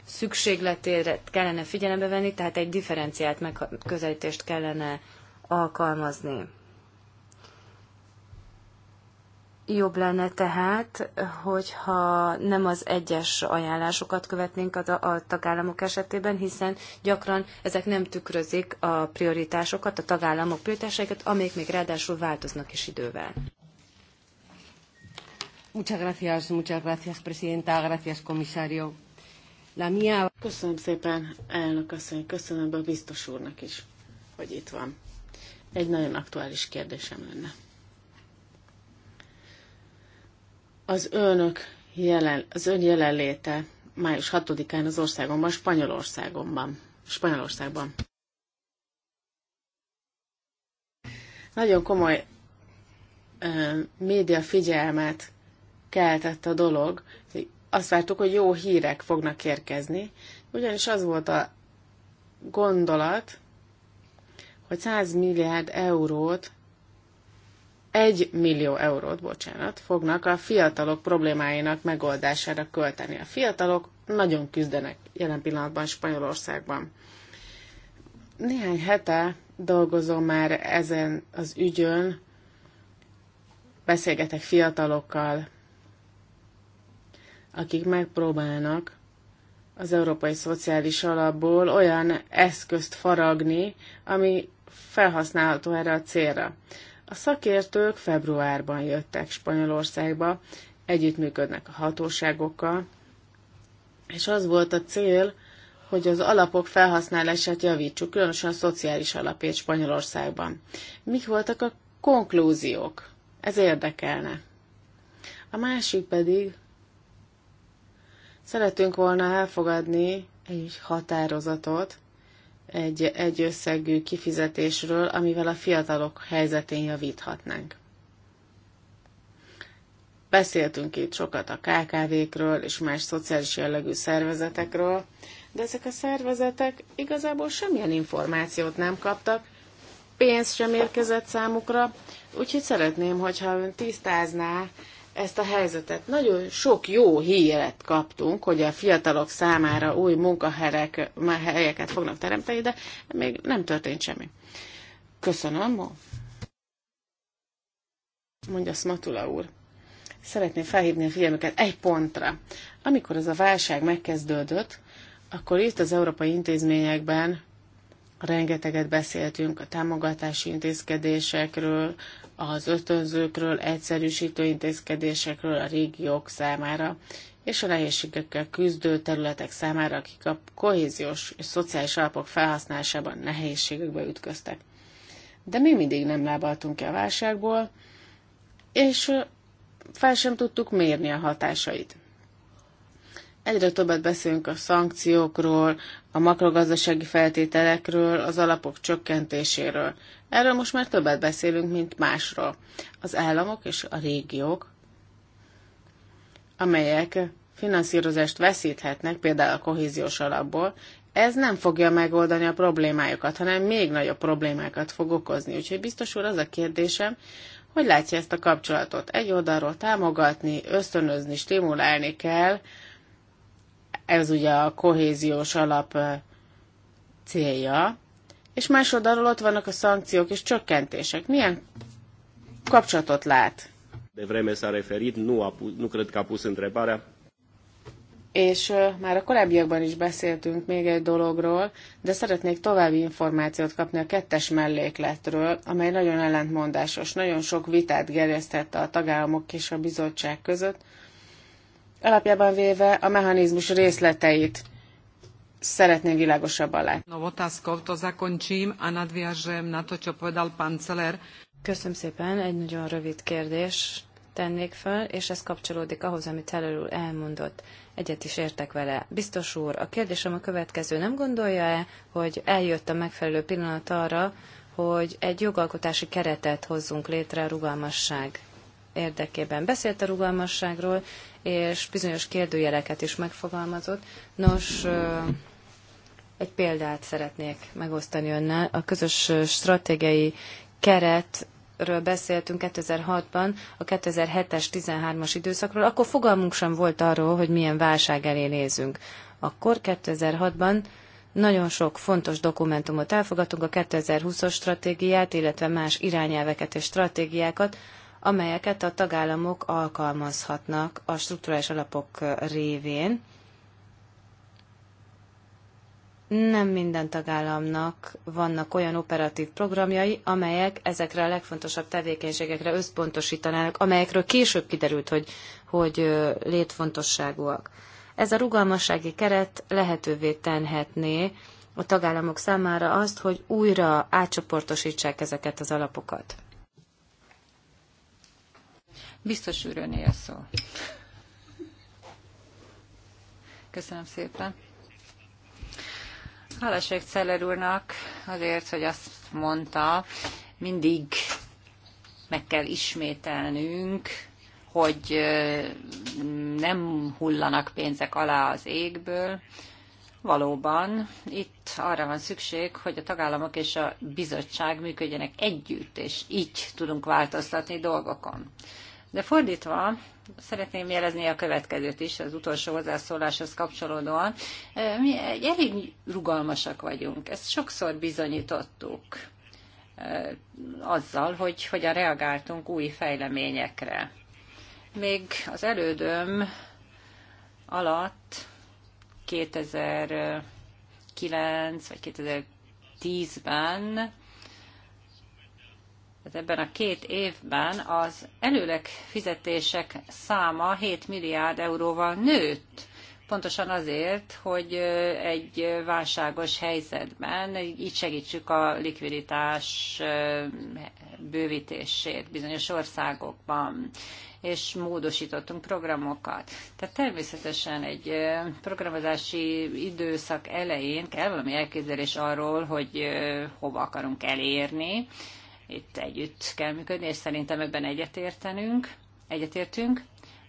szükségletére kellene figyelembe venni, tehát egy differenciált megközelítést kellene alkalmazni. Jobb lenne tehát, hogyha nem az egyes ajánlásokat követnénk a, a tagállamok esetében, hiszen gyakran ezek nem tükrözik a prioritásokat, a tagállamok prioritásaikat, amik még ráadásul változnak is idővel. Muchas gracias, muchas gracias, presidenta, gracias, comisario. La mia... Köszönöm szépen, elnök asszony, köszönöm a biztos úrnak is, hogy itt van. Egy nagyon aktuális kérdésem lenne. Az önök jelen, az ön jelenléte május 6-án az országomban, Spanyolországomban, Spanyolországban. Nagyon komoly ö, média figyelmet keltett a dolog, hogy azt vártuk, hogy jó hírek fognak érkezni, ugyanis az volt a gondolat, hogy 100 milliárd eurót, 1 millió eurót, bocsánat, fognak a fiatalok problémáinak megoldására költeni. A fiatalok nagyon küzdenek jelen pillanatban Spanyolországban. Néhány hete dolgozom már ezen az ügyön, beszélgetek fiatalokkal, akik megpróbálnak az Európai Szociális Alapból olyan eszközt faragni, ami felhasználható erre a célra. A szakértők februárban jöttek Spanyolországba, együttműködnek a hatóságokkal, és az volt a cél, hogy az alapok felhasználását javítsuk, különösen a szociális alapét Spanyolországban. Mik voltak a konklúziók? Ez érdekelne. A másik pedig Szeretünk volna elfogadni egy határozatot, egy, egy összegű kifizetésről, amivel a fiatalok helyzetén javíthatnánk. Beszéltünk itt sokat a KKV-kről és más szociális jellegű szervezetekről, de ezek a szervezetek igazából semmilyen információt nem kaptak, pénz sem érkezett számukra, úgyhogy szeretném, hogyha ön tisztázná ezt a helyzetet. Nagyon sok jó híret kaptunk, hogy a fiatalok számára új munkahelyek helyeket fognak teremteni, de még nem történt semmi. Köszönöm, mondja Smatula úr. Szeretném felhívni a figyelmüket egy pontra. Amikor ez a válság megkezdődött, akkor itt az európai intézményekben rengeteget beszéltünk a támogatási intézkedésekről, az ötönzőkről, egyszerűsítő intézkedésekről a régiók számára, és a nehézségekkel küzdő területek számára, akik a kohéziós és szociális alapok felhasználásában nehézségekbe ütköztek. De mi mindig nem lábaltunk ki a válságból, és fel sem tudtuk mérni a hatásait. Egyre többet beszélünk a szankciókról, a makrogazdasági feltételekről, az alapok csökkentéséről. Erről most már többet beszélünk, mint másról. Az államok és a régiók, amelyek finanszírozást veszíthetnek, például a kohéziós alapból, ez nem fogja megoldani a problémájukat, hanem még nagyobb problémákat fog okozni. Úgyhogy biztos úr az a kérdésem, hogy látja ezt a kapcsolatot. Egy oldalról támogatni, ösztönözni, stimulálni kell ez ugye a kohéziós alap célja, és más ott vannak a szankciók és csökkentések. Milyen kapcsolatot lát? De vreme s-a referit, nu, a, nu cred că a pus întrebarea. És uh, már a korábbiakban is beszéltünk még egy dologról, de szeretnék további információt kapni a kettes mellékletről, amely nagyon ellentmondásos, nagyon sok vitát gerjesztette a tagállamok és a bizottság között, alapjában véve a mechanizmus részleteit szeretném világosabban látni. No, to zakončím a nadviažem na to, čo povedal pán Celer. Köszönöm szépen, egy nagyon rövid kérdés tennék föl, és ez kapcsolódik ahhoz, amit Celer úr elmondott. Egyet is értek vele. Biztos úr, a kérdésem a következő. Nem gondolja-e, hogy eljött a megfelelő pillanat arra, hogy egy jogalkotási keretet hozzunk létre a rugalmasság érdekében. Beszélt a rugalmasságról, és bizonyos kérdőjeleket is megfogalmazott. Nos, egy példát szeretnék megosztani önnel. A közös stratégiai keret ről beszéltünk 2006-ban, a 2007-es 13-as időszakról, akkor fogalmunk sem volt arról, hogy milyen válság elé nézünk. Akkor 2006-ban nagyon sok fontos dokumentumot elfogadtunk, a 2020-as stratégiát, illetve más irányelveket és stratégiákat, amelyeket a tagállamok alkalmazhatnak a strukturális alapok révén. Nem minden tagállamnak vannak olyan operatív programjai, amelyek ezekre a legfontosabb tevékenységekre összpontosítanának, amelyekről később kiderült, hogy, hogy létfontosságúak. Ez a rugalmassági keret lehetővé tenhetné a tagállamok számára azt, hogy újra átcsoportosítsák ezeket az alapokat. Biztos úr, szó. Köszönöm szépen. Hálás Celler úrnak azért, hogy azt mondta, mindig meg kell ismételnünk, hogy nem hullanak pénzek alá az égből. Valóban itt arra van szükség, hogy a tagállamok és a bizottság működjenek együtt, és így tudunk változtatni dolgokon. De fordítva, szeretném jelezni a következőt is az utolsó hozzászóláshoz kapcsolódóan. Mi elég rugalmasak vagyunk, ezt sokszor bizonyítottuk azzal, hogy hogyan reagáltunk új fejleményekre. Még az elődöm alatt 2009 vagy 2010-ben tehát ebben a két évben az előleg fizetések száma 7 milliárd euróval nőtt. Pontosan azért, hogy egy válságos helyzetben így segítsük a likviditás bővítését bizonyos országokban és módosítottunk programokat. Tehát természetesen egy programozási időszak elején kell valami elképzelés arról, hogy hova akarunk elérni, itt együtt kell működni, és szerintem ebben egyetértenünk, egyetértünk.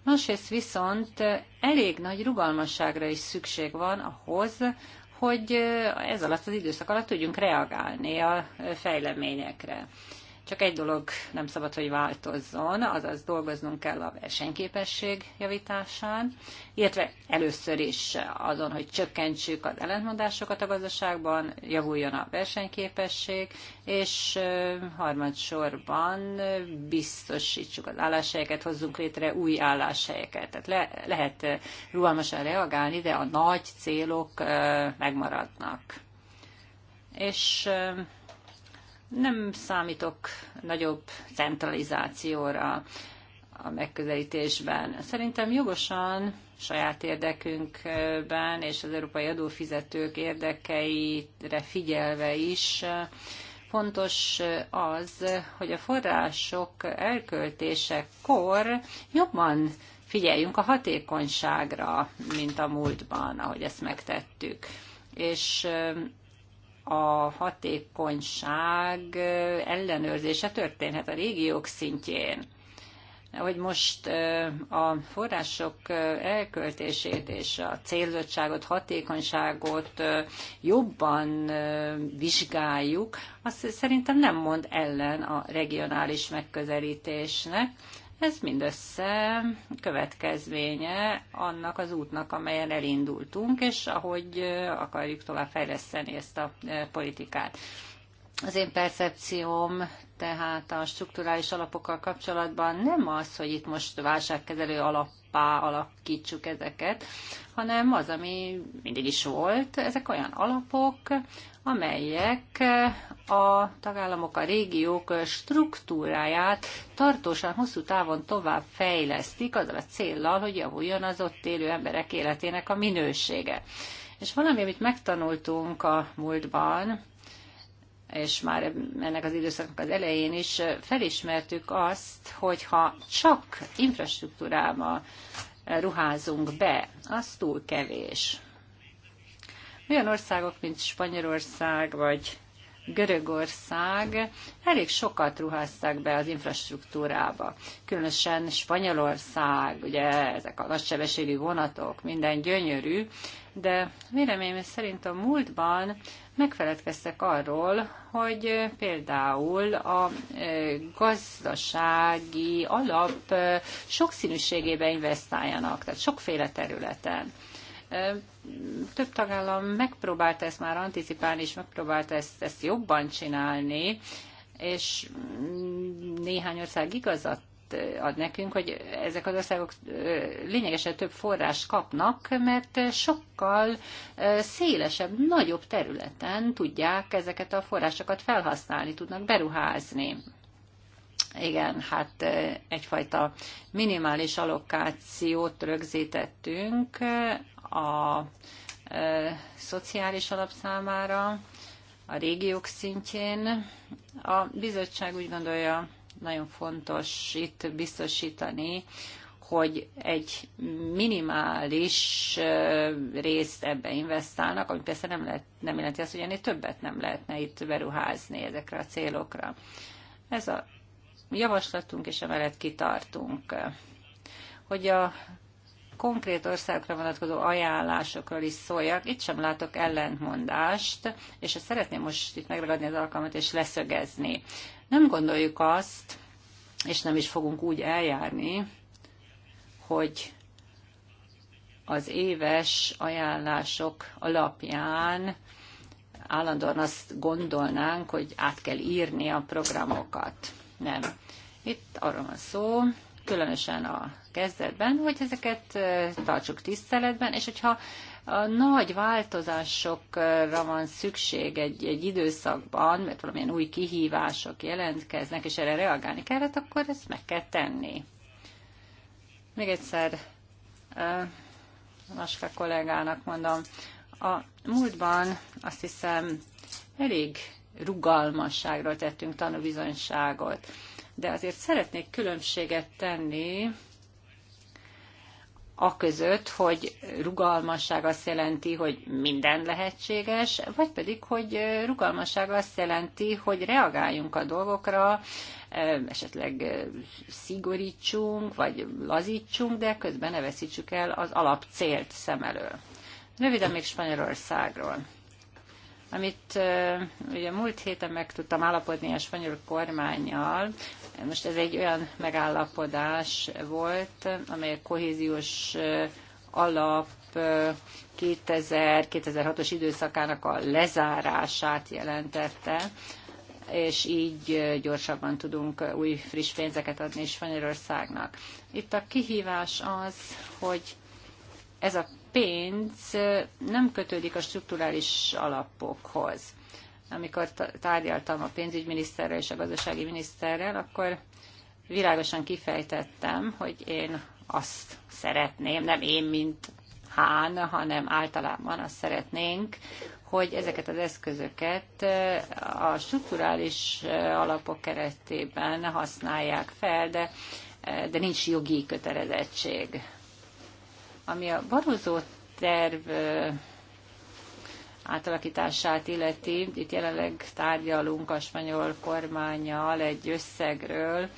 Másrészt viszont elég nagy rugalmasságra is szükség van ahhoz, hogy ez alatt az időszak alatt tudjunk reagálni a fejleményekre. Csak egy dolog nem szabad, hogy változzon, azaz dolgoznunk kell a versenyképesség javításán, illetve először is azon, hogy csökkentsük az ellentmondásokat a gazdaságban, javuljon a versenyképesség, és harmadsorban biztosítsuk az álláshelyeket, hozzunk létre új álláshelyeket. Tehát le, lehet rugalmasan reagálni, de a nagy célok megmaradnak. És nem számítok nagyobb centralizációra a megközelítésben. Szerintem jogosan saját érdekünkben és az európai adófizetők érdekeire figyelve is fontos az, hogy a források elköltésekor jobban figyeljünk a hatékonyságra, mint a múltban, ahogy ezt megtettük. És a hatékonyság ellenőrzése történhet a régiók szintjén hogy most a források elköltését és a célzottságot, hatékonyságot jobban vizsgáljuk, azt szerintem nem mond ellen a regionális megközelítésnek, ez mindössze következménye annak az útnak, amelyen elindultunk, és ahogy akarjuk tovább fejleszteni ezt a politikát. Az én percepcióm tehát a strukturális alapokkal kapcsolatban nem az, hogy itt most válságkezelő alappá alakítsuk ezeket, hanem az, ami mindig is volt, ezek olyan alapok, amelyek a tagállamok, a régiók struktúráját tartósan, hosszú távon tovább fejlesztik, azzal a céllal, hogy javuljon az ott élő emberek életének a minősége. És valami, amit megtanultunk a múltban, és már ennek az időszaknak az elején is felismertük azt, hogy ha csak infrastruktúrába ruházunk be, az túl kevés. Olyan országok, mint Spanyolország vagy Görögország elég sokat ruházták be az infrastruktúrába. Különösen Spanyolország, ugye ezek a nagysebességű vonatok, minden gyönyörű, de véleményem szerint a múltban megfeledkeztek arról, hogy például a e, gazdasági alap e, sokszínűségébe investáljanak, tehát sokféle területen. E, több tagállam megpróbálta ezt már anticipálni, és megpróbálta ezt, ezt jobban csinálni, és néhány ország igazat ad nekünk, hogy ezek az országok lényegesen több forrás kapnak, mert sokkal szélesebb, nagyobb területen tudják ezeket a forrásokat felhasználni, tudnak beruházni. Igen, hát egyfajta minimális allokációt rögzítettünk a szociális alap számára, a régiók szintjén. A bizottság úgy gondolja, nagyon fontos itt biztosítani, hogy egy minimális részt ebbe investálnak, ami persze nem, lehet, nem jelenti azt, hogy ennél többet nem lehetne itt beruházni ezekre a célokra. Ez a javaslatunk, és emellett kitartunk, hogy a konkrét országokra vonatkozó ajánlásokról is szóljak. Itt sem látok ellentmondást, és ezt szeretném most itt megragadni az alkalmat és leszögezni. Nem gondoljuk azt, és nem is fogunk úgy eljárni, hogy az éves ajánlások alapján állandóan azt gondolnánk, hogy át kell írni a programokat. Nem. Itt arról van szó, különösen a kezdetben, hogy ezeket tartsuk tiszteletben, és hogyha a nagy változásokra van szükség egy, egy időszakban, mert valamilyen új kihívások jelentkeznek, és erre reagálni kell, hát akkor ezt meg kell tenni. Még egyszer Maska kollégának mondom, a múltban azt hiszem elég rugalmasságról tettünk tanúbizonyságot de azért szeretnék különbséget tenni a között, hogy rugalmasság azt jelenti, hogy minden lehetséges, vagy pedig, hogy rugalmasság azt jelenti, hogy reagáljunk a dolgokra, esetleg szigorítsunk, vagy lazítsunk, de közben ne veszítsük el az alapcélt szem elől. Röviden még Spanyolországról amit ugye múlt héten meg tudtam állapodni a spanyol kormányjal, most ez egy olyan megállapodás volt, amely kohéziós alap 2000-2006-os időszakának a lezárását jelentette, és így gyorsabban tudunk új friss pénzeket adni Spanyolországnak. Itt a kihívás az, hogy ez a pénz nem kötődik a strukturális alapokhoz. Amikor tárgyaltam a pénzügyminiszterrel és a gazdasági miniszterrel, akkor világosan kifejtettem, hogy én azt szeretném, nem én, mint Hán, hanem általában azt szeretnénk, hogy ezeket az eszközöket a strukturális alapok keretében használják fel, de, de nincs jogi kötelezettség ami a Barozó terv átalakítását illeti, itt jelenleg tárgyalunk a spanyol kormányjal egy összegről,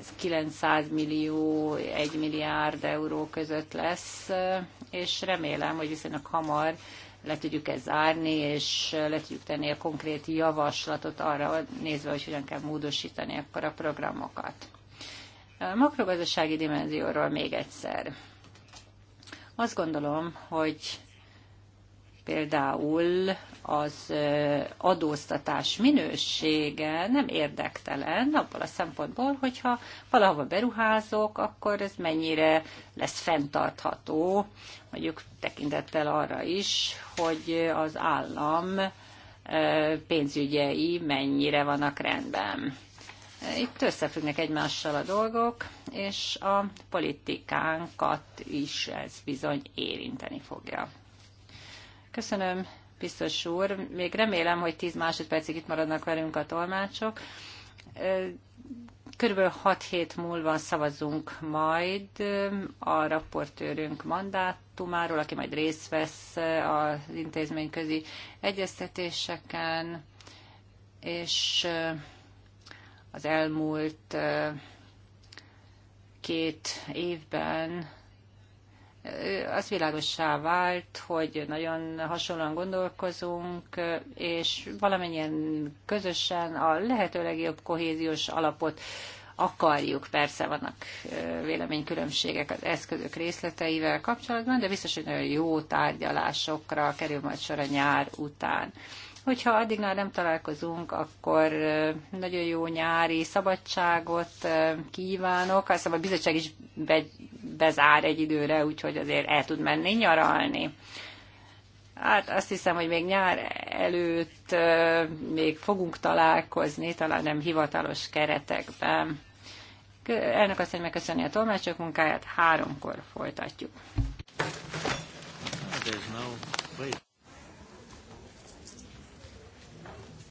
ez 900 millió, 1 milliárd euró között lesz, és remélem, hogy viszonylag hamar le tudjuk ezt zárni, és le tudjuk tenni a konkrét javaslatot arra nézve, hogy hogyan kell módosítani akkor a programokat. A makrogazdasági dimenzióról még egyszer. Azt gondolom, hogy például az adóztatás minősége nem érdektelen abból a szempontból, hogyha valahova beruházok, akkor ez mennyire lesz fenntartható, mondjuk tekintettel arra is, hogy az állam pénzügyei mennyire vannak rendben. Itt összefüggnek egymással a dolgok, és a politikánkat is ez bizony érinteni fogja. Köszönöm, biztos úr. Még remélem, hogy 10 másodpercig itt maradnak velünk a tolmácsok. Körülbelül 6 hét múlva szavazunk majd a raportőrünk mandátumáról, aki majd részt vesz az intézményközi egyeztetéseken, és az elmúlt két évben az világossá vált, hogy nagyon hasonlóan gondolkozunk, és valamennyien közösen a lehető legjobb kohéziós alapot akarjuk. Persze vannak véleménykülönbségek az eszközök részleteivel kapcsolatban, de biztos, hogy nagyon jó tárgyalásokra kerül majd sor a nyár után. Hogyha addig már nem találkozunk, akkor nagyon jó nyári szabadságot kívánok. Aztán a bizottság is be, bezár egy időre, úgyhogy azért el tud menni nyaralni. Hát azt hiszem, hogy még nyár előtt még fogunk találkozni, talán nem hivatalos keretekben. Elnök azt mondja, megköszönni a tolmácsok munkáját, háromkor folytatjuk. Ah,